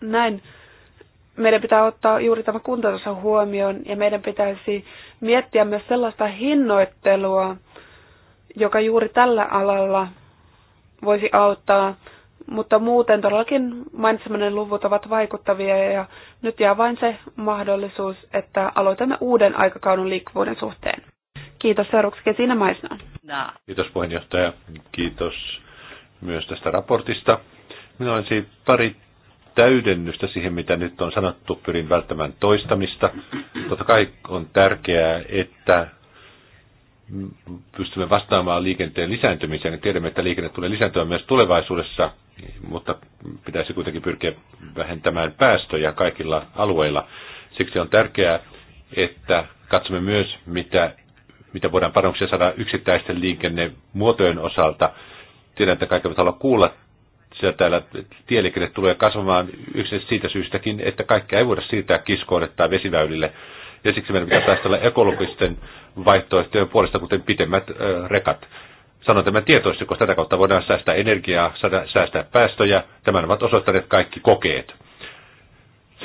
Näin meidän pitää ottaa juuri tämä kuntotaso huomioon ja meidän pitäisi miettiä myös sellaista hinnoittelua, joka juuri tällä alalla voisi auttaa, mutta muuten todellakin mainitsemani luvut ovat vaikuttavia ja nyt jää vain se mahdollisuus, että aloitamme uuden aikakauden liikkuvuuden suhteen. Kiitos seuraavaksi Kesina Maisna. Kiitos puheenjohtaja. Kiitos myös tästä raportista. Minä olisin pari täydennystä siihen, mitä nyt on sanottu. Pyrin välttämään toistamista. Totta kai on tärkeää, että pystymme vastaamaan liikenteen lisääntymiseen. Tiedämme, että liikenne tulee lisääntymään myös tulevaisuudessa, mutta pitäisi kuitenkin pyrkiä vähentämään päästöjä kaikilla alueilla. Siksi on tärkeää, että katsomme myös, mitä, mitä voidaan parannuksia saada yksittäisten liikennemuotojen osalta. Tiedän, että kaikki ovat olla kuulla ja täällä tieliikenne tulee kasvamaan yksi siitä syystäkin, että kaikkea ei voida siirtää kiskoille tai vesiväylille. Ja siksi meidän pitää päästä ekologisten vaihtoehtojen puolesta, kuten pitemmät ö, rekat. Sanon tämän tietoisesti, koska tätä kautta voidaan säästää energiaa, säästää päästöjä. Tämän ovat osoittaneet kaikki kokeet.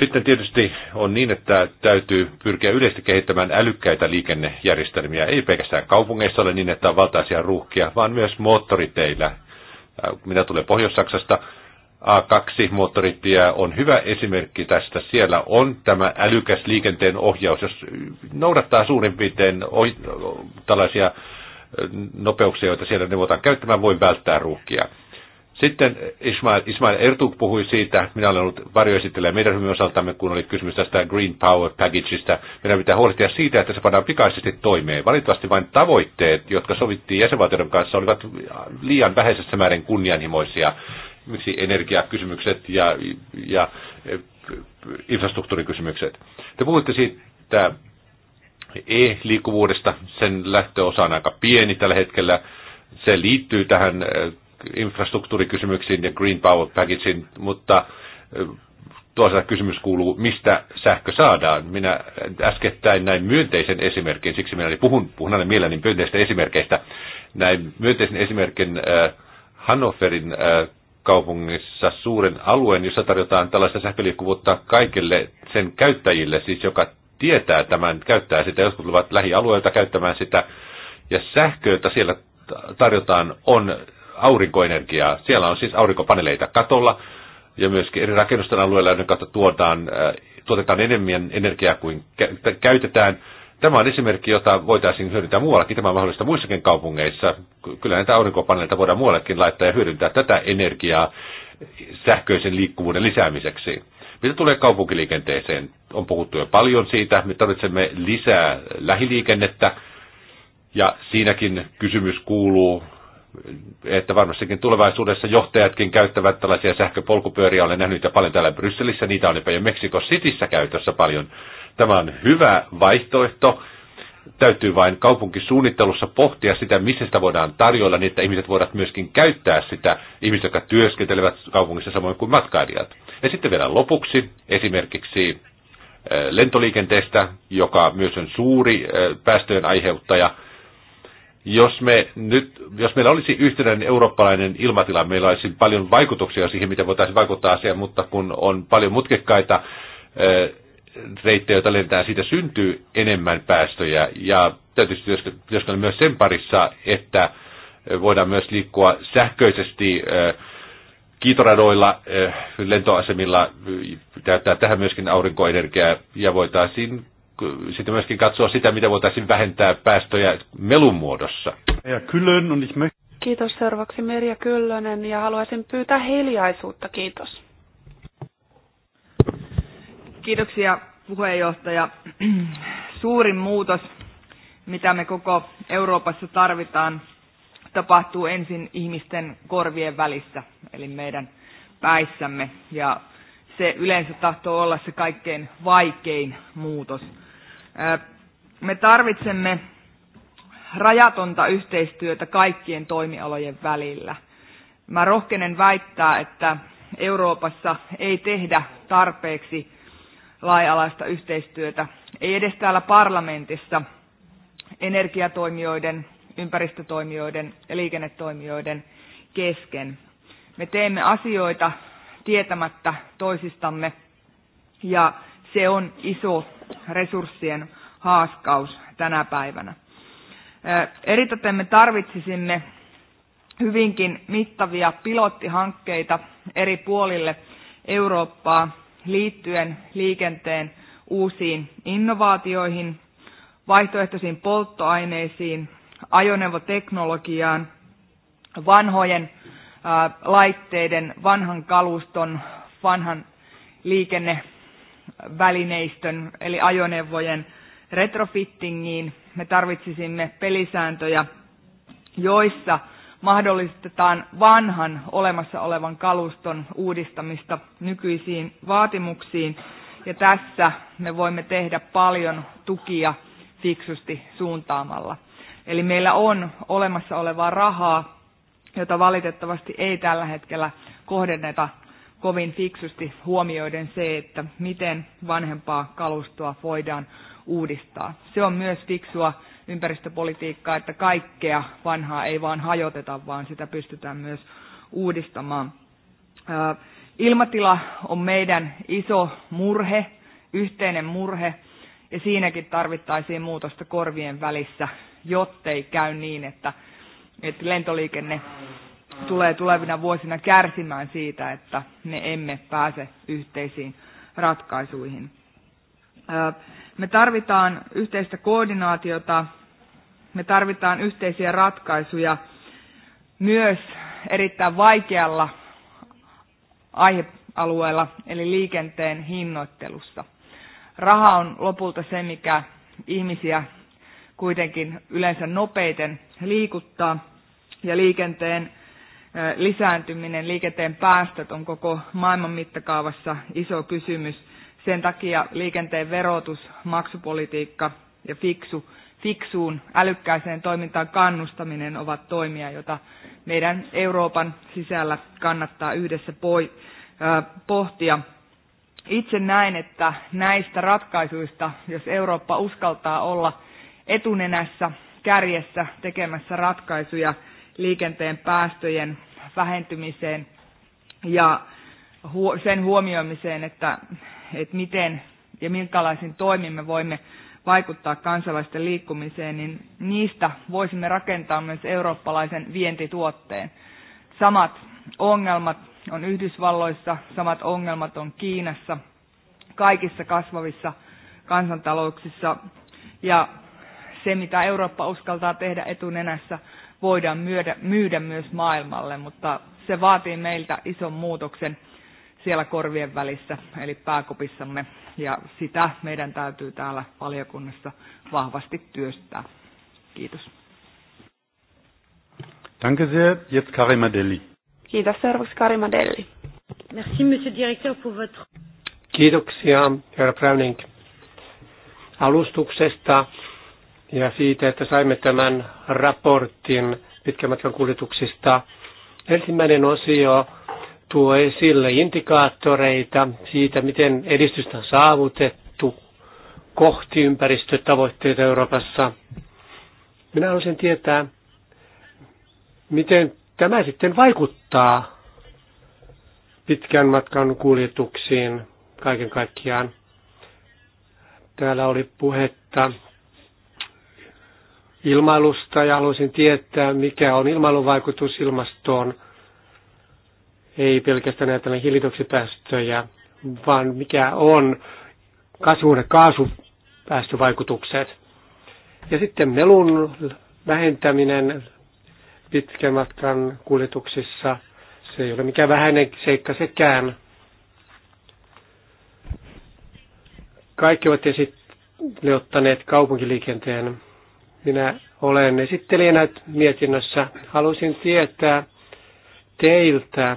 Sitten tietysti on niin, että täytyy pyrkiä yleisesti kehittämään älykkäitä liikennejärjestelmiä, ei pelkästään kaupungeissa ole niin, että on valtaisia ruuhkia, vaan myös moottoriteillä, Äh, mitä tulee Pohjois-Saksasta, A2-moottoritie on hyvä esimerkki tästä. Siellä on tämä älykäs liikenteen ohjaus, jos noudattaa suurin piirtein tällaisia äh, nopeuksia, joita siellä neuvotaan käyttämään, voi välttää ruuhkia. Sitten Ismail, Ismail Ertug puhui siitä, minä olen ollut varjoesittelijä meidän ryhmän osaltamme, kun oli kysymys tästä Green Power Packageista. Meidän pitää huolehtia siitä, että se pannaan pikaisesti toimeen. Valitettavasti vain tavoitteet, jotka sovittiin jäsenvaltioiden kanssa, olivat liian vähäisessä määrin kunnianhimoisia. Miksi energiakysymykset ja, ja e, infrastruktuurikysymykset. Te puhuitte siitä e-liikkuvuudesta, sen lähtöosa on aika pieni tällä hetkellä. Se liittyy tähän e, infrastruktuurikysymyksiin ja Green Power Packagein, mutta toisaalta kysymys kuuluu, mistä sähkö saadaan. Minä äskettäin näin myönteisen esimerkin, siksi minä puhun, puhun aina mielelläni myönteistä esimerkkeistä, näin myönteisen esimerkin äh, Hannoverin äh, kaupungissa suuren alueen, jossa tarjotaan tällaista sähköliikkuvuutta kaikille sen käyttäjille, siis joka tietää tämän, käyttää sitä, jotkut tulevat lähialueelta käyttämään sitä, ja sähköä, jota siellä tarjotaan, on aurinkoenergiaa. Siellä on siis aurinkopaneeleita katolla ja myöskin eri rakennusten alueilla, joiden kautta tuodaan, äh, tuotetaan enemmän energiaa kuin käytetään. Tämä on esimerkki, jota voitaisiin hyödyntää muuallakin. Tämä on mahdollista muissakin kaupungeissa. Kyllä näitä aurinkopaneeleita voidaan muuallekin laittaa ja hyödyntää tätä energiaa sähköisen liikkuvuuden lisäämiseksi. Mitä tulee kaupunkiliikenteeseen? On puhuttu jo paljon siitä. Me tarvitsemme lisää lähiliikennettä. Ja siinäkin kysymys kuuluu, että varmastikin tulevaisuudessa johtajatkin käyttävät tällaisia sähköpolkupyöriä. Olen nähnyt ja paljon täällä Brysselissä, niitä on jopa jo Meksiko Cityssä käytössä paljon. Tämä on hyvä vaihtoehto. Täytyy vain kaupunkisuunnittelussa pohtia sitä, missä sitä voidaan tarjoilla, niin että ihmiset voivat myöskin käyttää sitä, ihmiset, jotka työskentelevät kaupungissa samoin kuin matkailijat. Ja sitten vielä lopuksi esimerkiksi äh, lentoliikenteestä, joka myös on suuri äh, päästöjen aiheuttaja – jos, me nyt, jos meillä olisi yhtenäinen eurooppalainen ilmatila, meillä olisi paljon vaikutuksia siihen, miten voitaisiin vaikuttaa asiaan, mutta kun on paljon mutkekkaita reittejä, joita lentää, siitä syntyy enemmän päästöjä. Ja täytyisi työskennellä myös sen parissa, että voidaan myös liikkua sähköisesti kiitoradoilla, lentoasemilla, täyttää tähän myöskin aurinkoenergiaa ja voitaisiin sitten myöskin katsoa sitä, mitä voitaisiin vähentää päästöjä melun muodossa. Ja Kyllön on Kiitos seuraavaksi Merja Kyllönen ja haluaisin pyytää hiljaisuutta. Kiitos. Kiitoksia puheenjohtaja. Suurin muutos, mitä me koko Euroopassa tarvitaan, tapahtuu ensin ihmisten korvien välissä, eli meidän päissämme. Ja se yleensä tahtoo olla se kaikkein vaikein muutos me tarvitsemme rajatonta yhteistyötä kaikkien toimialojen välillä. Mä rohkenen väittää, että Euroopassa ei tehdä tarpeeksi laajalaista yhteistyötä, ei edes täällä parlamentissa energiatoimijoiden, ympäristötoimijoiden ja liikennetoimijoiden kesken. Me teemme asioita tietämättä toisistamme ja se on iso resurssien haaskaus tänä päivänä. Eritoten me tarvitsisimme hyvinkin mittavia pilottihankkeita eri puolille Eurooppaa liittyen liikenteen uusiin innovaatioihin, vaihtoehtoisiin polttoaineisiin, ajoneuvoteknologiaan, vanhojen laitteiden, vanhan kaluston, vanhan liikenne- välineistön eli ajoneuvojen retrofittingiin. Me tarvitsisimme pelisääntöjä, joissa mahdollistetaan vanhan olemassa olevan kaluston uudistamista nykyisiin vaatimuksiin. Ja tässä me voimme tehdä paljon tukia fiksusti suuntaamalla. Eli meillä on olemassa olevaa rahaa, jota valitettavasti ei tällä hetkellä kohdenneta kovin fiksusti huomioiden se, että miten vanhempaa kalustoa voidaan uudistaa. Se on myös fiksua ympäristöpolitiikkaa, että kaikkea vanhaa ei vaan hajoteta, vaan sitä pystytään myös uudistamaan. Ilmatila on meidän iso murhe, yhteinen murhe, ja siinäkin tarvittaisiin muutosta korvien välissä, jottei käy niin, että, että lentoliikenne tulee tulevina vuosina kärsimään siitä, että me emme pääse yhteisiin ratkaisuihin. Me tarvitaan yhteistä koordinaatiota, me tarvitaan yhteisiä ratkaisuja myös erittäin vaikealla aihealueella, eli liikenteen hinnoittelussa. Raha on lopulta se, mikä ihmisiä kuitenkin yleensä nopeiten liikuttaa, ja liikenteen lisääntyminen, liikenteen päästöt on koko maailman mittakaavassa iso kysymys. Sen takia liikenteen verotus, maksupolitiikka ja fiksu, fiksuun älykkäiseen toimintaan kannustaminen ovat toimia, joita meidän Euroopan sisällä kannattaa yhdessä pohtia. Itse näen, että näistä ratkaisuista, jos Eurooppa uskaltaa olla etunenässä, kärjessä tekemässä ratkaisuja – liikenteen päästöjen vähentymiseen ja sen huomioimiseen, että, että miten ja minkälaisin toimin me voimme vaikuttaa kansalaisten liikkumiseen, niin niistä voisimme rakentaa myös eurooppalaisen vientituotteen. Samat ongelmat on Yhdysvalloissa, samat ongelmat on Kiinassa, kaikissa kasvavissa kansantalouksissa. Ja se, mitä Eurooppa uskaltaa tehdä etunenässä, voidaan myydä, myydä myös maailmalle, mutta se vaatii meiltä ison muutoksen siellä korvien välissä, eli pääkopissamme, ja sitä meidän täytyy täällä valiokunnassa vahvasti työstää. Kiitos. Danke sehr. Jetzt Karima Deli. Kiitos. Seuraavaksi Karima Deli. Merci, monsieur directeur, pour votre... Kiitoksia, herra Browning, alustuksesta ja siitä, että saimme tämän raportin pitkän matkan kuljetuksista. Ensimmäinen osio tuo esille indikaattoreita siitä, miten edistystä on saavutettu kohti ympäristötavoitteita Euroopassa. Minä haluaisin tietää, miten tämä sitten vaikuttaa pitkän matkan kuljetuksiin kaiken kaikkiaan. Täällä oli puhetta ilmailusta ja haluaisin tietää, mikä on ilmailun vaikutus ilmastoon, ei pelkästään näitä hiilidioksipäästöjä, vaan mikä on kasvuhuonekaasupäästövaikutukset. Ja sitten melun vähentäminen pitkän matkan kuljetuksissa, se ei ole mikään vähäinen seikka sekään. Kaikki ovat esittäneet kaupunkiliikenteen minä olen esittelijänä mietinnössä. halusin tietää teiltä,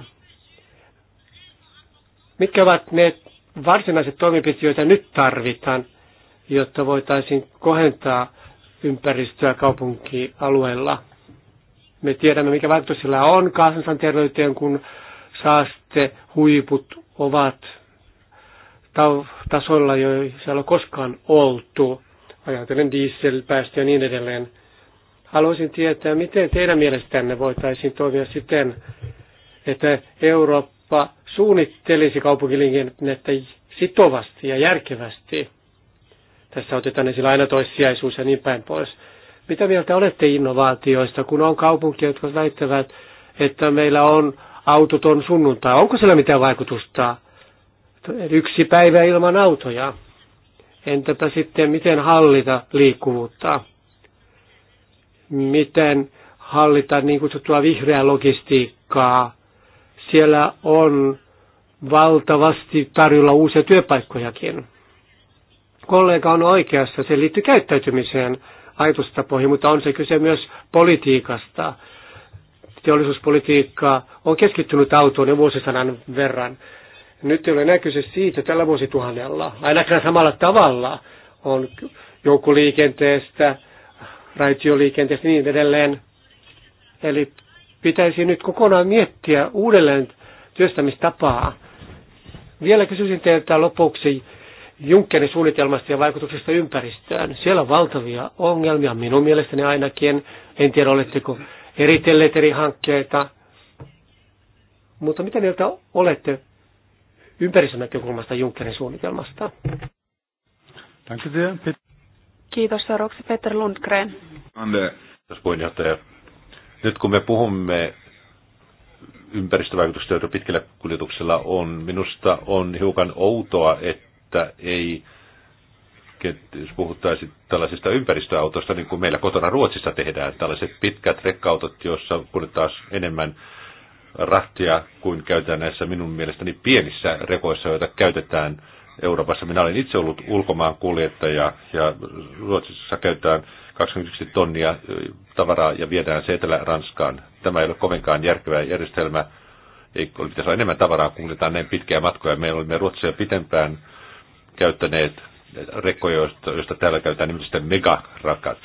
mitkä ovat ne varsinaiset toimenpiteet, joita nyt tarvitaan, jotta voitaisiin kohentaa ympäristöä kaupunkialueella. Me tiedämme, mikä vaikutus sillä on kansanterveyteen, kun saastehuiput ovat tasoilla, joilla ei ole koskaan oltu ajatellen dieselpäästöjä ja niin edelleen. Haluaisin tietää, miten teidän mielestänne voitaisiin toimia siten, että Eurooppa suunnittelisi kaupunkiliikennettä sitovasti ja järkevästi. Tässä otetaan esillä aina toissijaisuus ja niin päin pois. Mitä mieltä olette innovaatioista, kun on kaupunkia, jotka väittävät, että meillä on autoton sunnuntai? Onko sillä mitään vaikutusta? Yksi päivä ilman autoja. Entäpä sitten, miten hallita liikkuvuutta? Miten hallita niin kutsuttua vihreää logistiikkaa? Siellä on valtavasti tarjolla uusia työpaikkojakin. Kollega on oikeassa, se liittyy käyttäytymiseen ajatustapoihin, mutta on se kyse myös politiikasta. Teollisuuspolitiikka on keskittynyt autoon jo vuosisadan verran. Nyt ei ole enää kyse siitä tällä vuosituhannella, ainakaan samalla tavalla on joukkoliikenteestä, raitioliikenteestä ja niin edelleen. Eli pitäisi nyt kokonaan miettiä uudelleen työstämistapaa. Vielä kysyisin teiltä lopuksi Junckerin suunnitelmasta ja vaikutuksesta ympäristöön. Siellä on valtavia ongelmia, minun mielestäni ainakin. En tiedä, oletteko eritelleet eri hankkeita. Mutta mitä mieltä olette ympäristönäkökulmasta Junckerin suunnitelmasta. Kiitos seuraavaksi Peter Lundgren. Kiitos puheenjohtaja. Nyt kun me puhumme ympäristövaikutuksista, joita pitkällä kuljetuksella on, minusta on hiukan outoa, että ei jos puhuttaisiin tällaisista ympäristöautoista, niin kuin meillä kotona Ruotsissa tehdään, tällaiset pitkät rekka joissa kuljetaan enemmän rahtia kuin käytetään näissä minun mielestäni pienissä rekoissa, joita käytetään Euroopassa. Minä olen itse ollut ulkomaan kuljettaja ja Ruotsissa käytetään 21 tonnia tavaraa ja viedään se Etelä-Ranskaan. Tämä ei ole kovinkaan järkevä järjestelmä. Ei pitäisi olla enemmän tavaraa, kun kuljetaan näin pitkiä matkoja. meillä olimme Ruotsia pitempään käyttäneet rekkoja, joista, joista täällä käytetään nimittäin megarakat.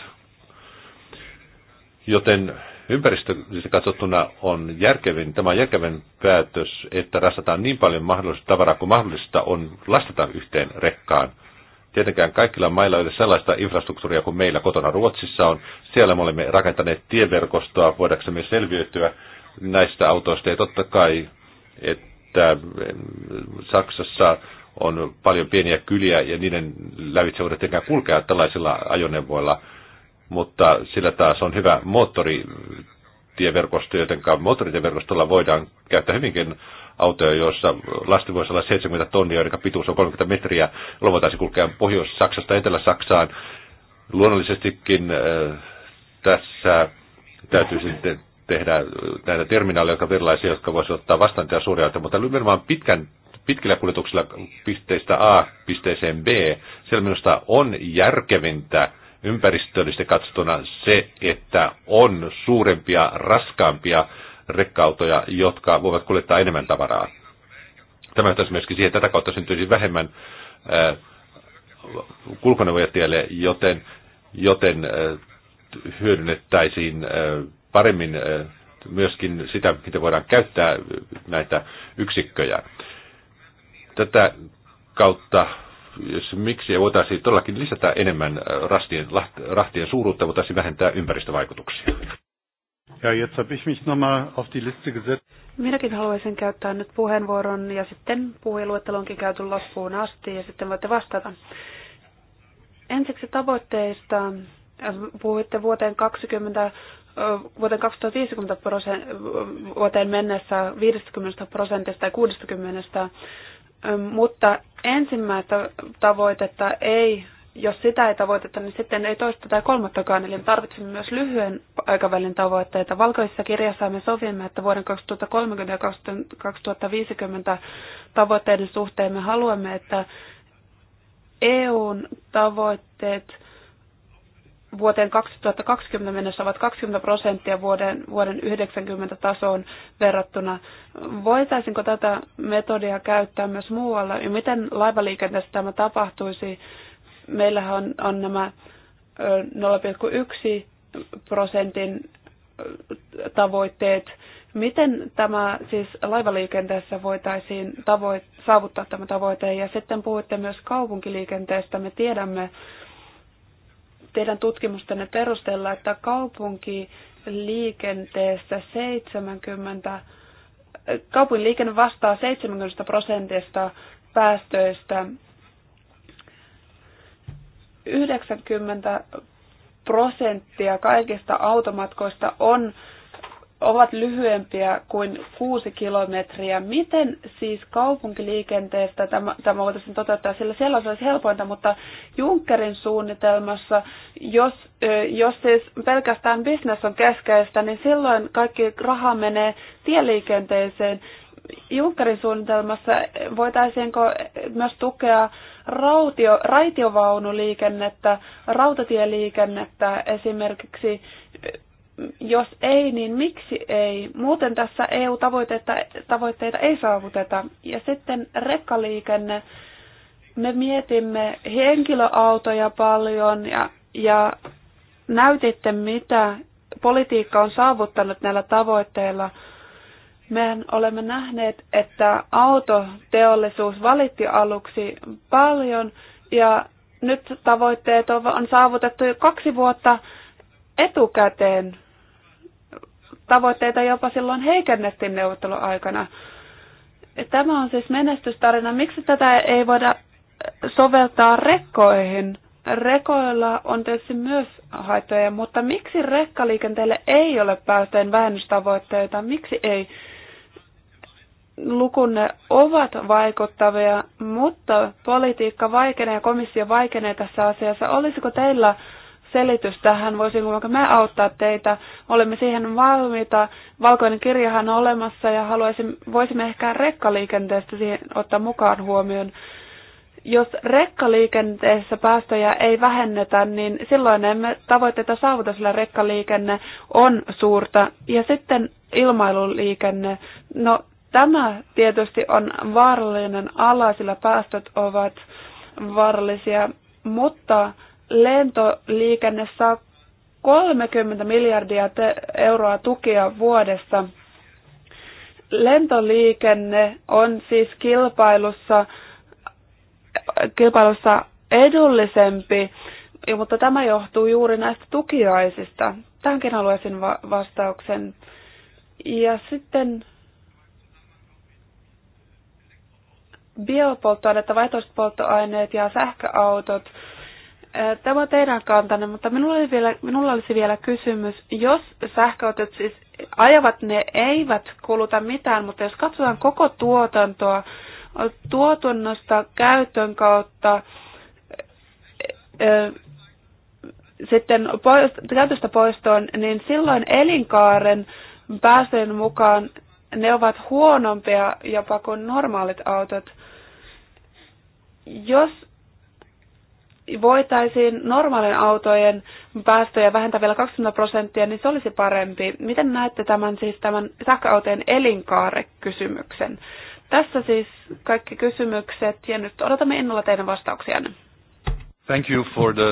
Joten ympäristöllisesti siis katsottuna on järkevin, tämä on järkevin päätös, että rastataan niin paljon mahdollista tavaraa kuin mahdollista on lastata yhteen rekkaan. Tietenkään kaikilla mailla ei ole sellaista infrastruktuuria kuin meillä kotona Ruotsissa on. Siellä me olemme rakentaneet tieverkostoa, voidaksemme selviytyä näistä autoista. Ja totta kai, että Saksassa on paljon pieniä kyliä ja niiden lävitse voidaan kulkea tällaisilla ajoneuvoilla – mutta sillä taas on hyvä moottoritieverkosto, joten moottoritieverkostolla voidaan käyttää hyvinkin autoja, joissa lasti voisi olla 70 tonnia, joiden pituus on 30 metriä. Jolloin voitaisiin kulkea Pohjois-Saksasta Etelä-Saksaan. Luonnollisestikin äh, tässä täytyy sitten tehdä äh, näitä terminaaleja, jotka erilaisia, jotka voisivat ottaa vastaan tätä suuria autoja, mutta nimenomaan pitkän pitkillä kuljetuksilla pisteistä A pisteeseen B, siellä minusta on järkevintä ympäristöllisesti katsottuna se, että on suurempia, raskaampia rekkautoja, jotka voivat kuljettaa enemmän tavaraa. Tämä johtaisi myöskin siihen, että tätä kautta syntyisi vähemmän äh, kulkuneuvoja joten, joten äh, hyödynnettäisiin äh, paremmin myöskin sitä, miten voidaan käyttää näitä yksikköjä. Tätä kautta jos, miksi ei voitaisiin todellakin lisätä enemmän äh, rastien, rahtien suuruutta, voitaisiin vähentää ympäristövaikutuksia. Ja jetzt habe ich mich nochmal auf die Liste gesetzt. Minäkin haluaisin käyttää nyt puheenvuoron ja sitten puheluettelo onkin käyty loppuun asti ja sitten voitte vastata. Ensiksi tavoitteista. Äh, puhuitte vuoteen 20 äh, vuoteen 2050 prosent, vuoteen mennessä 50 prosentista ja 60, ähm, mutta ensimmäistä tavoitetta ei, jos sitä ei tavoiteta, niin sitten ei toista tai kolmattakaan. Eli me tarvitsemme myös lyhyen aikavälin tavoitteita. Valkoisessa kirjassa me sovimme, että vuoden 2030 ja 2050 tavoitteiden suhteen me haluamme, että EUn tavoitteet – vuoteen 2020 mennessä ovat 20 prosenttia vuoden, vuoden 90 tasoon verrattuna. Voitaisinko tätä metodia käyttää myös muualla? Ja miten laivaliikenteessä tämä tapahtuisi? Meillähän on, on nämä 0,1 prosentin tavoitteet. Miten tämä siis laivaliikenteessä voitaisiin tavoit- saavuttaa tämä tavoite? Ja sitten puhuitte myös kaupunkiliikenteestä. Me tiedämme, teidän tutkimustenne perusteella, että kaupunkiliikenteessä 70, kaupunkiliikenne vastaa 70 prosentista päästöistä. 90 prosenttia kaikista automatkoista on ovat lyhyempiä kuin kuusi kilometriä. Miten siis kaupunkiliikenteestä tämä, tämä voitaisiin toteuttaa, sillä siellä se olisi helpointa, mutta Junckerin suunnitelmassa, jos, jos siis pelkästään bisnes on keskeistä, niin silloin kaikki raha menee tieliikenteeseen. Junckerin suunnitelmassa voitaisiinko myös tukea rautio, raitiovaunuliikennettä, rautatieliikennettä esimerkiksi jos ei, niin miksi ei? Muuten tässä EU-tavoitteita ei saavuteta. Ja sitten rekkaliikenne. Me mietimme henkilöautoja paljon ja, ja näytitte, mitä politiikka on saavuttanut näillä tavoitteilla. Mehän olemme nähneet, että autoteollisuus valitti aluksi paljon ja nyt tavoitteet on saavutettu jo kaksi vuotta etukäteen tavoitteita jopa silloin heikennettiin neuvotteluaikana. Tämä on siis menestystarina. Miksi tätä ei voida soveltaa rekkoihin? Rekoilla on tietysti myös haittoja, mutta miksi rekkaliikenteelle ei ole päästöjen vähennystavoitteita? Miksi ei? Lukunne ovat vaikuttavia, mutta politiikka vaikenee ja komissio vaikenee tässä asiassa. Olisiko teillä selitys tähän, vaikka me auttaa teitä. Olemme siihen valmiita. Valkoinen kirjahan on olemassa ja haluaisin, voisimme ehkä rekkaliikenteestä siihen ottaa mukaan huomioon. Jos rekkaliikenteessä päästöjä ei vähennetä, niin silloin emme tavoitteita saavuta, sillä rekkaliikenne on suurta. Ja sitten ilmailuliikenne. No, tämä tietysti on vaarallinen ala, sillä päästöt ovat vaarallisia, mutta lentoliikenne saa 30 miljardia euroa tukia vuodessa. Lentoliikenne on siis kilpailussa, kilpailussa edullisempi, mutta tämä johtuu juuri näistä tukiaisista. Tähänkin haluaisin va- vastauksen. Ja sitten biopolttoaineet, vaihtoehtoiset polttoaineet ja sähköautot – Tämä on teidän kantanne, mutta minulla, oli vielä, minulla olisi vielä kysymys. Jos sähköautot siis ajavat, ne eivät kuluta mitään, mutta jos katsotaan koko tuotantoa, tuotannosta käytön kautta, sitten poist, käytöstä poistoon, niin silloin elinkaaren päästöjen mukaan ne ovat huonompia jopa kuin normaalit autot. Jos voitaisiin normaalien autojen päästöjä vähentää vielä 20 prosenttia, niin se olisi parempi. Miten näette tämän siis tämän sähköautojen elinkaarekysymyksen? Tässä siis kaikki kysymykset ja nyt odotamme innolla teidän vastauksianne. Thank you for the...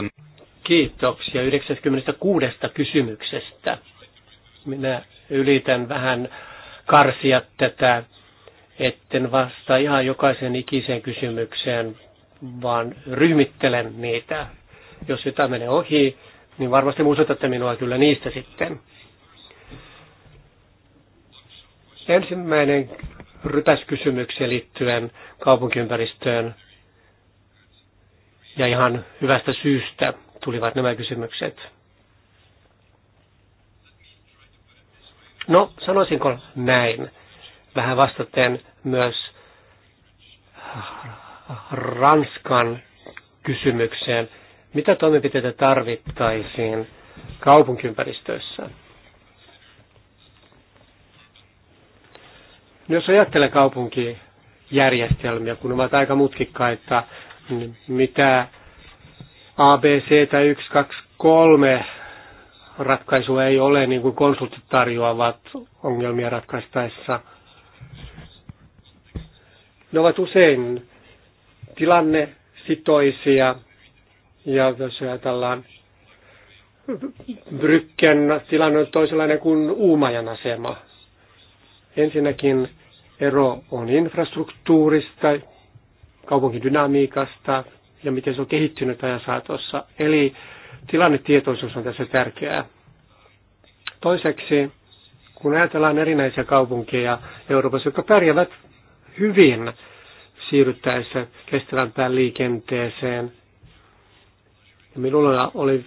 Kiitoksia 96 kysymyksestä. Minä ylitän vähän karsia tätä, etten vastaa ihan jokaisen ikiseen kysymykseen, vaan ryhmittelen niitä. Jos sitä menee ohi, niin varmasti muistutatte minua kyllä niistä sitten. Ensimmäinen rytäskysymykseen kysymykseen liittyen kaupunkiympäristöön ja ihan hyvästä syystä tulivat nämä kysymykset. No, sanoisinko näin, vähän vastaten myös Ranskan kysymykseen. Mitä toimenpiteitä tarvittaisiin kaupunkiympäristöissä? Jos ajattelen kaupunkijärjestelmiä, kun ovat aika mutkikkaita, niin mitä ABC tai 1, 2, 3 ratkaisua ei ole, niin kuin konsultit tarjoavat ongelmia ratkaistaessa. Ne ovat usein tilanne sitoisia ja jos ajatellaan Brykken tilanne on toisenlainen kuin Uumajan asema. Ensinnäkin ero on infrastruktuurista, kaupunkidynamiikasta ja miten se on kehittynyt ajan saatossa. Eli tilannetietoisuus on tässä tärkeää. Toiseksi, kun ajatellaan erinäisiä kaupunkeja Euroopassa, jotka pärjäävät hyvin siirryttäessä kestävämpään liikenteeseen. Ja minulla oli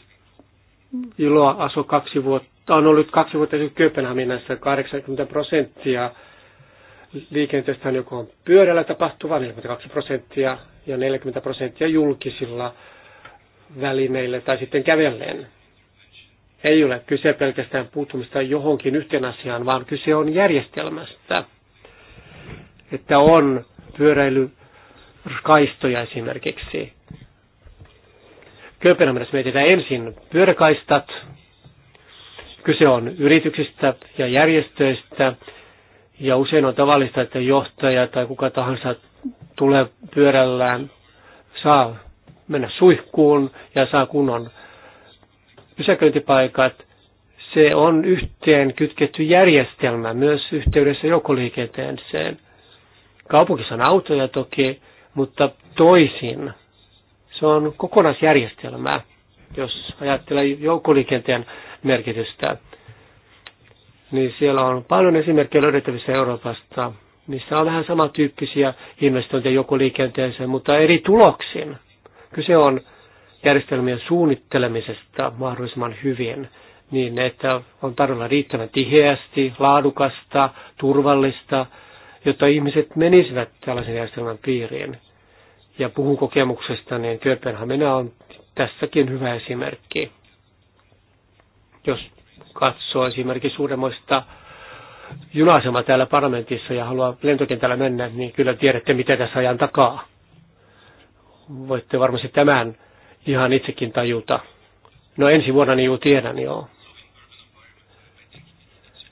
iloa asua kaksi vuotta, on ollut kaksi vuotta Kööpenhaminassa 80 prosenttia liikenteestä on joko pyörällä tapahtuva 42 prosenttia ja 40 prosenttia julkisilla välineillä tai sitten kävellen. Ei ole kyse pelkästään puuttumista johonkin yhteen asiaan, vaan kyse on järjestelmästä että on pyöräilykaistoja esimerkiksi. Kööpenhaminassa mietitään ensin pyöräkaistat. Kyse on yrityksistä ja järjestöistä. Ja usein on tavallista, että johtaja tai kuka tahansa tulee pyörällään, saa mennä suihkuun ja saa kunnon pysäköintipaikat. Se on yhteen kytketty järjestelmä myös yhteydessä joukkoliikenteeseen – Kaupungissa on autoja toki, mutta toisin. Se on kokonaisjärjestelmää, jos ajattelee joukkoliikenteen merkitystä. Niin siellä on paljon esimerkkejä löydettävissä Euroopasta, missä on vähän samantyyppisiä investointeja joukkoliikenteeseen, mutta eri tuloksin. Kyse on järjestelmien suunnittelemisesta mahdollisimman hyvin, niin että on tarjolla riittävän tiheästi, laadukasta, turvallista jotta ihmiset menisivät tällaisen järjestelmän piiriin. Ja puhun kokemuksesta, niin Kööpenhamina on tässäkin hyvä esimerkki. Jos katsoo esimerkiksi suuremmoista junasema täällä parlamentissa ja haluaa lentokentällä mennä, niin kyllä tiedätte, mitä tässä ajan takaa. Voitte varmasti tämän ihan itsekin tajuta. No ensi vuonna niin juu tiedän, joo.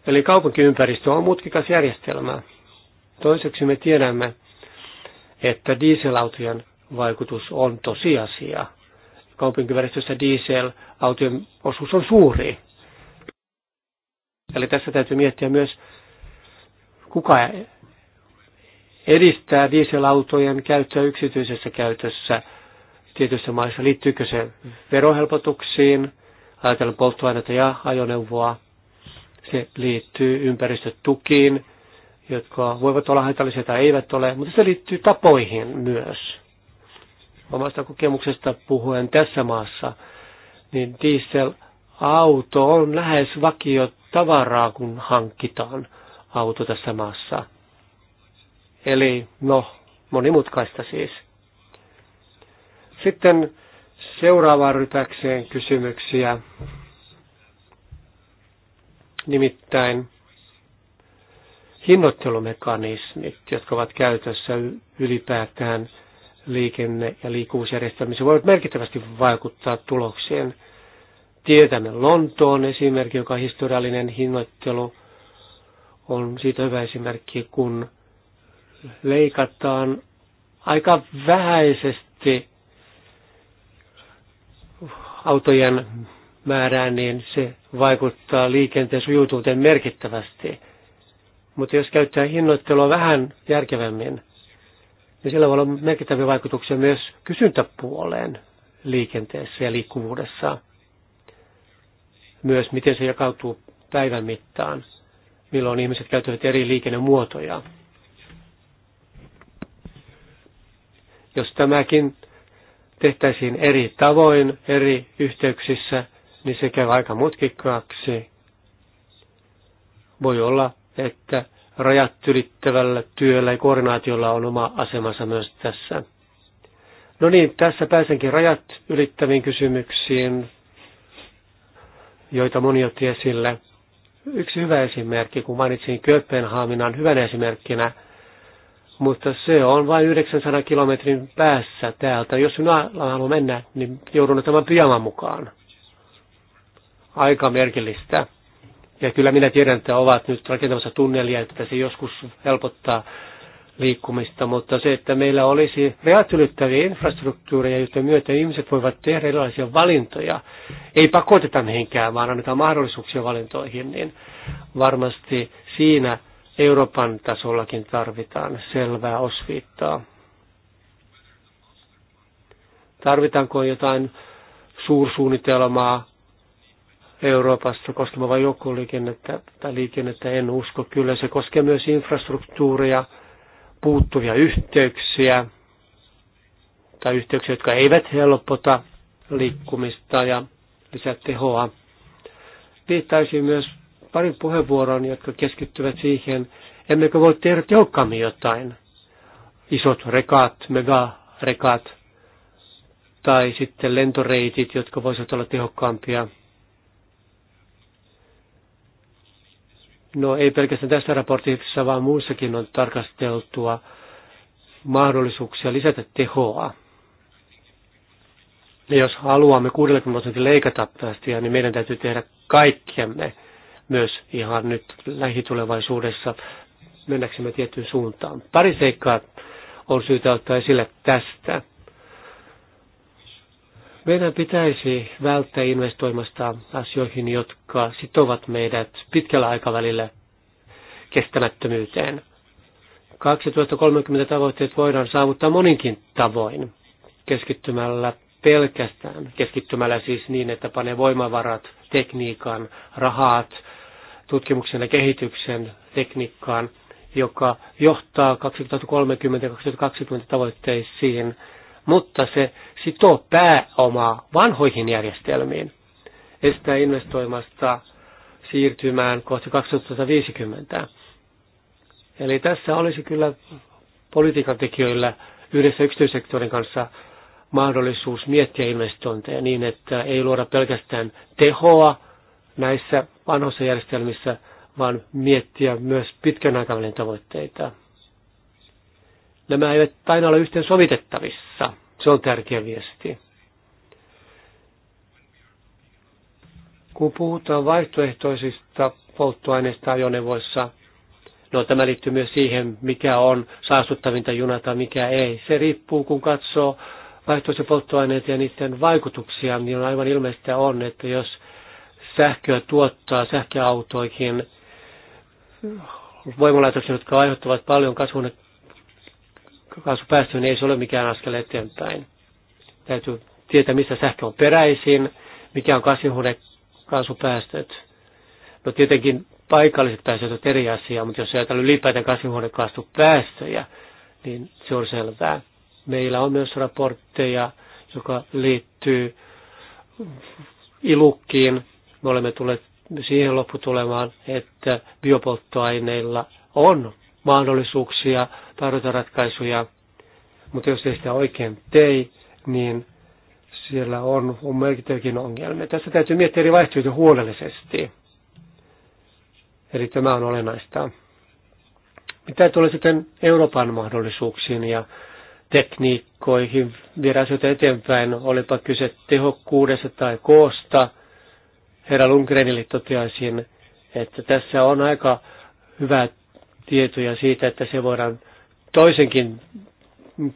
Eli kaupunkiympäristö on mutkikas järjestelmä. Toiseksi me tiedämme, että dieselautojen vaikutus on tosiasia. Kaupunkiväristössä dieselautojen osuus on suuri. Eli tässä täytyy miettiä myös, kuka edistää dieselautojen käyttöä yksityisessä käytössä tietyissä maissa. Liittyykö se verohelpotuksiin, ajatellen polttoainetta ja ajoneuvoa. Se liittyy ympäristötukiin, jotka voivat olla haitallisia tai eivät ole, mutta se liittyy tapoihin myös. Omasta kokemuksesta puhuen tässä maassa, niin dieselauto on lähes vakio tavaraa, kun hankitaan auto tässä maassa. Eli no, monimutkaista siis. Sitten seuraavaan rytäkseen kysymyksiä. Nimittäin hinnoittelumekanismit, jotka ovat käytössä ylipäätään liikenne- ja liikkuvuusjärjestelmissä, voivat merkittävästi vaikuttaa tulokseen. Tietämme Lontoon esimerkki, joka on historiallinen hinnoittelu, on siitä hyvä esimerkki, kun leikataan aika vähäisesti autojen määrään, niin se vaikuttaa liikenteen sujuutuuteen merkittävästi. Mutta jos käyttää hinnoittelua vähän järkevämmin, niin sillä voi olla merkittäviä vaikutuksia myös kysyntäpuoleen liikenteessä ja liikkuvuudessa. Myös miten se jakautuu päivän mittaan, milloin ihmiset käyttävät eri liikennemuotoja. Jos tämäkin tehtäisiin eri tavoin, eri yhteyksissä, niin se käy aika mutkikkaaksi. Voi olla että rajat ylittävällä työllä ja koordinaatiolla on oma asemansa myös tässä. No niin, tässä pääsenkin rajat ylittäviin kysymyksiin, joita moni otti esille. Yksi hyvä esimerkki, kun mainitsin Kööpenhaaminan hyvän esimerkkinä, mutta se on vain 900 kilometrin päässä täältä. Jos minä haluan mennä, niin joudun tämän pyjaman mukaan. Aika merkillistä. Ja kyllä minä tiedän, että ovat nyt rakentamassa tunnelia, että se joskus helpottaa liikkumista, mutta se, että meillä olisi rajat infrastruktuureja, joiden myötä ihmiset voivat tehdä erilaisia valintoja, ei pakoteta mihinkään, vaan annetaan mahdollisuuksia valintoihin, niin varmasti siinä Euroopan tasollakin tarvitaan selvää osviittaa. Tarvitaanko jotain suursuunnitelmaa Euroopasta koskeva joukkoliikennettä tai liikennettä en usko. Kyllä se koskee myös infrastruktuuria, puuttuvia yhteyksiä tai yhteyksiä, jotka eivät helpota liikkumista ja lisää tehoa. Viittaisin myös parin puheenvuoron, jotka keskittyvät siihen, emmekö voi tehdä tehokkaammin jotain. Isot rekat, megarekat tai sitten lentoreitit, jotka voisivat olla tehokkaampia – No ei pelkästään tässä raportissa, vaan muussakin on tarkasteltua mahdollisuuksia lisätä tehoa. Ja jos haluamme 60 prosenttia leikata päästöjä, niin meidän täytyy tehdä kaikkemme myös ihan nyt lähitulevaisuudessa mennäksemme tiettyyn suuntaan. Pari seikkaa on syytä ottaa esille tästä. Meidän pitäisi välttää investoimasta asioihin, jotka sitovat meidät pitkällä aikavälillä kestämättömyyteen. 2030 tavoitteet voidaan saavuttaa moninkin tavoin keskittymällä pelkästään, keskittymällä siis niin, että panee voimavarat, tekniikan, rahat, tutkimuksen ja kehityksen tekniikkaan, joka johtaa 2030-2020 tavoitteisiin – mutta se sitoo pääomaa vanhoihin järjestelmiin, estää investoimasta siirtymään kohti 2050. Eli tässä olisi kyllä politiikan tekijöillä yhdessä yksityissektorin kanssa mahdollisuus miettiä investointeja niin, että ei luoda pelkästään tehoa näissä vanhoissa järjestelmissä, vaan miettiä myös pitkän aikavälin tavoitteita nämä eivät aina ole yhteen sovitettavissa. Se on tärkeä viesti. Kun puhutaan vaihtoehtoisista polttoaineista ajoneuvoissa, no tämä liittyy myös siihen, mikä on saastuttavinta junata, mikä ei. Se riippuu, kun katsoo vaihtoehtoisia polttoaineita ja niiden vaikutuksia, niin on aivan ilmeistä on, että jos sähköä tuottaa sähköautoihin voimalaitoksia, jotka aiheuttavat paljon kasvun niin ei se ole mikään askel eteenpäin. Täytyy tietää, mistä sähkö on peräisin, mikä on kasvihuonekaasupäästöt. No tietenkin paikalliset päästöt on eri asia, mutta jos ajatellaan ylipäätään kasvihuonekaasupäästöjä, niin se on selvää. Meillä on myös raportteja, joka liittyy ilukkiin. Me olemme tulleet siihen lopputulemaan, että biopolttoaineilla on mahdollisuuksia tarjota ratkaisuja, mutta jos ei sitä oikein tee, niin siellä on, on merkittäviäkin ongelmia. Tässä täytyy miettiä eri vaihtoehtoja huolellisesti. Eli tämä on olennaista. Mitä tulee sitten Euroopan mahdollisuuksiin ja tekniikkoihin viedä asioita eteenpäin, olipa kyse tehokkuudesta tai koosta. Herra Lundgrenille toteaisin, että tässä on aika hyvä tietoja siitä, että se voidaan toisenkin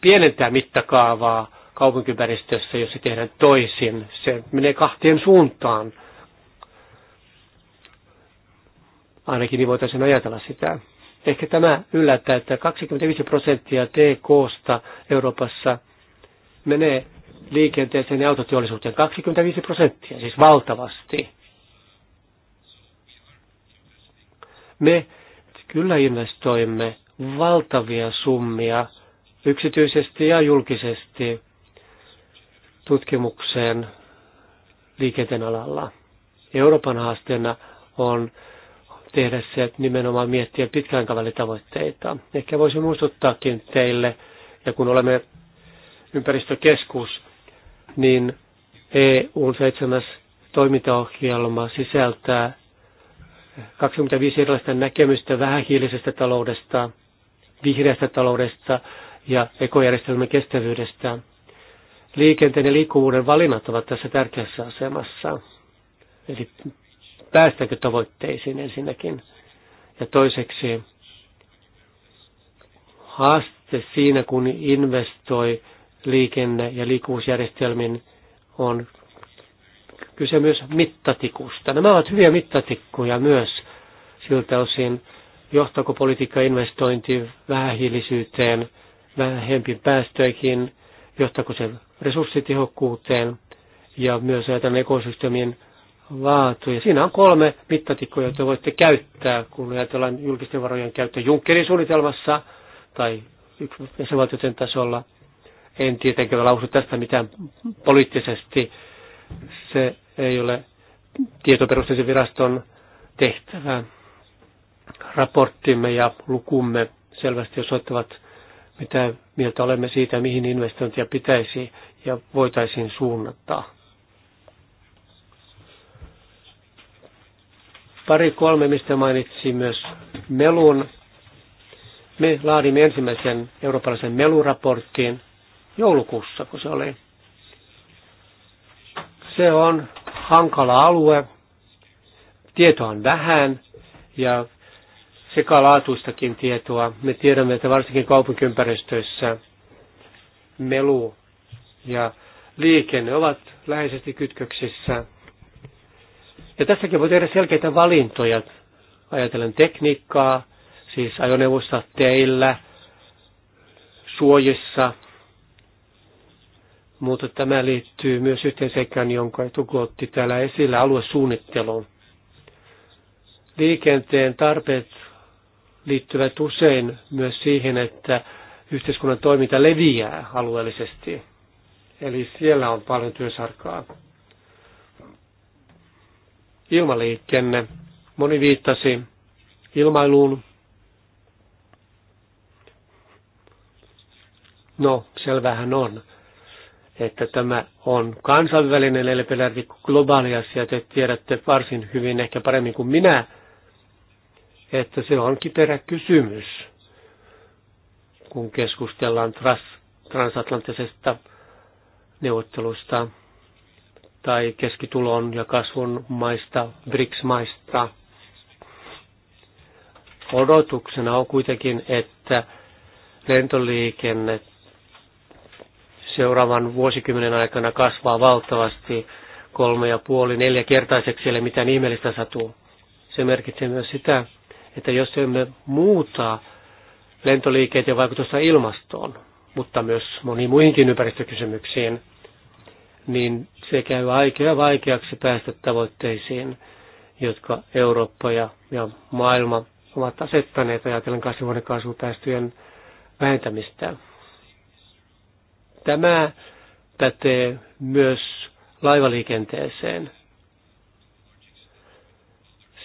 pienentää mittakaavaa kaupunkiympäristössä, jos se tehdään toisin. Se menee kahteen suuntaan. Ainakin niin voitaisiin ajatella sitä. Ehkä tämä yllättää, että 25 prosenttia TKsta Euroopassa menee liikenteeseen ja autoteollisuuteen. 25 prosenttia, siis valtavasti. Me Kyllä investoimme valtavia summia yksityisesti ja julkisesti tutkimukseen liikenteen alalla. Euroopan haasteena on tehdä se, että nimenomaan miettiä pitkän tavoitteita. Ehkä voisin muistuttaakin teille, ja kun olemme ympäristökeskus, niin EUn seitsemäs toimintaohjelma sisältää 25 erilaista näkemystä vähähiilisestä taloudesta, vihreästä taloudesta ja ekojärjestelmän kestävyydestä. Liikenteen ja liikkuvuuden valinnat ovat tässä tärkeässä asemassa. Eli päästäänkö tavoitteisiin ensinnäkin. Ja toiseksi haaste siinä, kun investoi liikenne- ja liikkuvuusjärjestelmin, on kyse myös mittatikusta. Nämä ovat hyviä mittatikkuja myös siltä osin, johtako politiikka investointi vähähiilisyyteen, vähempiin päästöihin, johtako se resurssitehokkuuteen ja myös ajatellen ekosysteemien Ja Siinä on kolme mittatikkoa, joita voitte käyttää, kun ajatellaan julkisten varojen käyttö Junckerin suunnitelmassa tai jäsenvaltioiden tasolla. En tietenkään lausu tästä mitään poliittisesti. Se ei ole tietoperusteisen viraston tehtävä. Raporttimme ja lukumme selvästi osoittavat, mitä mieltä olemme siitä, mihin investointia pitäisi ja voitaisiin suunnata. Pari kolme, mistä mainitsi myös melun. Me laadimme ensimmäisen eurooppalaisen meluraporttiin joulukuussa, kun se oli. Se on hankala alue, tietoa on vähän ja sekalaatuistakin tietoa. Me tiedämme, että varsinkin kaupunkiympäristöissä melu ja liikenne ovat läheisesti kytköksissä. Ja tässäkin voi tehdä selkeitä valintoja. Ajatellen tekniikkaa, siis ajoneuvossa teillä, suojissa, mutta tämä liittyy myös yhteen seikkaan, jonka Tuku otti täällä esillä aluesuunnitteluun. Liikenteen tarpeet liittyvät usein myös siihen, että yhteiskunnan toiminta leviää alueellisesti. Eli siellä on paljon työsarkaa. Ilmaliikenne. Moni viittasi ilmailuun. No, selvähän on että tämä on kansainvälinen elepeläri globaali asia. Te tiedätte varsin hyvin, ehkä paremmin kuin minä, että se on kiperä kysymys, kun keskustellaan trans- transatlanttisesta neuvottelusta tai keskitulon ja kasvun maista, BRICS-maista. Odotuksena on kuitenkin, että lentoliikennet seuraavan vuosikymmenen aikana kasvaa valtavasti kolme ja puoli, neljä kertaiseksi, eli mitään ihmeellistä satuu. Se merkitsee myös sitä, että jos emme muuta lentoliikenteen vaikutusta ilmastoon, mutta myös moniin muihinkin ympäristökysymyksiin, niin se käy aikea vaikeaksi päästä tavoitteisiin, jotka Eurooppa ja, ja maailma ovat asettaneet ajatellen kasvihuonekaasupäästöjen vähentämistä. Tämä pätee myös laivaliikenteeseen.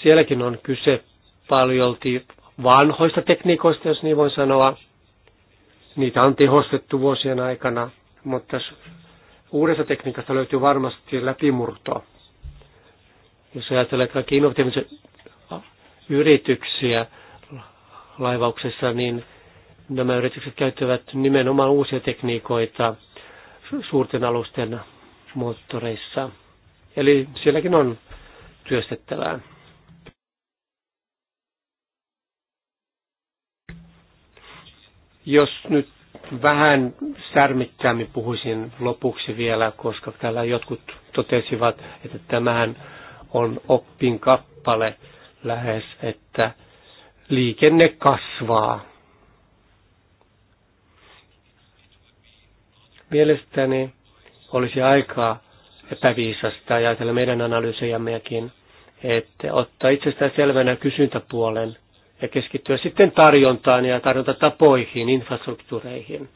Sielläkin on kyse paljolti vanhoista tekniikoista, jos niin voi sanoa. Niitä on tehostettu vuosien aikana, mutta uudesta tekniikasta löytyy varmasti läpimurto. Jos ajatellaan kaikki innovatiivisia yrityksiä laivauksessa, niin Nämä yritykset käyttävät nimenomaan uusia tekniikoita suurten alusten moottoreissa. Eli sielläkin on työstettävää. Jos nyt vähän särmikkäämmin puhuisin lopuksi vielä, koska täällä jotkut totesivat, että tämähän on oppin kappale lähes, että liikenne kasvaa. Mielestäni olisi aikaa epäviisasta ja ajatella meidän analyysejammekin, että ottaa itsestään selvänä kysyntäpuolen ja keskittyä sitten tarjontaan ja tarjontatapoihin, infrastruktuureihin.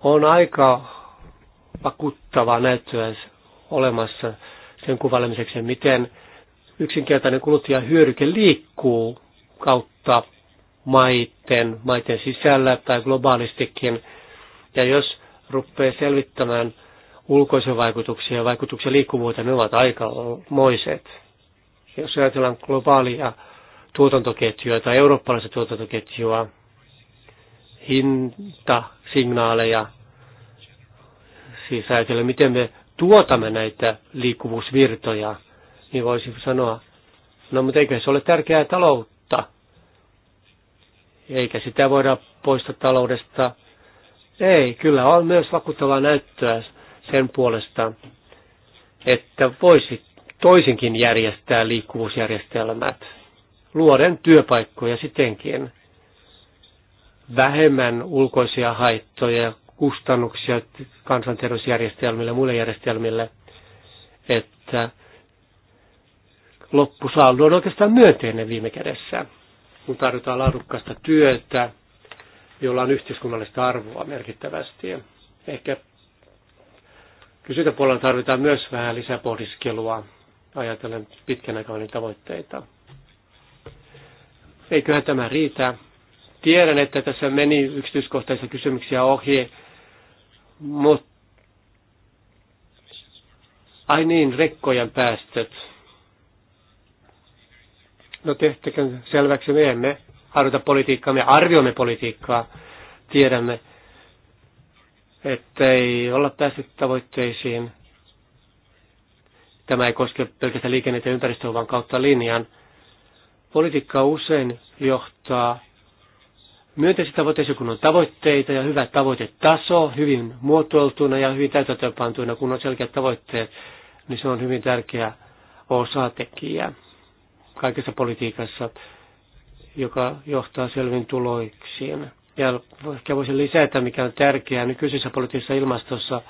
On aika vakuuttavaa näyttöä olemassa sen kuvailemiseksi, miten yksinkertainen kuluttajahyödyke liikkuu kautta maiden, maiden sisällä tai globaalistikin – ja jos rupeaa selvittämään ulkoisen vaikutuksia ja vaikutuksia liikkuvuutta, ne ovat aika moiset. Jos ajatellaan globaalia tuotantoketjua tai eurooppalaista tuotantoketjua, hinta, signaaleja, siis ajatellaan, miten me tuotamme näitä liikkuvuusvirtoja, niin voisi sanoa, no mutta eikö se ole tärkeää taloutta? Eikä sitä voida poistaa taloudesta ei, kyllä on myös vakuuttavaa näyttöä sen puolesta, että voisi toisinkin järjestää liikkuvuusjärjestelmät luoden työpaikkoja sitenkin. Vähemmän ulkoisia haittoja, kustannuksia kansanterveysjärjestelmille ja muille järjestelmille, että loppusaldo on oikeastaan myönteinen viime kädessä, kun tarjotaan laadukkaista työtä, jolla on yhteiskunnallista arvoa merkittävästi. Ehkä kysyntäpuolella tarvitaan myös vähän lisäpohdiskelua ajatellen pitkän aikavälin tavoitteita. Eiköhän tämä riitä. Tiedän, että tässä meni yksityiskohtaisia kysymyksiä ohi, mutta ai niin, rekkojen päästöt. No tehtäkö selväksi, me emme harjoita politiikkaa, me arvioimme politiikkaa, tiedämme, että ei olla päässyt tavoitteisiin. Tämä ei koske pelkästään liikennettä ja ympäristöä, vaan kautta linjan. Politiikka usein johtaa myönteisiin tavoitteisiin, kun on tavoitteita ja hyvä tavoitetaso, hyvin muotoiltuna ja hyvin täytäntöönpantuina, kun on selkeät tavoitteet, niin se on hyvin tärkeä osatekijä kaikessa politiikassa joka johtaa selviin tuloiksiin. Ja ehkä voisin lisätä, mikä on tärkeää nykyisessä poliittisessa ilmastossa.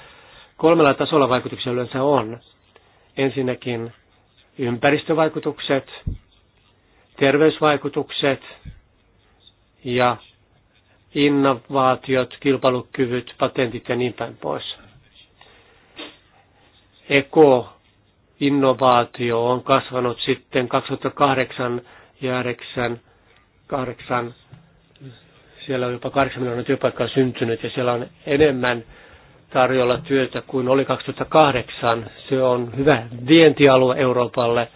Kolmella tasolla vaikutuksia yleensä on. Ensinnäkin ympäristövaikutukset, terveysvaikutukset ja innovaatiot, kilpailukyvyt, patentit ja niin päin pois. Eko innovaatio on kasvanut sitten 2008 ja 2009 kahdeksan, siellä on jopa kahdeksan miljoonaa työpaikkaa syntynyt ja siellä on enemmän tarjolla työtä kuin oli 2008. Se on hyvä vientialue Euroopalle.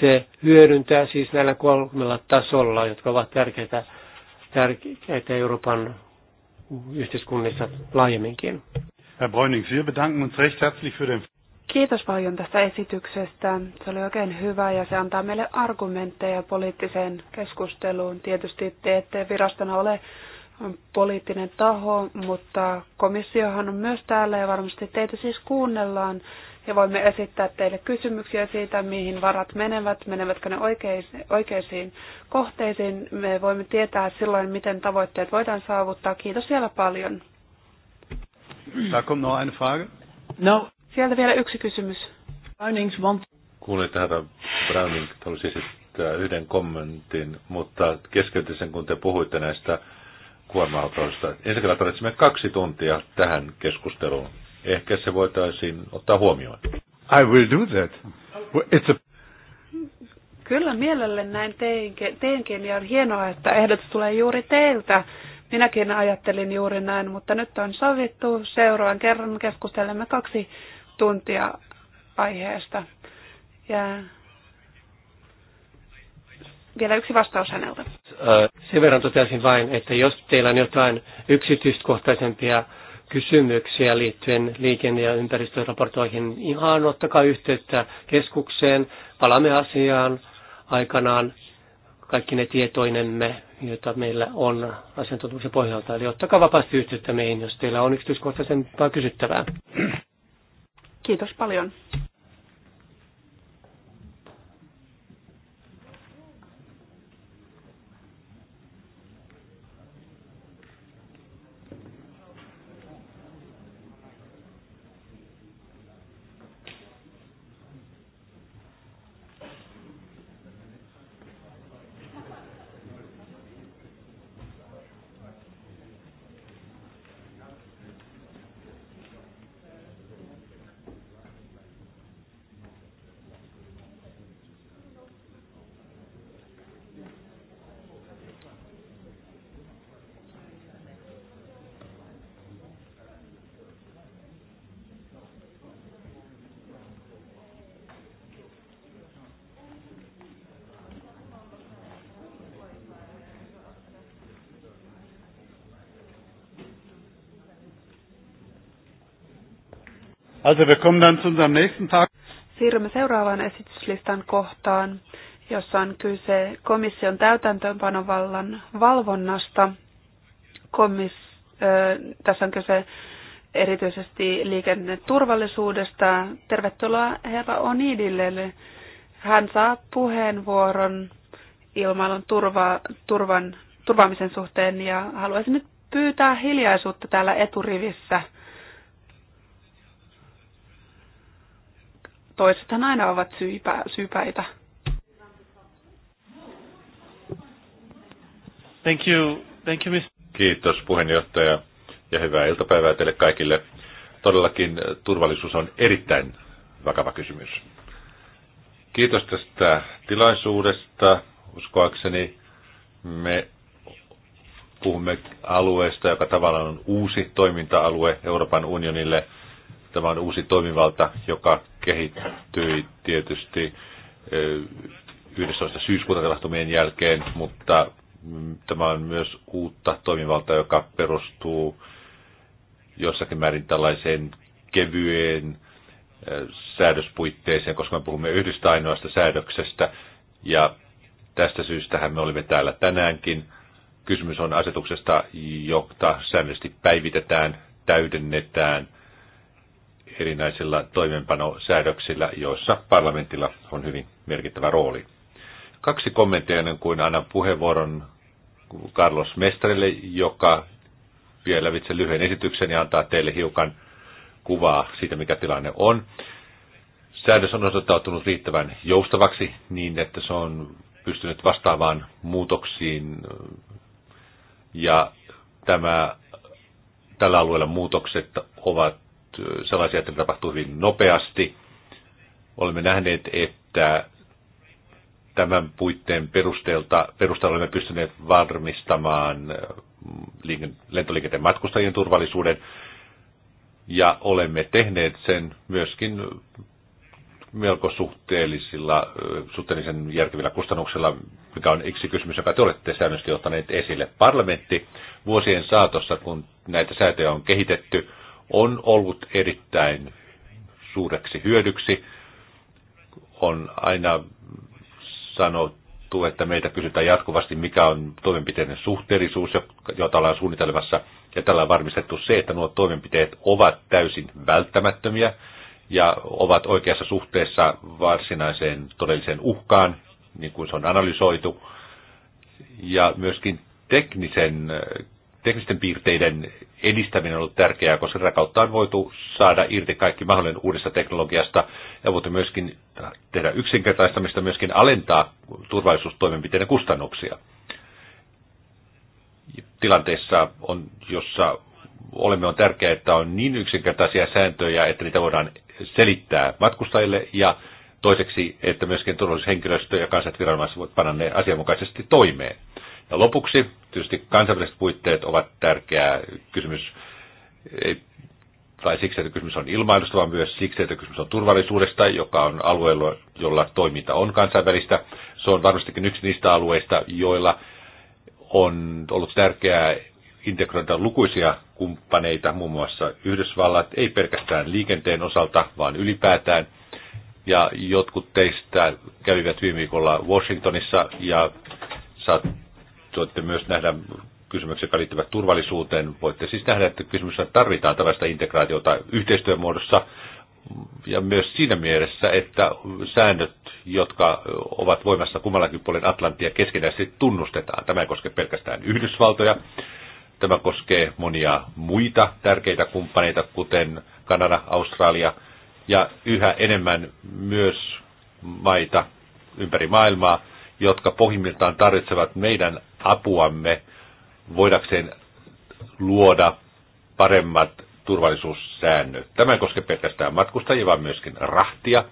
Se hyödyntää siis näillä kolmella tasolla, jotka ovat tärkeitä, tärkeitä Euroopan yhteiskunnissa laajemminkin. Herr Bräuning, wir bedanken uns recht herzlich für den Kiitos paljon tästä esityksestä. Se oli oikein hyvä ja se antaa meille argumentteja poliittiseen keskusteluun. Tietysti te ette virastona ole poliittinen taho, mutta komissiohan on myös täällä ja varmasti teitä siis kuunnellaan ja voimme esittää teille kysymyksiä siitä, mihin varat menevät, menevätkö ne oikeisiin kohteisiin. Me voimme tietää silloin, miten tavoitteet voidaan saavuttaa. Kiitos siellä paljon. Da kommt noch eine Frage. No. Sieltä vielä yksi kysymys. Brownings want... Kuulin, että Browning halusi esittää yhden kommentin, mutta keskeytin sen, kun te puhuitte näistä kuorma-autoista. Ensin tarvitsemme kaksi tuntia tähän keskusteluun. Ehkä se voitaisiin ottaa huomioon. I will do that. It's a... Kyllä mielelle näin teinkin, teinkin ja on hienoa, että ehdotus tulee juuri teiltä. Minäkin ajattelin juuri näin, mutta nyt on sovittu. Seuraavan kerran keskustelemme kaksi tuntia aiheesta. Ja vielä yksi vastaus häneltä. Sen verran toteaisin vain, että jos teillä on jotain yksityiskohtaisempia kysymyksiä liittyen liikenne- ja ympäristöraportoihin, niin ihan ottakaa yhteyttä keskukseen. Palaamme asiaan aikanaan kaikki ne tietoinemme, joita meillä on asiantuntemuksen pohjalta. Eli ottakaa vapaasti yhteyttä meihin, jos teillä on yksityiskohtaisempaa kysyttävää. Kiitos paljon. Also wir kommen dann zu unserem nächsten Tag. Siirrymme seuraavaan esityslistan kohtaan, jossa on kyse komission täytäntöönpanovallan valvonnasta. Komis, äh, tässä on kyse erityisesti liikenneturvallisuudesta. Tervetuloa herra Onidille. Hän saa puheenvuoron ilmailun turva, turvan, turvaamisen suhteen ja haluaisin nyt pyytää hiljaisuutta täällä eturivissä – toisethan aina ovat syypä, syypäitä. Thank you. Thank you, Mr. Kiitos puheenjohtaja ja hyvää iltapäivää teille kaikille. Todellakin turvallisuus on erittäin vakava kysymys. Kiitos tästä tilaisuudesta. Uskoakseni me puhumme alueesta, joka tavallaan on uusi toiminta-alue Euroopan unionille – Tämä on uusi toimivalta, joka kehittyi tietysti 11. syyskuuta tapahtumien jälkeen, mutta mm, tämä on myös uutta toimivalta, joka perustuu jossakin määrin tällaiseen kevyen säädöspuitteeseen, koska me puhumme yhdestä ainoasta säädöksestä. Ja tästä syystähän me olimme täällä tänäänkin. Kysymys on asetuksesta, jota säännöllisesti päivitetään, täydennetään erinäisillä toimenpanosäädöksillä, joissa parlamentilla on hyvin merkittävä rooli. Kaksi kommenttia ennen kuin annan puheenvuoron Carlos Mestarille, joka vielä vitsi lyhyen esityksen ja antaa teille hiukan kuvaa siitä, mikä tilanne on. Säädös on osoittautunut riittävän joustavaksi niin, että se on pystynyt vastaamaan muutoksiin ja tämä, tällä alueella muutokset ovat sellaisia, että tapahtuu hyvin nopeasti. Olemme nähneet, että tämän puitteen perusteelta, perusteella olemme pystyneet varmistamaan äh, lentoliikenteen matkustajien turvallisuuden ja olemme tehneet sen myöskin melko suhteellisilla, äh, suhteellisen järkevillä kustannuksilla, mikä on yksi kysymys, joka te olette säännöllisesti ottaneet esille. Parlamentti vuosien saatossa, kun näitä säätöjä on kehitetty, on ollut erittäin suureksi hyödyksi. On aina sanottu, että meitä kysytään jatkuvasti, mikä on toimenpiteiden suhteellisuus, jota ollaan suunnitelmassa, ja tällä on varmistettu se, että nuo toimenpiteet ovat täysin välttämättömiä ja ovat oikeassa suhteessa varsinaiseen todelliseen uhkaan, niin kuin se on analysoitu, ja myöskin teknisen teknisten piirteiden edistäminen on ollut tärkeää, koska sitä kautta on voitu saada irti kaikki mahdollinen uudesta teknologiasta ja voitu myöskin tehdä yksinkertaistamista, myöskin alentaa turvallisuustoimenpiteiden kustannuksia. Tilanteessa, on, jossa olemme, on tärkeää, että on niin yksinkertaisia sääntöjä, että niitä voidaan selittää matkustajille ja toiseksi, että myöskin turvallisuushenkilöstö ja kansalliset viranomaiset voivat panna ne asianmukaisesti toimeen. Ja lopuksi tietysti kansainväliset puitteet ovat tärkeä kysymys, ei tai siksi, että kysymys on ilmailusta, vaan myös siksi, että kysymys on turvallisuudesta, joka on alueella, jolla toiminta on kansainvälistä. Se on varmastikin yksi niistä alueista, joilla on ollut tärkeää integroida lukuisia kumppaneita, muun muassa Yhdysvallat, ei pelkästään liikenteen osalta, vaan ylipäätään. Ja jotkut teistä kävivät viime viikolla Washingtonissa ja saat voitte myös nähdä kysymyksiä, jotka liittyvät turvallisuuteen. Voitte siis nähdä, että kysymyksessä tarvitaan tällaista integraatiota yhteistyön muodossa ja myös siinä mielessä, että säännöt, jotka ovat voimassa kummallakin puolen Atlantia, keskenään, tunnustetaan. Tämä ei koske pelkästään Yhdysvaltoja. Tämä koskee monia muita tärkeitä kumppaneita, kuten Kanada, Australia ja yhä enemmän myös maita ympäri maailmaa, jotka pohjimmiltaan tarvitsevat meidän apuamme voidakseen luoda paremmat turvallisuussäännöt. Tämä ei koske pelkästään matkustajia, vaan myöskin rahtia.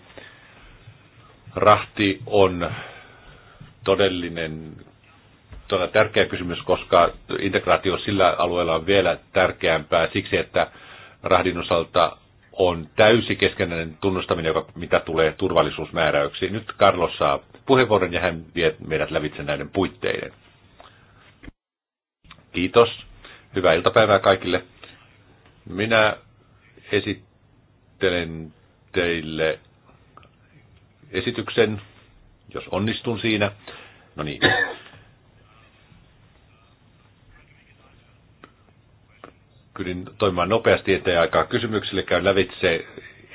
Rahti on todellinen todella tärkeä kysymys, koska integraatio sillä alueella on vielä tärkeämpää siksi, että rahdin osalta on täysi keskenäinen tunnustaminen, joka, mitä tulee turvallisuusmääräyksiin. Nyt Carlos saa puheenvuoron ja hän vie meidät lävitse näiden puitteiden. Kiitos. Hyvää iltapäivää kaikille. Minä esittelen teille esityksen, jos onnistun siinä. No niin. Pyrin toimimaan nopeasti eteen aikaa kysymyksille. Käyn lävitse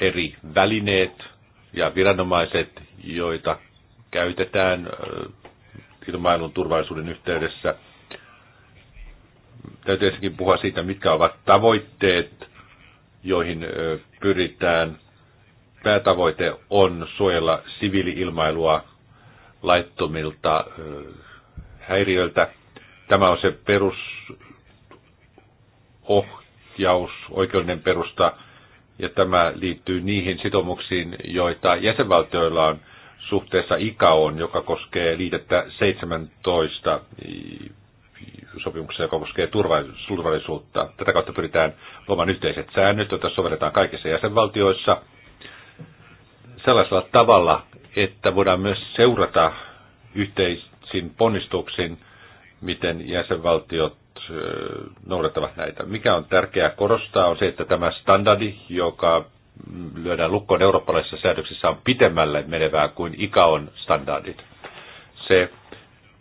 eri välineet ja viranomaiset, joita käytetään äh, ilmailun turvallisuuden yhteydessä – täytyy ensinnäkin puhua siitä, mitkä ovat tavoitteet, joihin pyritään. Päätavoite on suojella siviiliilmailua laittomilta häiriöiltä. Tämä on se perusohjaus, oikeuden perusta, ja tämä liittyy niihin sitoumuksiin, joita jäsenvaltioilla on suhteessa ICAOon, joka koskee liitettä 17 sopimuksessa, joka koskee turvallisuutta. Tätä kautta pyritään luomaan yhteiset säännöt, joita sovelletaan kaikissa jäsenvaltioissa sellaisella tavalla, että voidaan myös seurata yhteisin ponnistuksin, miten jäsenvaltiot noudattavat näitä. Mikä on tärkeää korostaa on se, että tämä standardi, joka lyödään lukkoon eurooppalaisissa säädöksissä, on pitemmälle menevää kuin icao standardit. Se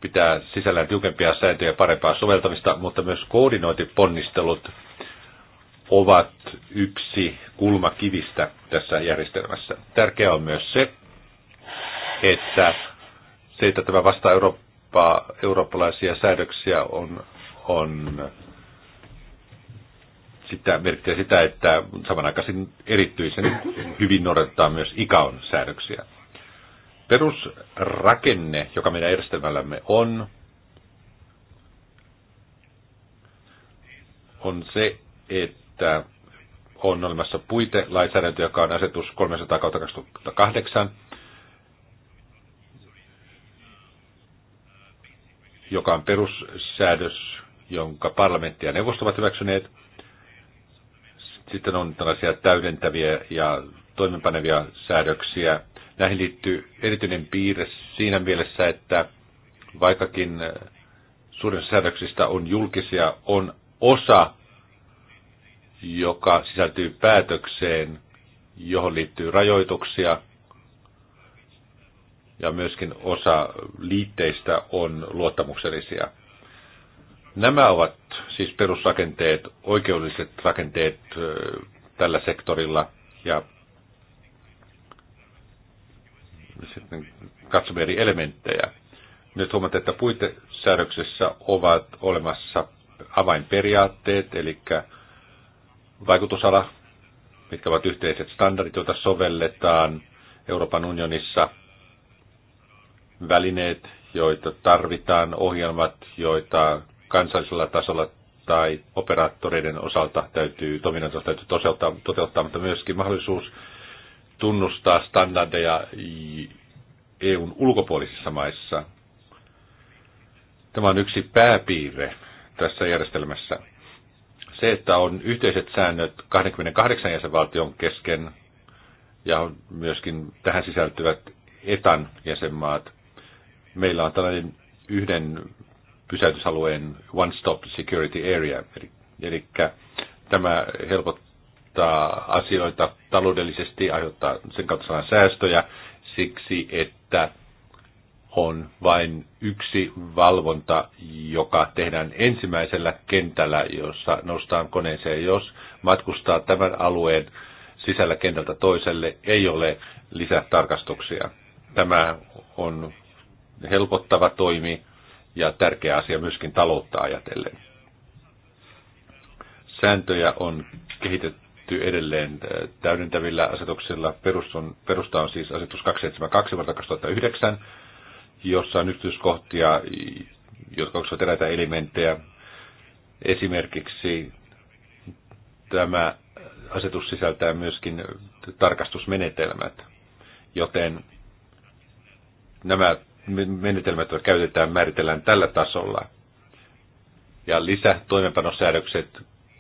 pitää sisällään tiukempia sääntöjä ja parempaa soveltamista, mutta myös koordinointiponnistelut ovat yksi kulmakivistä tässä järjestelmässä. Tärkeää on myös se, että se, että tämä vastaa Eurooppa, eurooppalaisia säädöksiä on, on sitä, merkitsee sitä, että samanaikaisin erityisen hyvin noudattaa myös ICAON säädöksiä. Perusrakenne, joka meidän järjestelmällämme on, on se, että on olemassa puitelainsäädäntö, joka on asetus 300 2008, joka on perussäädös, jonka parlamentti ja neuvosto ovat hyväksyneet. Sitten on tällaisia täydentäviä ja toimenpanevia säädöksiä, Näihin liittyy erityinen piirre siinä mielessä, että vaikkakin äh, suurin säädöksistä on julkisia, on osa, joka sisältyy päätökseen, johon liittyy rajoituksia, ja myöskin osa liitteistä on luottamuksellisia. Nämä ovat siis perusrakenteet, oikeudelliset rakenteet äh, tällä sektorilla, ja sitten katsomme eri elementtejä. Nyt huomaatte, että puitesäädöksessä ovat olemassa avainperiaatteet, eli vaikutusala, mitkä ovat yhteiset standardit, joita sovelletaan Euroopan unionissa, välineet, joita tarvitaan, ohjelmat, joita kansallisella tasolla tai operaattoreiden osalta täytyy, toiminnan osalta täytyy toteuttaa, toteuttaa, mutta myöskin mahdollisuus tunnustaa standardeja EUn ulkopuolisissa maissa. Tämä on yksi pääpiirre tässä järjestelmässä. Se, että on yhteiset säännöt 28 jäsenvaltion kesken ja myöskin tähän sisältyvät etan jäsenmaat. Meillä on tällainen yhden pysäytysalueen one-stop security area, eli, eli tämä helpottaa helpottaa asioita taloudellisesti, aiheuttaa sen kautta säästöjä siksi, että on vain yksi valvonta, joka tehdään ensimmäisellä kentällä, jossa noustaan koneeseen. Jos matkustaa tämän alueen sisällä kentältä toiselle, ei ole lisätarkastuksia. Tämä on helpottava toimi ja tärkeä asia myöskin taloutta ajatellen. Sääntöjä on kehitetty kehittyy edelleen äh, täydentävillä asetuksilla. on, perusta on siis asetus 272 vuotta 2009, jossa on yksityiskohtia, jotka koskevat eräitä elementtejä. Esimerkiksi tämä asetus sisältää myöskin tarkastusmenetelmät, joten nämä menetelmät, jotka käytetään, määritellään tällä tasolla. Ja lisätoimenpanosäädökset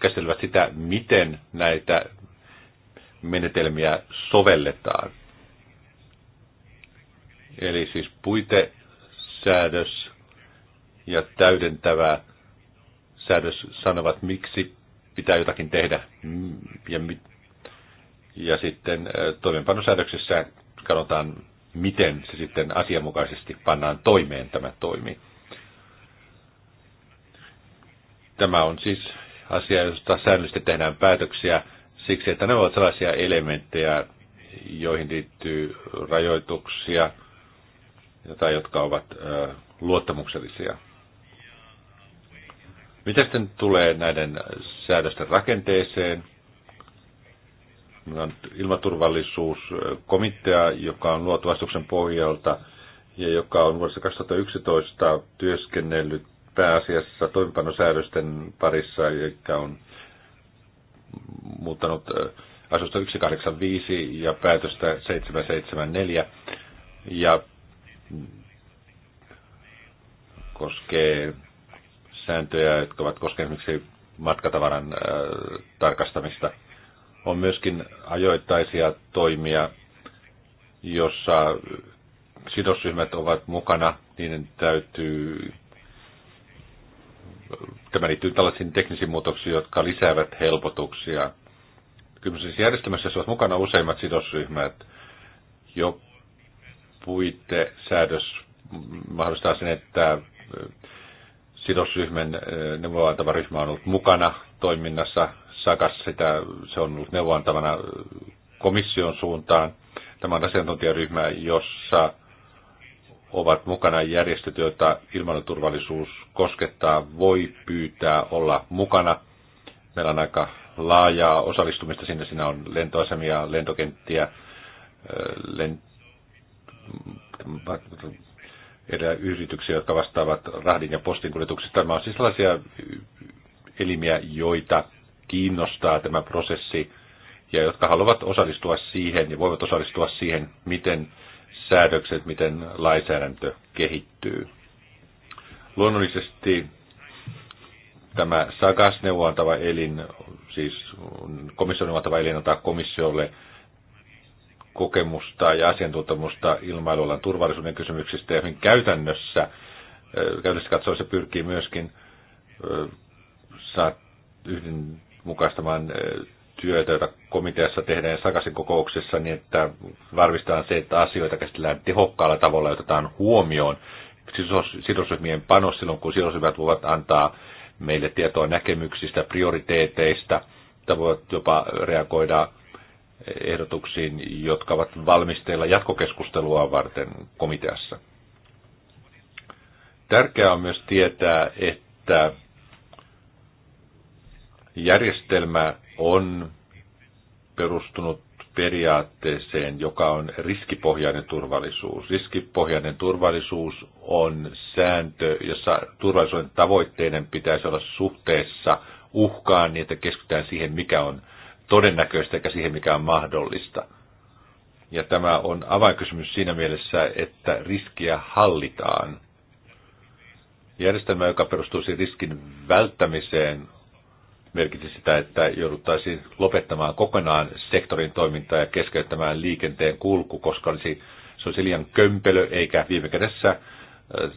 käsittelevät sitä, miten näitä menetelmiä sovelletaan. Eli siis puitesäädös ja täydentävä säädös sanovat, miksi pitää jotakin tehdä. Ja, ja sitten toimeenpanosäädöksessä katsotaan, miten se sitten asianmukaisesti pannaan toimeen tämä toimi. Tämä on siis asia, josta säännöllisesti tehdään päätöksiä siksi, että ne ovat sellaisia elementtejä, joihin liittyy rajoituksia tai jotka ovat luottamuksellisia. Mitä sitten tulee näiden säädösten rakenteeseen? on ilmaturvallisuuskomitea, joka on luotu vastuksen pohjalta ja joka on vuodesta 2011 työskennellyt pääasiassa toimipanosäädösten parissa, joka on muuttanut asusta 185 ja päätöstä 774 ja koskee sääntöjä, jotka ovat koskeneet esimerkiksi matkatavaran äh, tarkastamista. On myöskin ajoittaisia toimia, jossa sidosryhmät ovat mukana, niiden täytyy tämä liittyy tällaisiin teknisiin muutoksiin, jotka lisäävät helpotuksia. Kyllä siis järjestelmässä ovat mukana useimmat sidosryhmät. Jo puitesäädös mahdollistaa sen, että sidosryhmän neuvoantava ryhmä on ollut mukana toiminnassa. Sakas sitä, se on ollut neuvoantavana komission suuntaan. Tämä on asiantuntijaryhmä, jossa ovat mukana järjestöt, joita ilmailuturvallisuus koskettaa, voi pyytää olla mukana. Meillä on aika laajaa osallistumista sinne. Siinä on lentoasemia, lentokenttiä, len... yrityksiä, jotka vastaavat rahdin ja postin kuljetuksista. Tämä on siis sellaisia elimiä, joita kiinnostaa tämä prosessi ja jotka haluavat osallistua siihen ja voivat osallistua siihen, miten säädökset, miten lainsäädäntö kehittyy. Luonnollisesti tämä SAGAS-neuvontava elin, siis komission neuvontava elin antaa komissiolle kokemusta ja asiantuntemusta ilmailualan turvallisuuden kysymyksistä, ja käytännössä, käytännössä katsoen se pyrkii myöskin yhden yhdenmukaistamaan työtä, jota komiteassa tehdään sakasin kokouksessa, niin että varmistetaan se, että asioita käsitellään tehokkaalla tavalla ja otetaan huomioon sidosryhmien panos silloin, kun sidosryhmät voivat antaa meille tietoa näkemyksistä, prioriteeteista, että voivat jopa reagoida ehdotuksiin, jotka ovat valmisteilla jatkokeskustelua varten komiteassa. Tärkeää on myös tietää, että Järjestelmä on perustunut periaatteeseen, joka on riskipohjainen turvallisuus. Riskipohjainen turvallisuus on sääntö, jossa turvallisuuden tavoitteiden pitäisi olla suhteessa uhkaan niin, että keskitytään siihen, mikä on todennäköistä eikä siihen, mikä on mahdollista. Ja tämä on avainkysymys siinä mielessä, että riskiä hallitaan. Järjestelmä, joka perustuisi siis riskin välttämiseen, merkitsi sitä, että jouduttaisiin lopettamaan kokonaan sektorin toimintaa ja keskeyttämään liikenteen kulku, koska olisi, se olisi liian kömpelö eikä viime kädessä äh,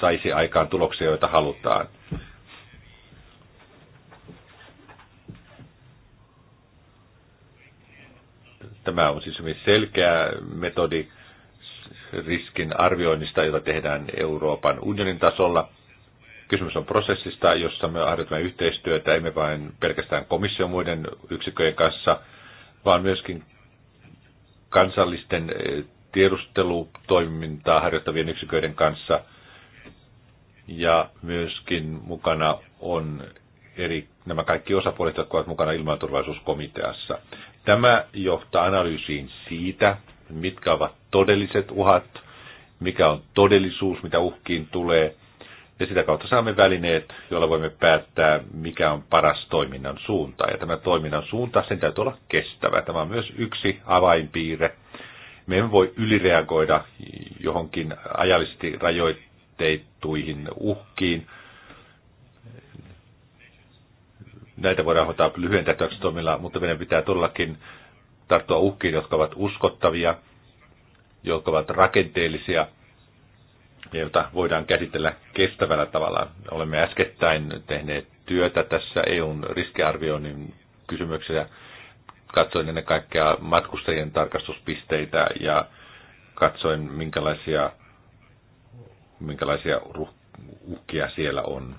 saisi aikaan tuloksia, joita halutaan. Tämä on siis hyvin selkeä metodi riskin arvioinnista, jota tehdään Euroopan unionin tasolla – Kysymys on prosessista, jossa me harjoitamme yhteistyötä, emme vain pelkästään komission muiden yksiköjen kanssa, vaan myöskin kansallisten eh, tiedustelutoimintaa harjoittavien yksiköiden kanssa. Ja myöskin mukana on eri, nämä kaikki osapuolet, jotka ovat mukana ilmaturvallisuuskomiteassa. Tämä johtaa analyysiin siitä, mitkä ovat todelliset uhat, mikä on todellisuus, mitä uhkiin tulee, ja sitä kautta saamme välineet, joilla voimme päättää, mikä on paras toiminnan suunta. Ja tämä toiminnan suunta, sen täytyy olla kestävä. Tämä on myös yksi avainpiirre. Me emme voi ylireagoida johonkin ajallisesti rajoitteittuihin uhkiin. Näitä voidaan hoitaa lyhyen toimilla, mutta meidän pitää todellakin tarttua uhkiin, jotka ovat uskottavia, jotka ovat rakenteellisia jota voidaan käsitellä kestävällä tavalla. Olemme äskettäin tehneet työtä tässä EUn riskiarvioinnin kysymyksessä. Katsoin ennen kaikkea matkustajien tarkastuspisteitä ja katsoin, minkälaisia, minkälaisia uhkia siellä on.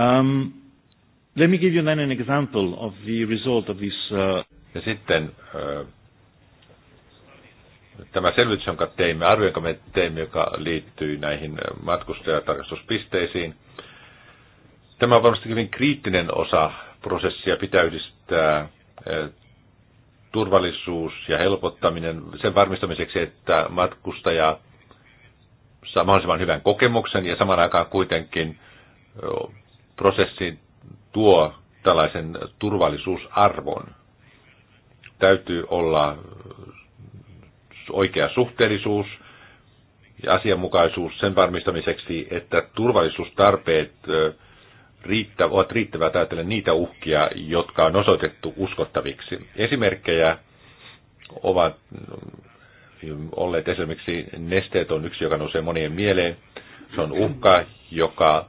Um, let me give you then an example of the result of this. Uh... Ja sitten uh, Tämä selvitys, jonka teimme, arvio, jonka me teimme, joka liittyy näihin matkustajatarkastuspisteisiin, tämä on varmasti hyvin kriittinen osa prosessia, pitää yhdistää eh, turvallisuus ja helpottaminen sen varmistamiseksi, että matkustaja saa mahdollisimman hyvän kokemuksen ja saman aikaan kuitenkin eh, prosessi tuo tällaisen turvallisuusarvon. Täytyy olla oikea suhteellisuus ja asianmukaisuus sen varmistamiseksi, että turvallisuustarpeet riittä, ovat riittävät ajatellen niitä uhkia, jotka on osoitettu uskottaviksi. Esimerkkejä ovat mm, olleet esimerkiksi nesteet on yksi, joka nousee monien mieleen. Se on uhka, joka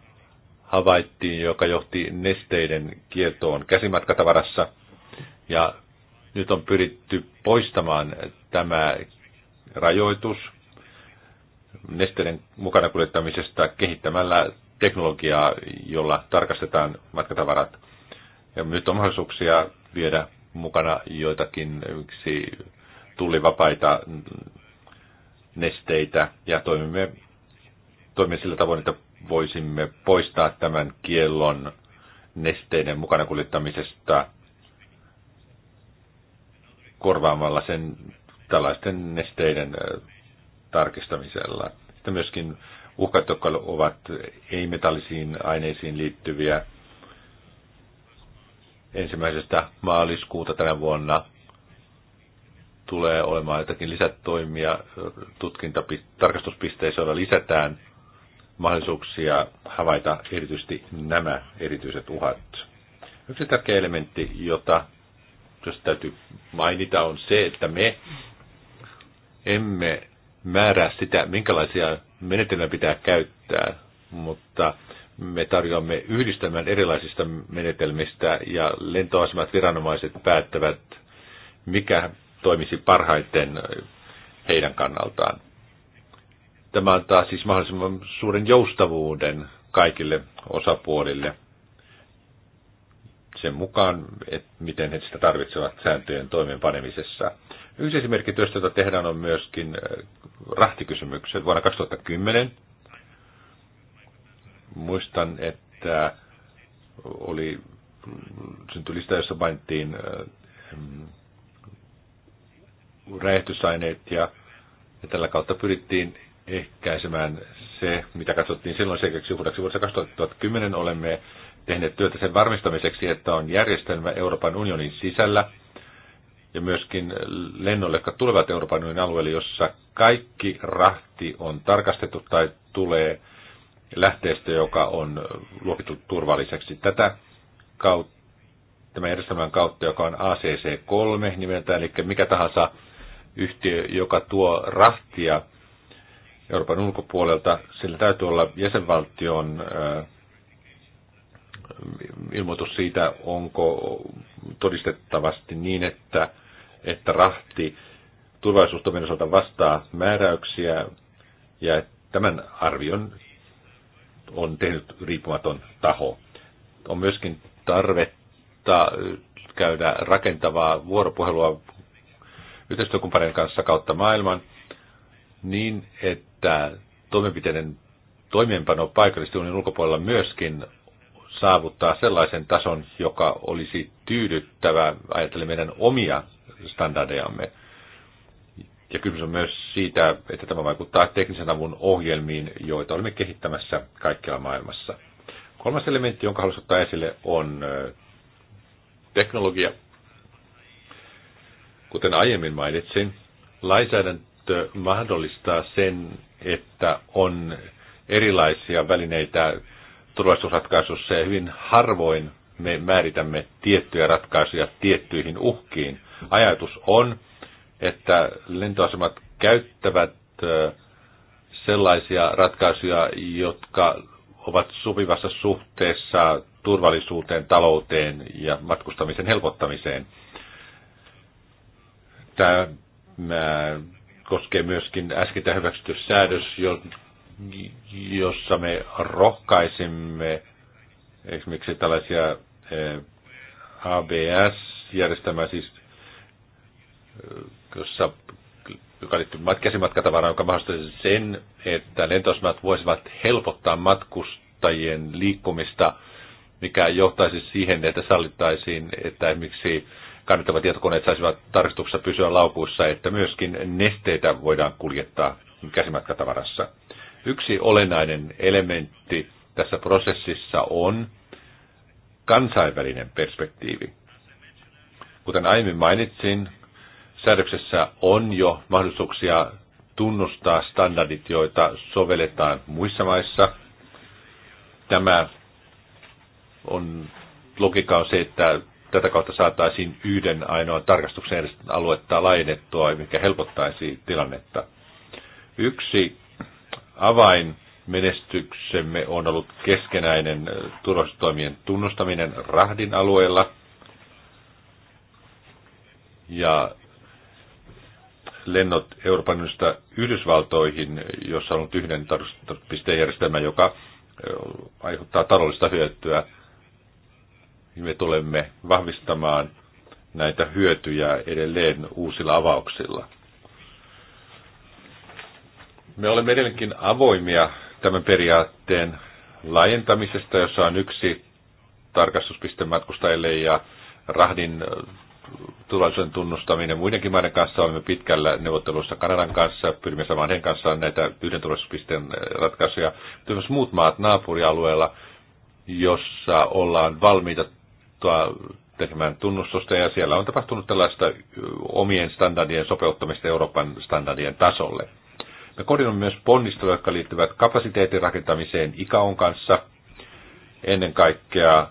havaittiin, joka johti nesteiden kieltoon käsimatkatavarassa. Ja nyt on pyritty poistamaan tämä rajoitus nesteiden mukana kuljettamisesta kehittämällä teknologiaa, jolla tarkastetaan matkatavarat. Ja nyt on mahdollisuuksia viedä mukana joitakin yksi tullivapaita nesteitä ja toimimme, toimimme sillä tavoin, että voisimme poistaa tämän kiellon nesteiden mukana kuljettamisesta korvaamalla sen tällaisten nesteiden tarkistamisella. Sitten myöskin uhkat, jotka ovat ei-metallisiin aineisiin liittyviä. Ensimmäisestä maaliskuuta tänä vuonna tulee olemaan jotakin lisätoimia tutkintatarkastuspisteissä, joilla lisätään mahdollisuuksia havaita erityisesti nämä erityiset uhat. Yksi tärkeä elementti, jota jos täytyy mainita, on se, että me emme määrää sitä, minkälaisia menetelmiä pitää käyttää, mutta me tarjoamme yhdistelmän erilaisista menetelmistä ja lentoasemat viranomaiset päättävät, mikä toimisi parhaiten heidän kannaltaan. Tämä antaa siis mahdollisimman suuren joustavuuden kaikille osapuolille – sen mukaan, että miten he sitä tarvitsevat sääntöjen toimeenpanemisessa. Yksi esimerkki työstä, jota tehdään, on myöskin äh, rahtikysymykset vuonna 2010. Muistan, että oli syntyi lista, jossa mainittiin äh, räjähtysaineet ja, ja tällä kautta pyrittiin ehkäisemään se, mitä katsottiin silloin selkeäksi uhdaksi. Vuodessa 2010 olemme tehneet työtä sen varmistamiseksi, että on järjestelmä Euroopan unionin sisällä ja myöskin lennolle, jotka tulevat Euroopan unionin alueelle, jossa kaikki rahti on tarkastettu tai tulee lähteestä, joka on luokittu turvalliseksi. Tätä kautta, tämän järjestelmän kautta, joka on ACC3 nimeltään, eli mikä tahansa yhtiö, joka tuo rahtia Euroopan ulkopuolelta, sillä täytyy olla jäsenvaltion äh, ilmoitus siitä, onko todistettavasti niin, että, että rahti turvallisuustoimien osalta vastaa määräyksiä ja tämän arvion on tehnyt riippumaton taho. On myöskin tarvetta käydä rakentavaa vuoropuhelua yhteistyökumppaneiden kanssa kautta maailman niin, että toimenpiteiden toimeenpano paikallisesti unionin ulkopuolella myöskin saavuttaa sellaisen tason, joka olisi tyydyttävä ajatellen meidän omia standardejamme. Ja kysymys on myös siitä, että tämä vaikuttaa teknisen avun ohjelmiin, joita olemme kehittämässä kaikkialla maailmassa. Kolmas elementti, jonka haluaisin ottaa esille, on teknologia. Kuten aiemmin mainitsin, lainsäädäntö mahdollistaa sen, että on erilaisia välineitä turvallisuusratkaisussa ja hyvin harvoin me määritämme tiettyjä ratkaisuja tiettyihin uhkiin. Ajatus on, että lentoasemat käyttävät sellaisia ratkaisuja, jotka ovat sopivassa suhteessa turvallisuuteen, talouteen ja matkustamisen helpottamiseen. Tämä koskee myöskin äsken hyväksytty säädös, jossa me rohkaisimme esimerkiksi tällaisia eh, ABS-järjestelmää, siis eh, jossa, joka liittyy käsimatkatavaraan, joka mahdollistaisi sen, että lentoasemat voisivat helpottaa matkustajien liikkumista, mikä johtaisi siihen, että sallittaisiin, että esimerkiksi kannettavat tietokoneet saisivat tarkistuksessa pysyä laukuissa, että myöskin nesteitä voidaan kuljettaa käsimatkatavarassa. Yksi olennainen elementti tässä prosessissa on kansainvälinen perspektiivi. Kuten aiemmin mainitsin, säädöksessä on jo mahdollisuuksia tunnustaa standardit, joita sovelletaan muissa maissa. Tämä on, logiikka on se, että tätä kautta saataisiin yhden ainoan tarkastuksen aluetta laajennettua, mikä helpottaisi tilannetta. Yksi avain menestyksemme on ollut keskenäinen turvallisuustoimien tunnustaminen rahdin alueella ja lennot Euroopan unionista Yhdysvaltoihin, jossa on ollut yhden tarkastuspisteen joka aiheuttaa taloudellista hyötyä. Me tulemme vahvistamaan näitä hyötyjä edelleen uusilla avauksilla. Me olemme edelleenkin avoimia tämän periaatteen laajentamisesta, jossa on yksi tarkastuspiste matkustajille ja rahdin turvallisuuden tunnustaminen muidenkin maiden kanssa. Olemme pitkällä neuvottelussa Kanadan kanssa, pyrimme saamaan heidän kanssaan näitä yhden turvallisuuspisteen ratkaisuja. Mutta myös muut maat naapurialueella, jossa ollaan valmiita tekemään tunnustusta ja siellä on tapahtunut tällaista omien standardien sopeuttamista Euroopan standardien tasolle. Me koordinoimme myös ponnisteluja, jotka liittyvät kapasiteetin rakentamiseen ICAON kanssa. Ennen kaikkea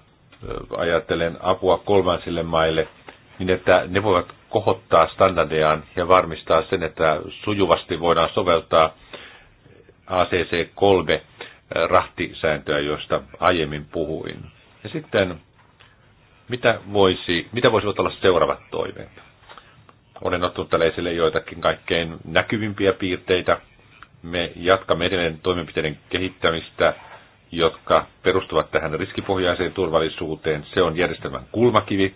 ajattelen apua kolmansille maille niin, että ne voivat kohottaa standardejaan ja varmistaa sen, että sujuvasti voidaan soveltaa ACC3 rahtisääntöä, josta aiemmin puhuin. Ja sitten, mitä, voisi, mitä voisivat olla seuraavat toiveet? Olen ottanut esille joitakin kaikkein näkyvimpiä piirteitä me jatkamme edelleen toimenpiteiden kehittämistä, jotka perustuvat tähän riskipohjaiseen turvallisuuteen. Se on järjestelmän kulmakivi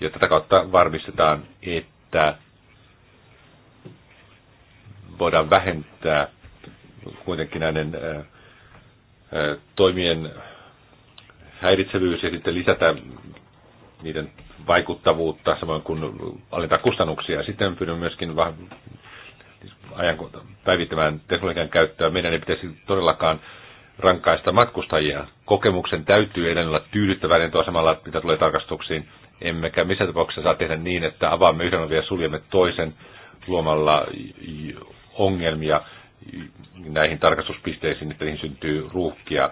ja tätä kautta varmistetaan, että voidaan vähentää kuitenkin näiden toimien häiritsevyys ja sitten lisätä niiden vaikuttavuutta, samoin kuin alentaa kustannuksia. Sitten pyydän myöskin ajan päivittämään teknologian käyttöä. Meidän ei pitäisi todellakaan rankkaista matkustajia. Kokemuksen täytyy edelleen olla tyydyttäväinen tuo samalla, mitä tulee tarkastuksiin. Emmekä missä tapauksessa saa tehdä niin, että avaamme yhden ja suljemme toisen luomalla ongelmia näihin tarkastuspisteisiin, että niihin syntyy ruuhkia.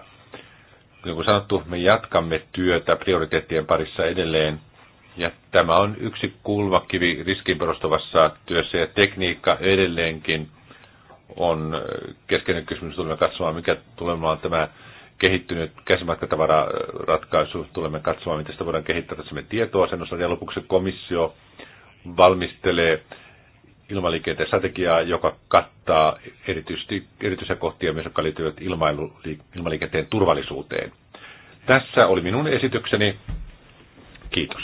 Niin kuin sanottu, me jatkamme työtä prioriteettien parissa edelleen ja tämä on yksi kulmakivi riskiin työssä ja tekniikka edelleenkin on äh, keskeinen kysymys. Tulemme katsomaan, mikä tulemaan tämä kehittynyt käsimatkatavararatkaisu. Tulemme katsomaan, miten sitä voidaan kehittää. Tässä me tietoa sen osalta. Ja lopuksi komissio valmistelee ilmaliikenteen strategiaa, joka kattaa erityisesti, erityisiä kohtia, myös jotka liittyvät ilmailu, ilmaliikenteen turvallisuuteen. Tässä oli minun esitykseni. Kiitos.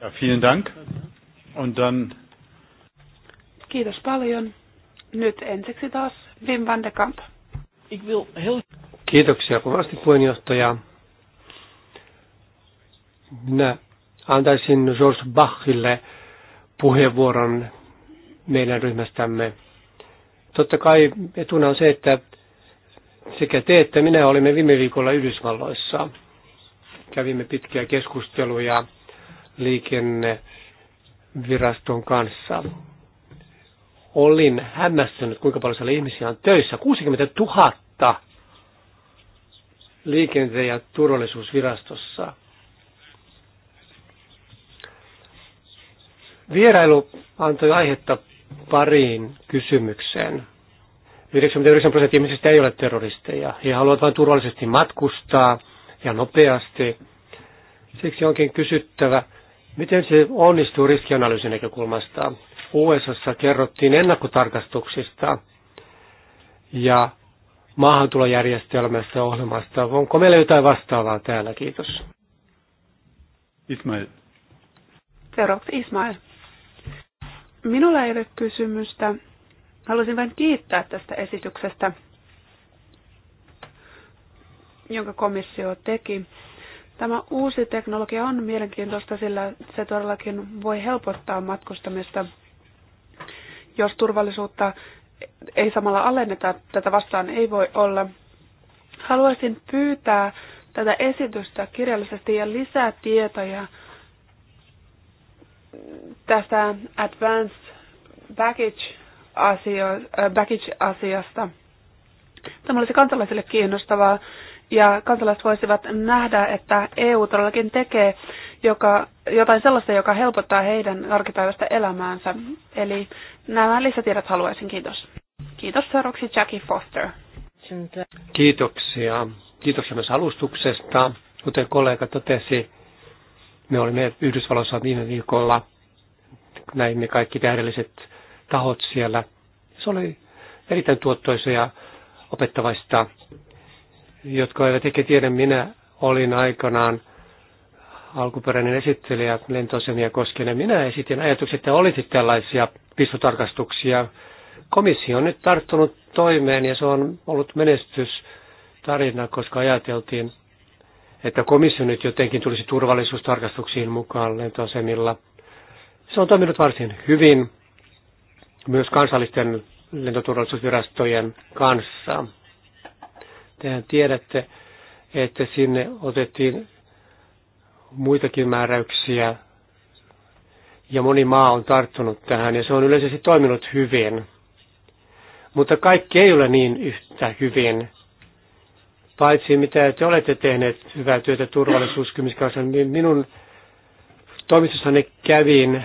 Ja, vielen dank. Und dann... Kiitos paljon. Nyt ensiksi taas Wim van de Kamp. Ik wil heel... Kiitoksia kovasti puheenjohtaja. Minä antaisin George Bachille puheenvuoron meidän ryhmästämme. Totta kai etuna on se, että sekä te että minä olimme viime viikolla Yhdysvalloissa kävimme pitkiä keskusteluja liikenneviraston kanssa. Olin hämmästynyt, kuinka paljon siellä ihmisiä on töissä. 60 000 liikenteen ja turvallisuusvirastossa. Vierailu antoi aihetta pariin kysymykseen. 99 prosenttia ihmisistä ei ole terroristeja. He haluavat vain turvallisesti matkustaa ja nopeasti. Siksi onkin kysyttävä, miten se onnistuu riskianalyysin näkökulmasta. USA kerrottiin ennakkotarkastuksista ja maahantulojärjestelmästä ohjelmasta. Onko meillä jotain vastaavaa täällä? Kiitos. Ismail. Seuraavaksi Ismail. Minulla ei ole kysymystä. Haluaisin vain kiittää tästä esityksestä jonka komissio teki. Tämä uusi teknologia on mielenkiintoista, sillä se todellakin voi helpottaa matkustamista. Jos turvallisuutta ei samalla alenneta, tätä vastaan ei voi olla. Haluaisin pyytää tätä esitystä kirjallisesti ja lisää tietoja tästä advanced äh, baggage-asiasta. Tämä olisi kansalaisille kiinnostavaa ja kansalaiset voisivat nähdä, että EU todellakin tekee joka, jotain sellaista, joka helpottaa heidän arkipäiväistä elämäänsä. Eli nämä lisätiedot haluaisin, kiitos. Kiitos seuraavaksi Jackie Foster. Kiitoksia. Kiitoksia myös alustuksesta. Kuten kollega totesi, me olimme Yhdysvalloissa viime viikolla. Näimme kaikki täydelliset tahot siellä. Se oli erittäin tuottoisa ja opettavaista jotka eivät ehkä tiedä, minä olin aikanaan alkuperäinen esittelijä lentoasemia koskien, minä esitin ajatukset, että olisi tällaisia pistotarkastuksia. Komissio on nyt tarttunut toimeen, ja se on ollut menestystarina, koska ajateltiin, että komissio nyt jotenkin tulisi turvallisuustarkastuksiin mukaan lentoasemilla. Se on toiminut varsin hyvin myös kansallisten lentoturvallisuusvirastojen kanssa. Tehän tiedätte, että sinne otettiin muitakin määräyksiä ja moni maa on tarttunut tähän ja se on yleisesti toiminut hyvin. Mutta kaikki ei ole niin yhtä hyvin. Paitsi mitä te olette tehneet hyvää työtä turvallisuuskymiskanssa, niin minun toimistossani kävin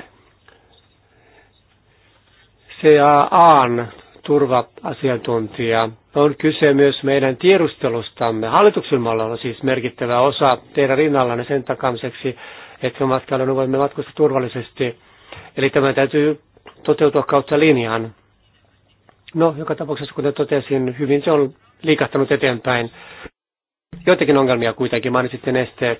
CAAn turva-asiantuntija on kyse myös meidän tiedustelustamme. Hallituksilmalla on siis merkittävä osa teidän rinnallanne sen takamiseksi, että matkailun voimme matkustaa turvallisesti. Eli tämä täytyy toteutua kautta linjan. No, joka tapauksessa, kuten totesin, hyvin se on liikahtanut eteenpäin. Joitakin ongelmia kuitenkin mainitsitte esteet.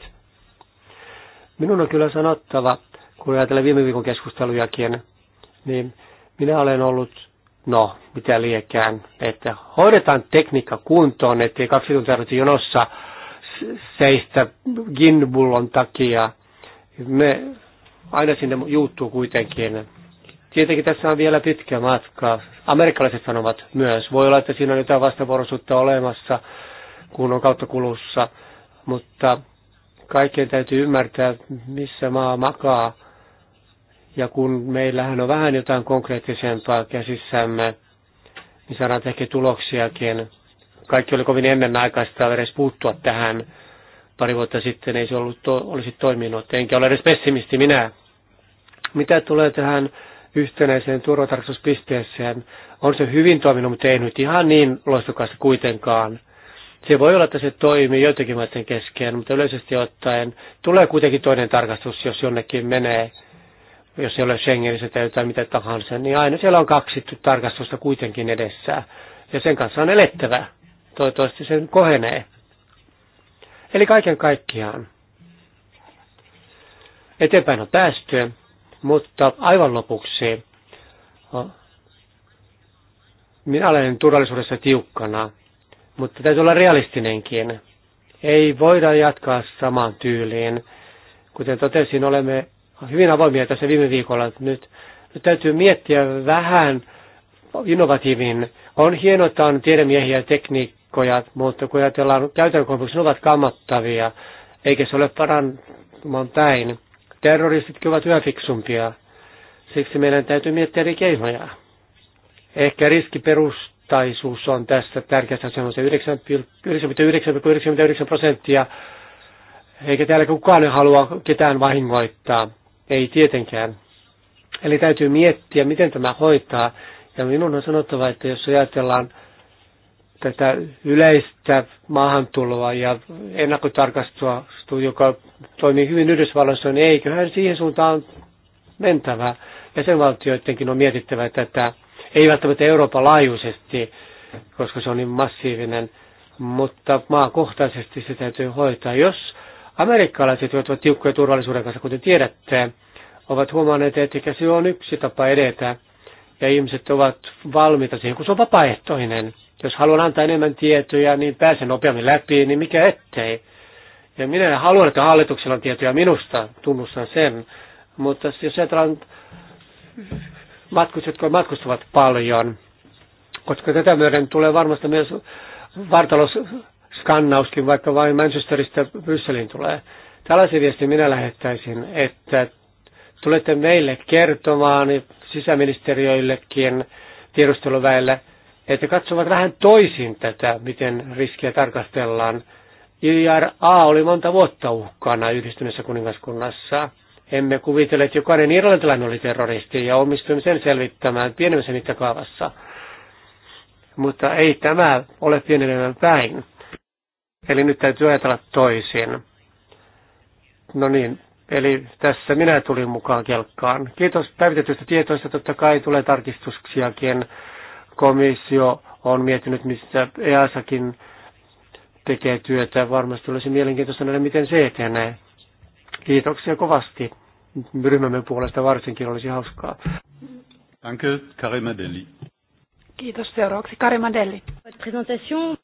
Minun on kyllä sanottava, kun ajatellaan viime viikon keskustelujakin, niin minä olen ollut no, mitä liekään, että hoidetaan tekniikka kuntoon, ettei kaksi tuntia tarvitse jonossa seistä ginbullon takia. Me aina sinne juuttuu kuitenkin. Tietenkin tässä on vielä pitkä matka. Amerikkalaiset sanovat myös. Voi olla, että siinä on jotain vastavuoroisuutta olemassa, kun on kautta kulussa. Mutta kaikkien täytyy ymmärtää, missä maa makaa ja kun meillähän on vähän jotain konkreettisempaa käsissämme, niin saadaan ehkä tuloksiakin. Kaikki oli kovin ennenaikaista edes puuttua tähän. Pari vuotta sitten ei se ollut to, olisi toiminut. Enkä ole edes pessimisti minä. Mitä tulee tähän yhtenäiseen turvatarkastuspisteeseen, on se hyvin toiminut, mutta ei nyt ihan niin loistokasta kuitenkaan. Se voi olla, että se toimii joitakin maiden kesken, mutta yleisesti ottaen tulee kuitenkin toinen tarkastus, jos jonnekin menee jos ei ole Schengenissä tai jotain mitä tahansa, niin aina siellä on kaksi tarkastusta kuitenkin edessä. Ja sen kanssa on elettävä. Toivottavasti sen kohenee. Eli kaiken kaikkiaan. Eteenpäin on päästy, mutta aivan lopuksi minä olen turvallisuudessa tiukkana, mutta täytyy olla realistinenkin. Ei voida jatkaa samaan tyyliin. Kuten totesin, olemme hyvin avoimia tässä viime viikolla. Että nyt, nyt täytyy miettiä vähän innovatiivin. On hienoa, että on tiedemiehiä ja tekniikkoja, mutta kun ajatellaan käytännön kokemuksia, ne ovat kammattavia, eikä se ole parantumaan päin. Terroristitkin ovat yhä fiksumpia. Siksi meidän täytyy miettiä eri keinoja. Ehkä riskiperustaisuus on tässä tärkeässä asemassa 99,99 prosenttia, eikä täällä kukaan halua ketään vahingoittaa. Ei tietenkään. Eli täytyy miettiä, miten tämä hoitaa. Ja minun on sanottava, että jos ajatellaan tätä yleistä maahantuloa ja ennakkotarkastua, joka toimii hyvin Yhdysvalloissa, niin eiköhän siihen suuntaan mentävä. Jäsenvaltioidenkin on mietittävä tätä, ei välttämättä Euroopan laajuisesti, koska se on niin massiivinen, mutta maakohtaisesti se täytyy hoitaa. Jos Amerikkalaiset ovat tiukkoja turvallisuuden kanssa, kuten tiedätte, ovat huomanneet, että se on yksi tapa edetä. Ja ihmiset ovat valmiita siihen, kun se on vapaaehtoinen. Jos haluan antaa enemmän tietoja, niin pääsen nopeammin läpi, niin mikä ettei. Ja minä haluan, että hallituksella on tietoja minusta, tunnustan sen. Mutta jos ajatellaan matkustajat, jotka matkustavat paljon, koska tätä myöden tulee varmasti myös vartalous skannauskin vaikka vain Manchesterista Brysseliin tulee. Tällaisen viestin minä lähettäisin, että tulette meille kertomaan sisäministeriöillekin tiedusteluväelle, että katsovat vähän toisin tätä, miten riskiä tarkastellaan. IRA oli monta vuotta uhkana yhdistyneessä kuningaskunnassa. Emme kuvitelle, että jokainen irlantilainen oli terroristi ja omistuimme sen selvittämään pienemmässä mittakaavassa. Mutta ei tämä ole pienemmän päin. Eli nyt täytyy ajatella toisin. No niin, eli tässä minä tulin mukaan kelkkaan. Kiitos päivitetystä tietoista. Totta kai tulee tarkistuksiakin. Komissio on miettinyt, missä EASakin tekee työtä. Varmasti olisi mielenkiintoista nähdä, miten se etenee. Kiitoksia kovasti. Ryhmämme puolesta varsinkin olisi hauskaa. Danke, Karima Deli. Kiitos. Seuraavaksi Kari Madelli.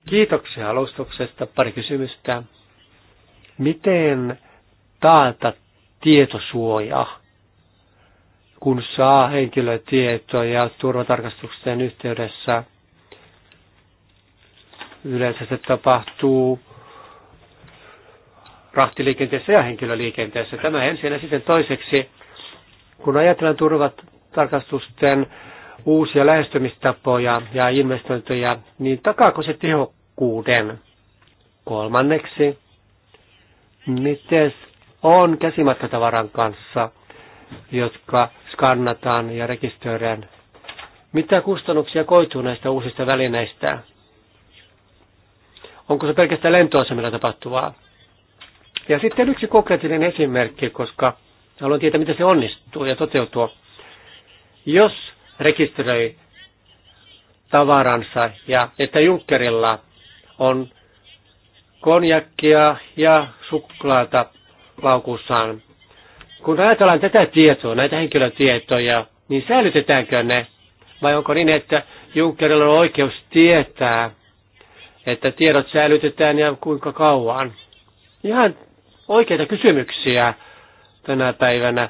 Kiitoksia alustuksesta. Pari kysymystä. Miten taata tietosuoja, kun saa henkilötietoja turvatarkastuksen yhteydessä? Yleensä se tapahtuu rahtiliikenteessä ja henkilöliikenteessä. Tämä ensin ja sitten toiseksi, kun ajatellaan turvatarkastusten uusia lähestymistapoja ja investointeja, niin takaako se tehokkuuden? Kolmanneksi, miten on käsimatkatavaran kanssa, jotka skannataan ja rekisteröidään? Mitä kustannuksia koituu näistä uusista välineistä? Onko se pelkästään lentoasemilla tapahtuvaa? Ja sitten yksi konkreettinen esimerkki, koska haluan tietää, miten se onnistuu ja toteutuu. Jos rekisteröi tavaransa ja että Junckerilla on konjakkia ja suklaata laukussaan. Kun ajatellaan tätä tietoa, näitä henkilötietoja, niin säilytetäänkö ne? Vai onko niin, että Junckerilla on oikeus tietää, että tiedot säilytetään ja kuinka kauan? Ihan oikeita kysymyksiä tänä päivänä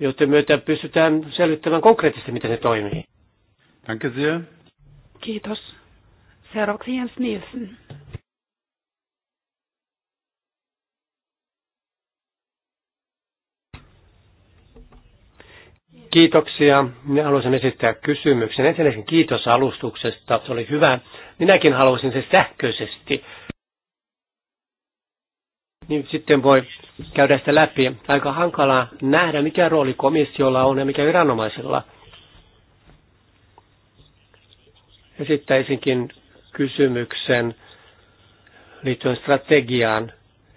joten myötä pystytään selvittämään konkreettisesti, miten ne toimii. Danke sehr. Kiitos. Seuraavaksi Jens Nielsen. Kiitoksia. Minä haluaisin esittää kysymyksen. Ensinnäkin kiitos alustuksesta. Se oli hyvä. Minäkin haluaisin se sähköisesti niin sitten voi käydä sitä läpi. Aika hankalaa nähdä, mikä rooli komissiolla on ja mikä viranomaisilla. Esittäisinkin kysymyksen liittyen strategiaan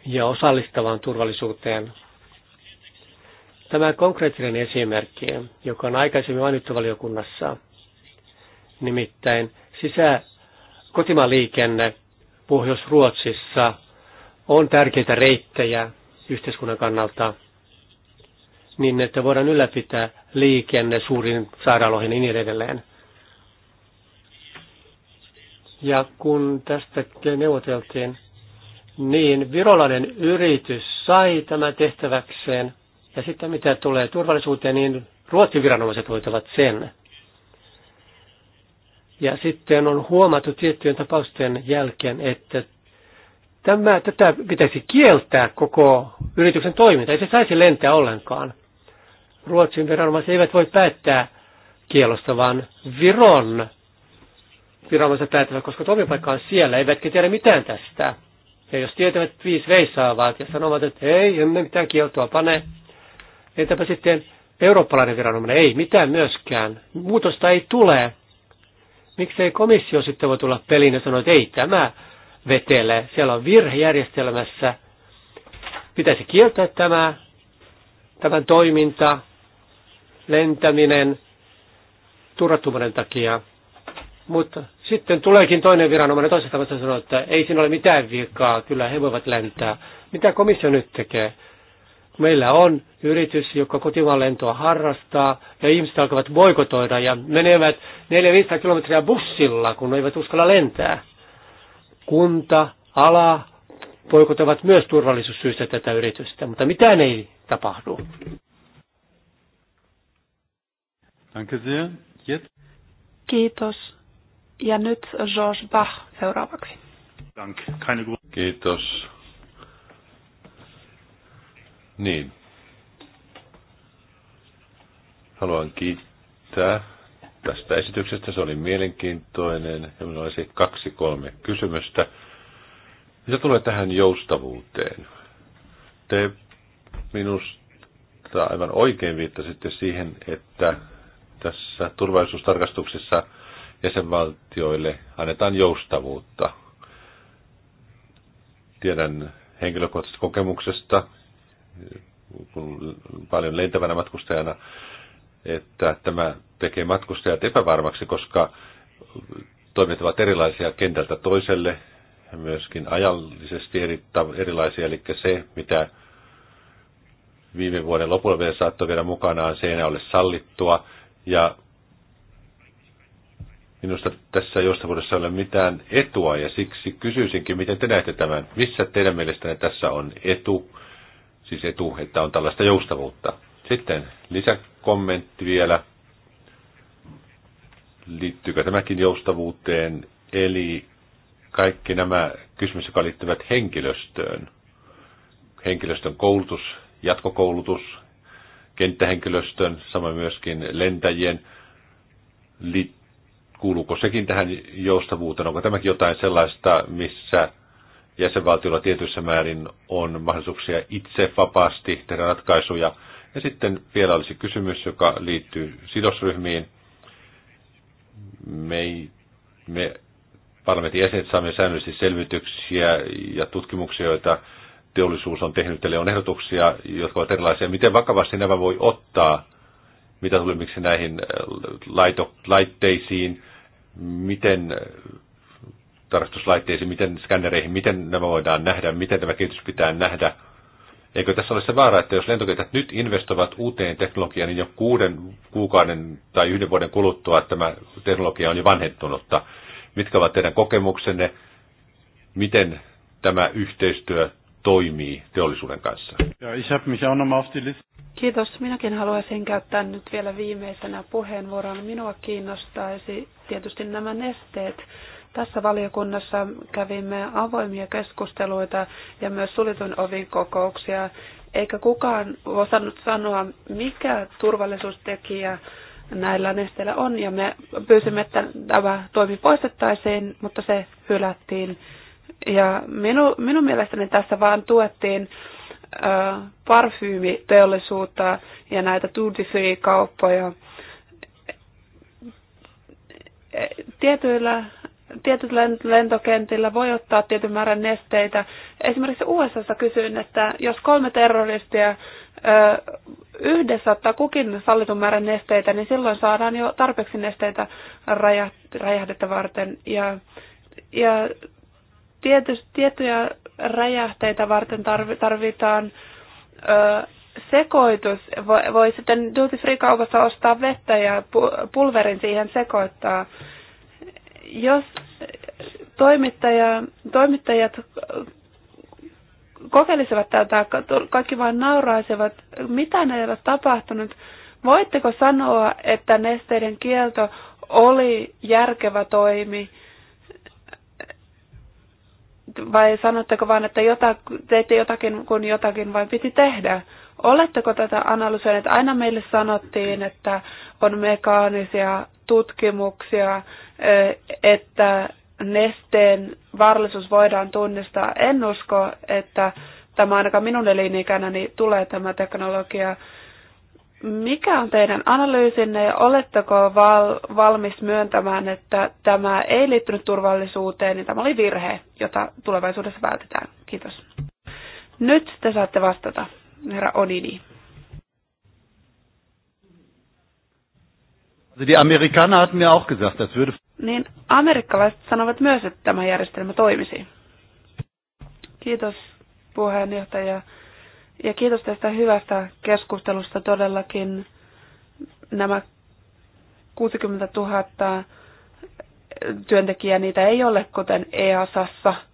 ja osallistavaan turvallisuuteen. Tämä konkreettinen esimerkki, joka on aikaisemmin mainittu valiokunnassa, nimittäin sisä kotimaan liikenne Pohjois-Ruotsissa on tärkeitä reittejä yhteiskunnan kannalta, niin että voidaan ylläpitää liikenne suuriin sairaaloihin ja niin edelleen. Ja kun tästä neuvoteltiin, niin virolainen yritys sai tämän tehtäväkseen. Ja sitten mitä tulee turvallisuuteen, niin Ruotsin viranomaiset hoitavat sen. Ja sitten on huomattu tiettyjen tapausten jälkeen, että Tämä, tätä pitäisi kieltää koko yrityksen toiminta. Ei se saisi lentää ollenkaan. Ruotsin viranomaiset eivät voi päättää kielosta, vaan Viron viranomaiset päättävät, koska toimipaikka on siellä, eivätkä tiedä mitään tästä. Ja jos tietävät viisi veisaavat ja sanovat, että ei, emme mitään kieltoa pane, entäpä sitten eurooppalainen viranomainen, ei mitään myöskään, muutosta ei tule. Miksei komissio sitten voi tulla peliin ja sanoa, että ei tämä vetelee. Siellä on virhejärjestelmässä, Pitäisi kieltää tämä, tämän toiminta, lentäminen turvattomuuden takia. Mutta sitten tuleekin toinen viranomainen toisesta tavasta sanoa, että ei siinä ole mitään vikaa, kyllä he voivat lentää. Mitä komissio nyt tekee? Meillä on yritys, joka kotimaan lentoa harrastaa, ja ihmiset alkavat boikotoida ja menevät 400 500 kilometriä bussilla, kun ne eivät uskalla lentää kunta, ala poikotavat myös turvallisuussyistä tätä yritystä, mutta mitään ei tapahdu. Kiitos. Ja nyt George Bach seuraavaksi. Kiitos. Niin. Haluan kiittää tästä esityksestä. Se oli mielenkiintoinen ja minulla olisi kaksi kolme kysymystä. Mitä tulee tähän joustavuuteen? Te minusta aivan oikein viittasitte siihen, että tässä turvallisuustarkastuksessa jäsenvaltioille annetaan joustavuutta. Tiedän henkilökohtaisesta kokemuksesta, kun paljon lentävänä matkustajana että tämä tekee matkustajat epävarmaksi, koska toimet ovat erilaisia kentältä toiselle, myöskin ajallisesti eri, erilaisia, eli se, mitä viime vuoden lopulla vielä saattoi viedä mukanaan, se ei enää ole sallittua, ja minusta tässä joustavuudessa ei ole mitään etua, ja siksi kysyisinkin, miten te näette tämän, missä teidän mielestänne tässä on etu, siis etu, että on tällaista joustavuutta. Sitten lisäksi kommentti vielä. Liittyykö tämäkin joustavuuteen? Eli kaikki nämä kysymykset, jotka liittyvät henkilöstöön. Henkilöstön koulutus, jatkokoulutus, kenttähenkilöstön, samoin myöskin lentäjien. Kuuluuko sekin tähän joustavuuteen? Onko tämäkin jotain sellaista, missä jäsenvaltiolla tietyissä määrin on mahdollisuuksia itse vapaasti tehdä ratkaisuja – ja sitten vielä olisi kysymys, joka liittyy sidosryhmiin. Me, me parlamentin jäsenet saamme säännöllisesti selvityksiä ja tutkimuksia, joita teollisuus on tehnyt, eli on ehdotuksia, jotka ovat erilaisia. Miten vakavasti nämä voi ottaa, mitä tuli miksi näihin äh, laito, laitteisiin, miten äh, tarkastuslaitteisiin, miten skännereihin, miten nämä voidaan nähdä, miten tämä kehitys pitää nähdä – Eikö tässä ole se vaara, että jos lentokentät nyt investoivat uuteen teknologiaan, niin jo kuuden kuukauden tai yhden vuoden kuluttua tämä teknologia on jo vanhentunutta? Mitkä ovat teidän kokemuksenne? Miten tämä yhteistyö toimii teollisuuden kanssa? Kiitos. Minäkin haluaisin käyttää nyt vielä viimeisenä puheenvuoron. Minua kiinnostaisi tietysti nämä nesteet tässä valiokunnassa kävimme avoimia keskusteluita ja myös sulitun ovin kokouksia, eikä kukaan osannut sanoa, mikä turvallisuustekijä näillä nesteillä on, ja me pyysimme, että tämä toimi poistettaisiin, mutta se hylättiin. Ja minu, minun mielestäni tässä vaan tuettiin äh, parfyymiteollisuutta ja näitä duty free-kauppoja. E, tietyillä tietyt lentokentillä voi ottaa tietyn määrän nesteitä. Esimerkiksi USA kysyin, että jos kolme terroristia ö, yhdessä ottaa kukin sallitun määrän nesteitä, niin silloin saadaan jo tarpeeksi nesteitä räjähdettä varten. Ja, ja tiety, tiettyjä räjähteitä varten tarvitaan ö, sekoitus. Voi, voi sitten duty free kaupassa ostaa vettä ja pulverin siihen sekoittaa jos toimittaja, toimittajat kokeilisivat tätä, kaikki vain nauraisivat, mitä ne eivät tapahtunut, voitteko sanoa, että nesteiden kielto oli järkevä toimi? Vai sanotteko vain, että jotakin teitte jotakin kun jotakin vain piti tehdä? Oletteko tätä analysoineet? Aina meille sanottiin, että on mekaanisia tutkimuksia, että nesteen vaarallisuus voidaan tunnistaa. En usko, että tämä ainakaan minun elinikänäni tulee tämä teknologia. Mikä on teidän analyysinne ja oletteko val- valmis myöntämään, että tämä ei liittynyt turvallisuuteen, niin tämä oli virhe, jota tulevaisuudessa vältetään? Kiitos. Nyt te saatte vastata herra Odini. Die Amerikaner hatten mir auch gesagt, das würde... Niin, amerikkalaiset sanovat myös, että tämä järjestelmä toimisi. Kiitos puheenjohtaja. Ja kiitos tästä hyvästä keskustelusta todellakin. Nämä 60 000 työntekijää, niitä ei ole kuten EASassa –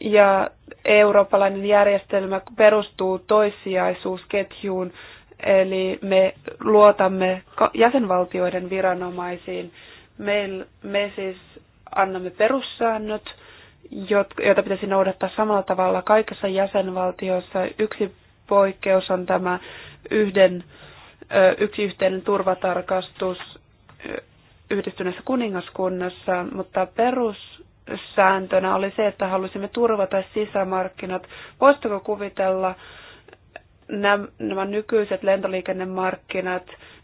ja eurooppalainen järjestelmä perustuu toissijaisuusketjuun, eli me luotamme jäsenvaltioiden viranomaisiin. Me, me siis annamme perussäännöt, joita pitäisi noudattaa samalla tavalla kaikissa jäsenvaltioissa. Yksi poikkeus on tämä yhden, yksi yhteinen turvatarkastus yhdistyneessä kuningaskunnassa, mutta perus sääntönä oli se, että halusimme turvata sisämarkkinat. Voisitko kuvitella nämä, nämä nykyiset lentoliikennemarkkinat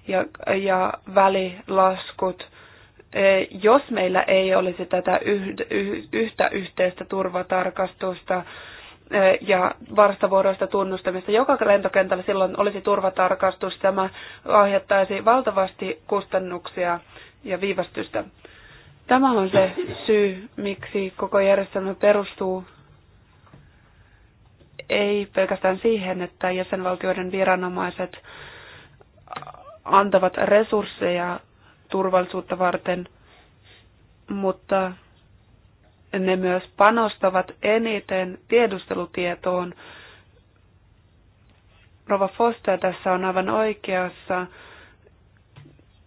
ja, ja välilaskut, e, jos meillä ei olisi tätä yhtä yhteistä turvatarkastusta, e, ja varstavuoroista tunnustamista. Joka lentokentällä silloin olisi turvatarkastus. Tämä aiheuttaisi valtavasti kustannuksia ja viivästystä. Tämä on se syy, miksi koko järjestelmä perustuu ei pelkästään siihen, että jäsenvaltioiden viranomaiset antavat resursseja turvallisuutta varten, mutta ne myös panostavat eniten tiedustelutietoon. Rova Foster tässä on aivan oikeassa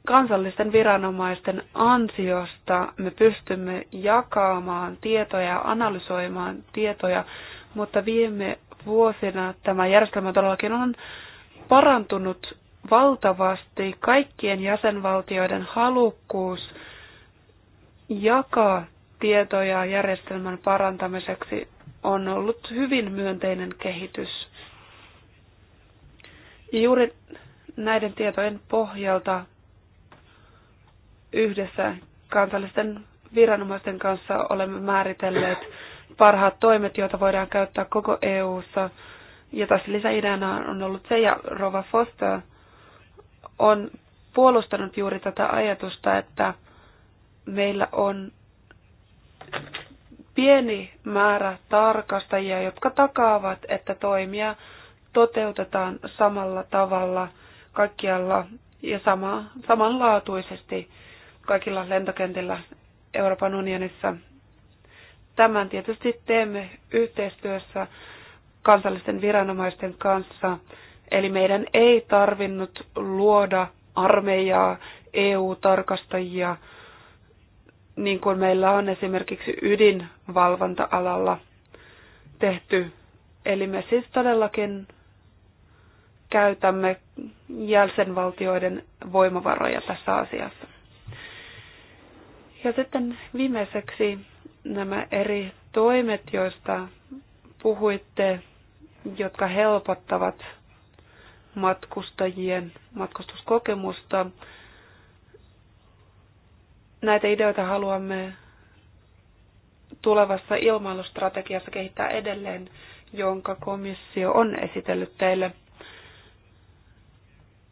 kansallisten viranomaisten ansiosta me pystymme jakamaan tietoja analysoimaan tietoja, mutta viime vuosina tämä järjestelmä todellakin on parantunut valtavasti kaikkien jäsenvaltioiden halukkuus jakaa tietoja järjestelmän parantamiseksi on ollut hyvin myönteinen kehitys. juuri näiden tietojen pohjalta yhdessä kansallisten viranomaisten kanssa olemme määritelleet parhaat toimet, joita voidaan käyttää koko EU-ssa. Ja tässä lisäideana on ollut se, ja Rova Foster on puolustanut juuri tätä ajatusta, että meillä on pieni määrä tarkastajia, jotka takaavat, että toimia toteutetaan samalla tavalla kaikkialla ja sama, samanlaatuisesti kaikilla lentokentillä Euroopan unionissa. Tämän tietysti teemme yhteistyössä kansallisten viranomaisten kanssa. Eli meidän ei tarvinnut luoda armeijaa, EU-tarkastajia, niin kuin meillä on esimerkiksi ydinvalvonta-alalla tehty. Eli me siis todellakin käytämme jäsenvaltioiden voimavaroja tässä asiassa. Ja sitten viimeiseksi nämä eri toimet, joista puhuitte, jotka helpottavat matkustajien matkustuskokemusta. Näitä ideoita haluamme tulevassa ilmailustrategiassa kehittää edelleen, jonka komissio on esitellyt teille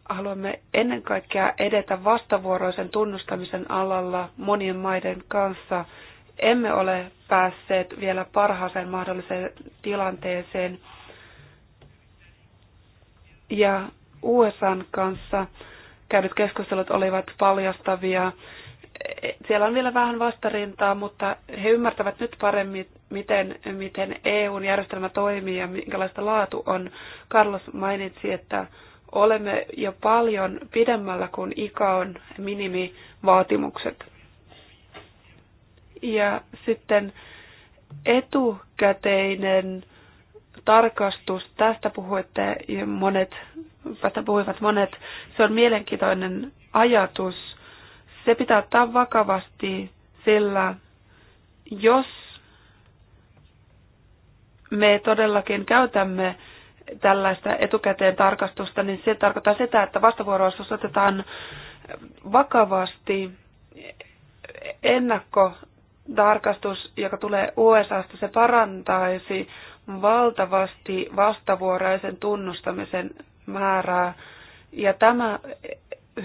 haluamme ennen kaikkea edetä vastavuoroisen tunnustamisen alalla monien maiden kanssa. Emme ole päässeet vielä parhaaseen mahdolliseen tilanteeseen. Ja USAn kanssa käydyt keskustelut olivat paljastavia. Siellä on vielä vähän vastarintaa, mutta he ymmärtävät nyt paremmin, miten, miten EUn järjestelmä toimii ja minkälaista laatu on. Carlos mainitsi, että olemme jo paljon pidemmällä kuin ikaon minimivaatimukset. Ja sitten etukäteinen tarkastus, tästä puhuitte monet, tästä puhuivat monet, se on mielenkiintoinen ajatus. Se pitää ottaa vakavasti, sillä jos me todellakin käytämme tällaista etukäteen tarkastusta, niin se tarkoittaa sitä, että vastavuoroisuus otetaan vakavasti ennakkotarkastus, joka tulee USAsta, se parantaisi valtavasti vastavuoroisen tunnustamisen määrää. Ja tämä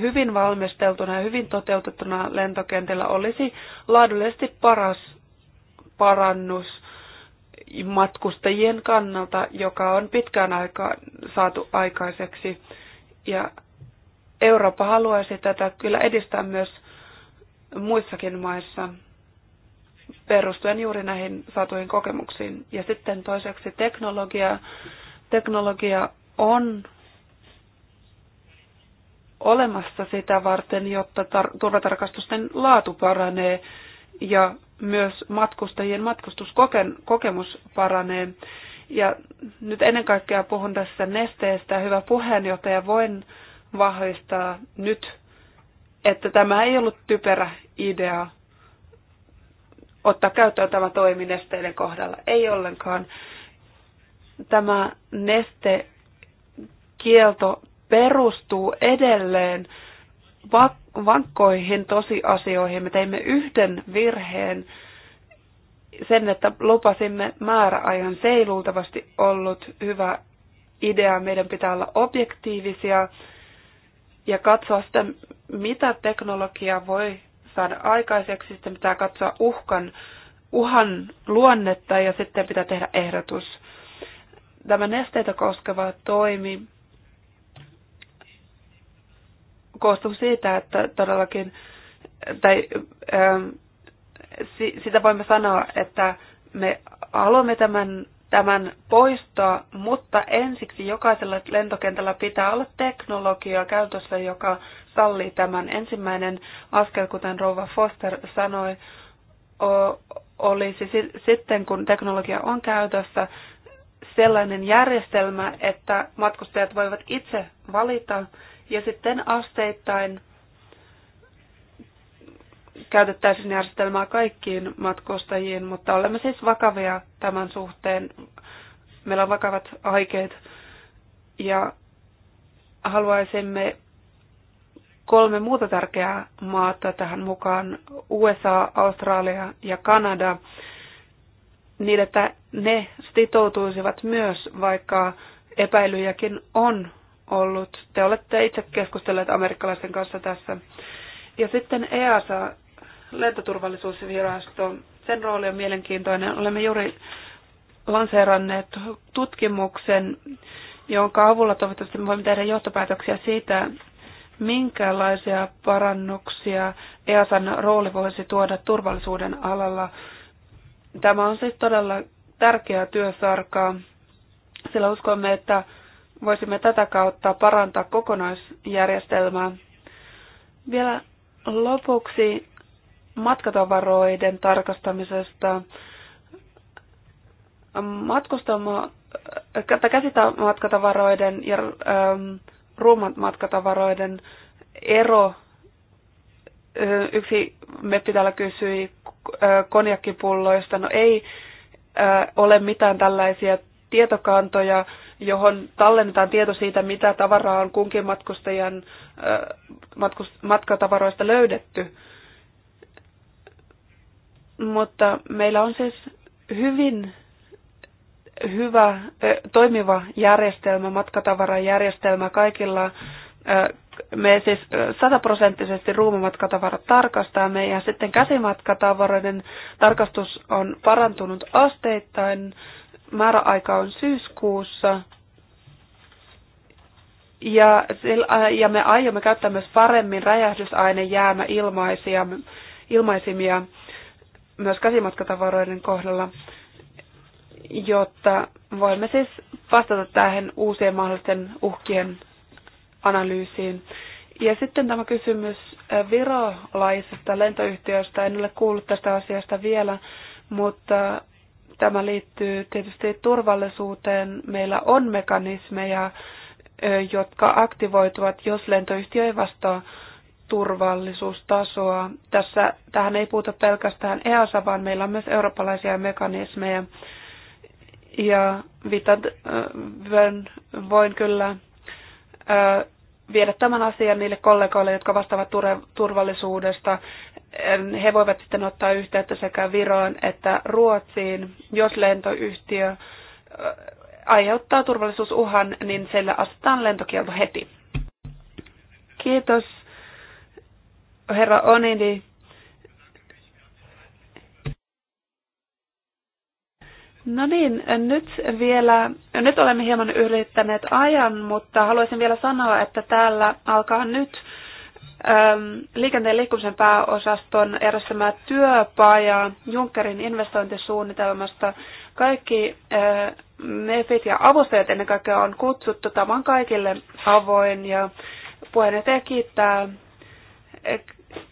hyvin valmisteltuna ja hyvin toteutettuna lentokentällä olisi laadullisesti paras parannus matkustajien kannalta, joka on pitkään aikaa saatu aikaiseksi. Ja Eurooppa haluaisi tätä kyllä edistää myös muissakin maissa perustuen juuri näihin saatuihin kokemuksiin. Ja sitten toiseksi teknologia. Teknologia on olemassa sitä varten, jotta tar- turvatarkastusten laatu paranee ja myös matkustajien matkustuskokemus paranee. Ja nyt ennen kaikkea puhun tässä nesteestä. Hyvä puheenjohtaja, voin vahvistaa nyt, että tämä ei ollut typerä idea ottaa käyttöön tämä toimi nesteiden kohdalla. Ei ollenkaan. Tämä nestekielto perustuu edelleen vak- vankkoihin tosiasioihin. Me teimme yhden virheen sen, että lupasimme määräajan. Se ei luultavasti ollut hyvä idea. Meidän pitää olla objektiivisia ja katsoa sitä, mitä teknologia voi saada aikaiseksi. Sitten pitää katsoa uhkan, uhan luonnetta ja sitten pitää tehdä ehdotus. Tämä nesteitä koskeva toimi koostuu siitä, että todellakin, tai ähm, sitä voimme sanoa, että me haluamme tämän, tämän poistoa, mutta ensiksi jokaisella lentokentällä pitää olla teknologia käytössä, joka sallii tämän. Ensimmäinen askel, kuten Rova Foster sanoi, olisi sitten, kun teknologia on käytössä, sellainen järjestelmä, että matkustajat voivat itse valita ja sitten asteittain käytettäisiin järjestelmää kaikkiin matkustajiin, mutta olemme siis vakavia tämän suhteen. Meillä on vakavat aikeet ja haluaisimme kolme muuta tärkeää maata tähän mukaan, USA, Australia ja Kanada, niin että ne sitoutuisivat myös, vaikka epäilyjäkin on ollut. Te olette itse keskustelleet amerikkalaisten kanssa tässä. Ja sitten EASA, lentoturvallisuusvirasto, sen rooli on mielenkiintoinen. Olemme juuri lanseeranneet tutkimuksen, jonka avulla toivottavasti voimme tehdä johtopäätöksiä siitä, minkälaisia parannuksia EASAn rooli voisi tuoda turvallisuuden alalla. Tämä on siis todella tärkeä työsarka, sillä uskomme, että voisimme tätä kautta parantaa kokonaisjärjestelmää. Vielä lopuksi matkatavaroiden tarkastamisesta. Matkustama, käsitä matkatavaroiden ja ähm, ruumat matkatavaroiden ero. Äh, yksi meppi täällä kysyi äh, konjakkipulloista. No ei äh, ole mitään tällaisia tietokantoja, johon tallennetaan tieto siitä, mitä tavaraa on kunkin matkustajan matkatavaroista löydetty. Mutta meillä on siis hyvin hyvä, toimiva järjestelmä, matkatavarajärjestelmä kaikilla. Me siis sataprosenttisesti ruumimatkatavarat tarkastamme ja sitten käsimatkatavaroiden tarkastus on parantunut asteittain määräaika on syyskuussa. Ja, ja me aiomme käyttää myös paremmin räjähdysainejäämä ilmaisia, ilmaisimia myös käsimatkatavaroiden kohdalla, jotta voimme siis vastata tähän uusien mahdollisten uhkien analyysiin. Ja sitten tämä kysymys virolaisesta lentoyhtiöstä. En ole kuullut tästä asiasta vielä, mutta Tämä liittyy tietysti turvallisuuteen. Meillä on mekanismeja, jotka aktivoituvat, jos lentoyhtiö ei vastaa turvallisuustasoa. Tässä, tähän ei puhuta pelkästään EASA, vaan meillä on myös eurooppalaisia mekanismeja. Ja viitan, voin, voin kyllä viedä tämän asian niille kollegoille, jotka vastaavat turvallisuudesta he voivat sitten ottaa yhteyttä sekä Viroon että Ruotsiin, jos lentoyhtiö aiheuttaa turvallisuusuhan, niin sillä asetetaan lentokielto heti. Kiitos, herra Onidi. No niin, nyt vielä, nyt olemme hieman ylittäneet ajan, mutta haluaisin vielä sanoa, että täällä alkaa nyt Ähm, liikenteen liikkumisen pääosaston järjestämää työpajaa Junckerin investointisuunnitelmasta. Kaikki äh, MEFit ja avustajat ennen kaikkea on kutsuttu. tämän kaikille avoin ja puheenjohtaja kiittää äh,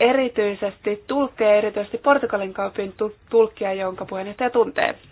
erityisesti tulkkeja, erityisesti Portugalin kaupin tulkkia, jonka puheenjohtaja tuntee.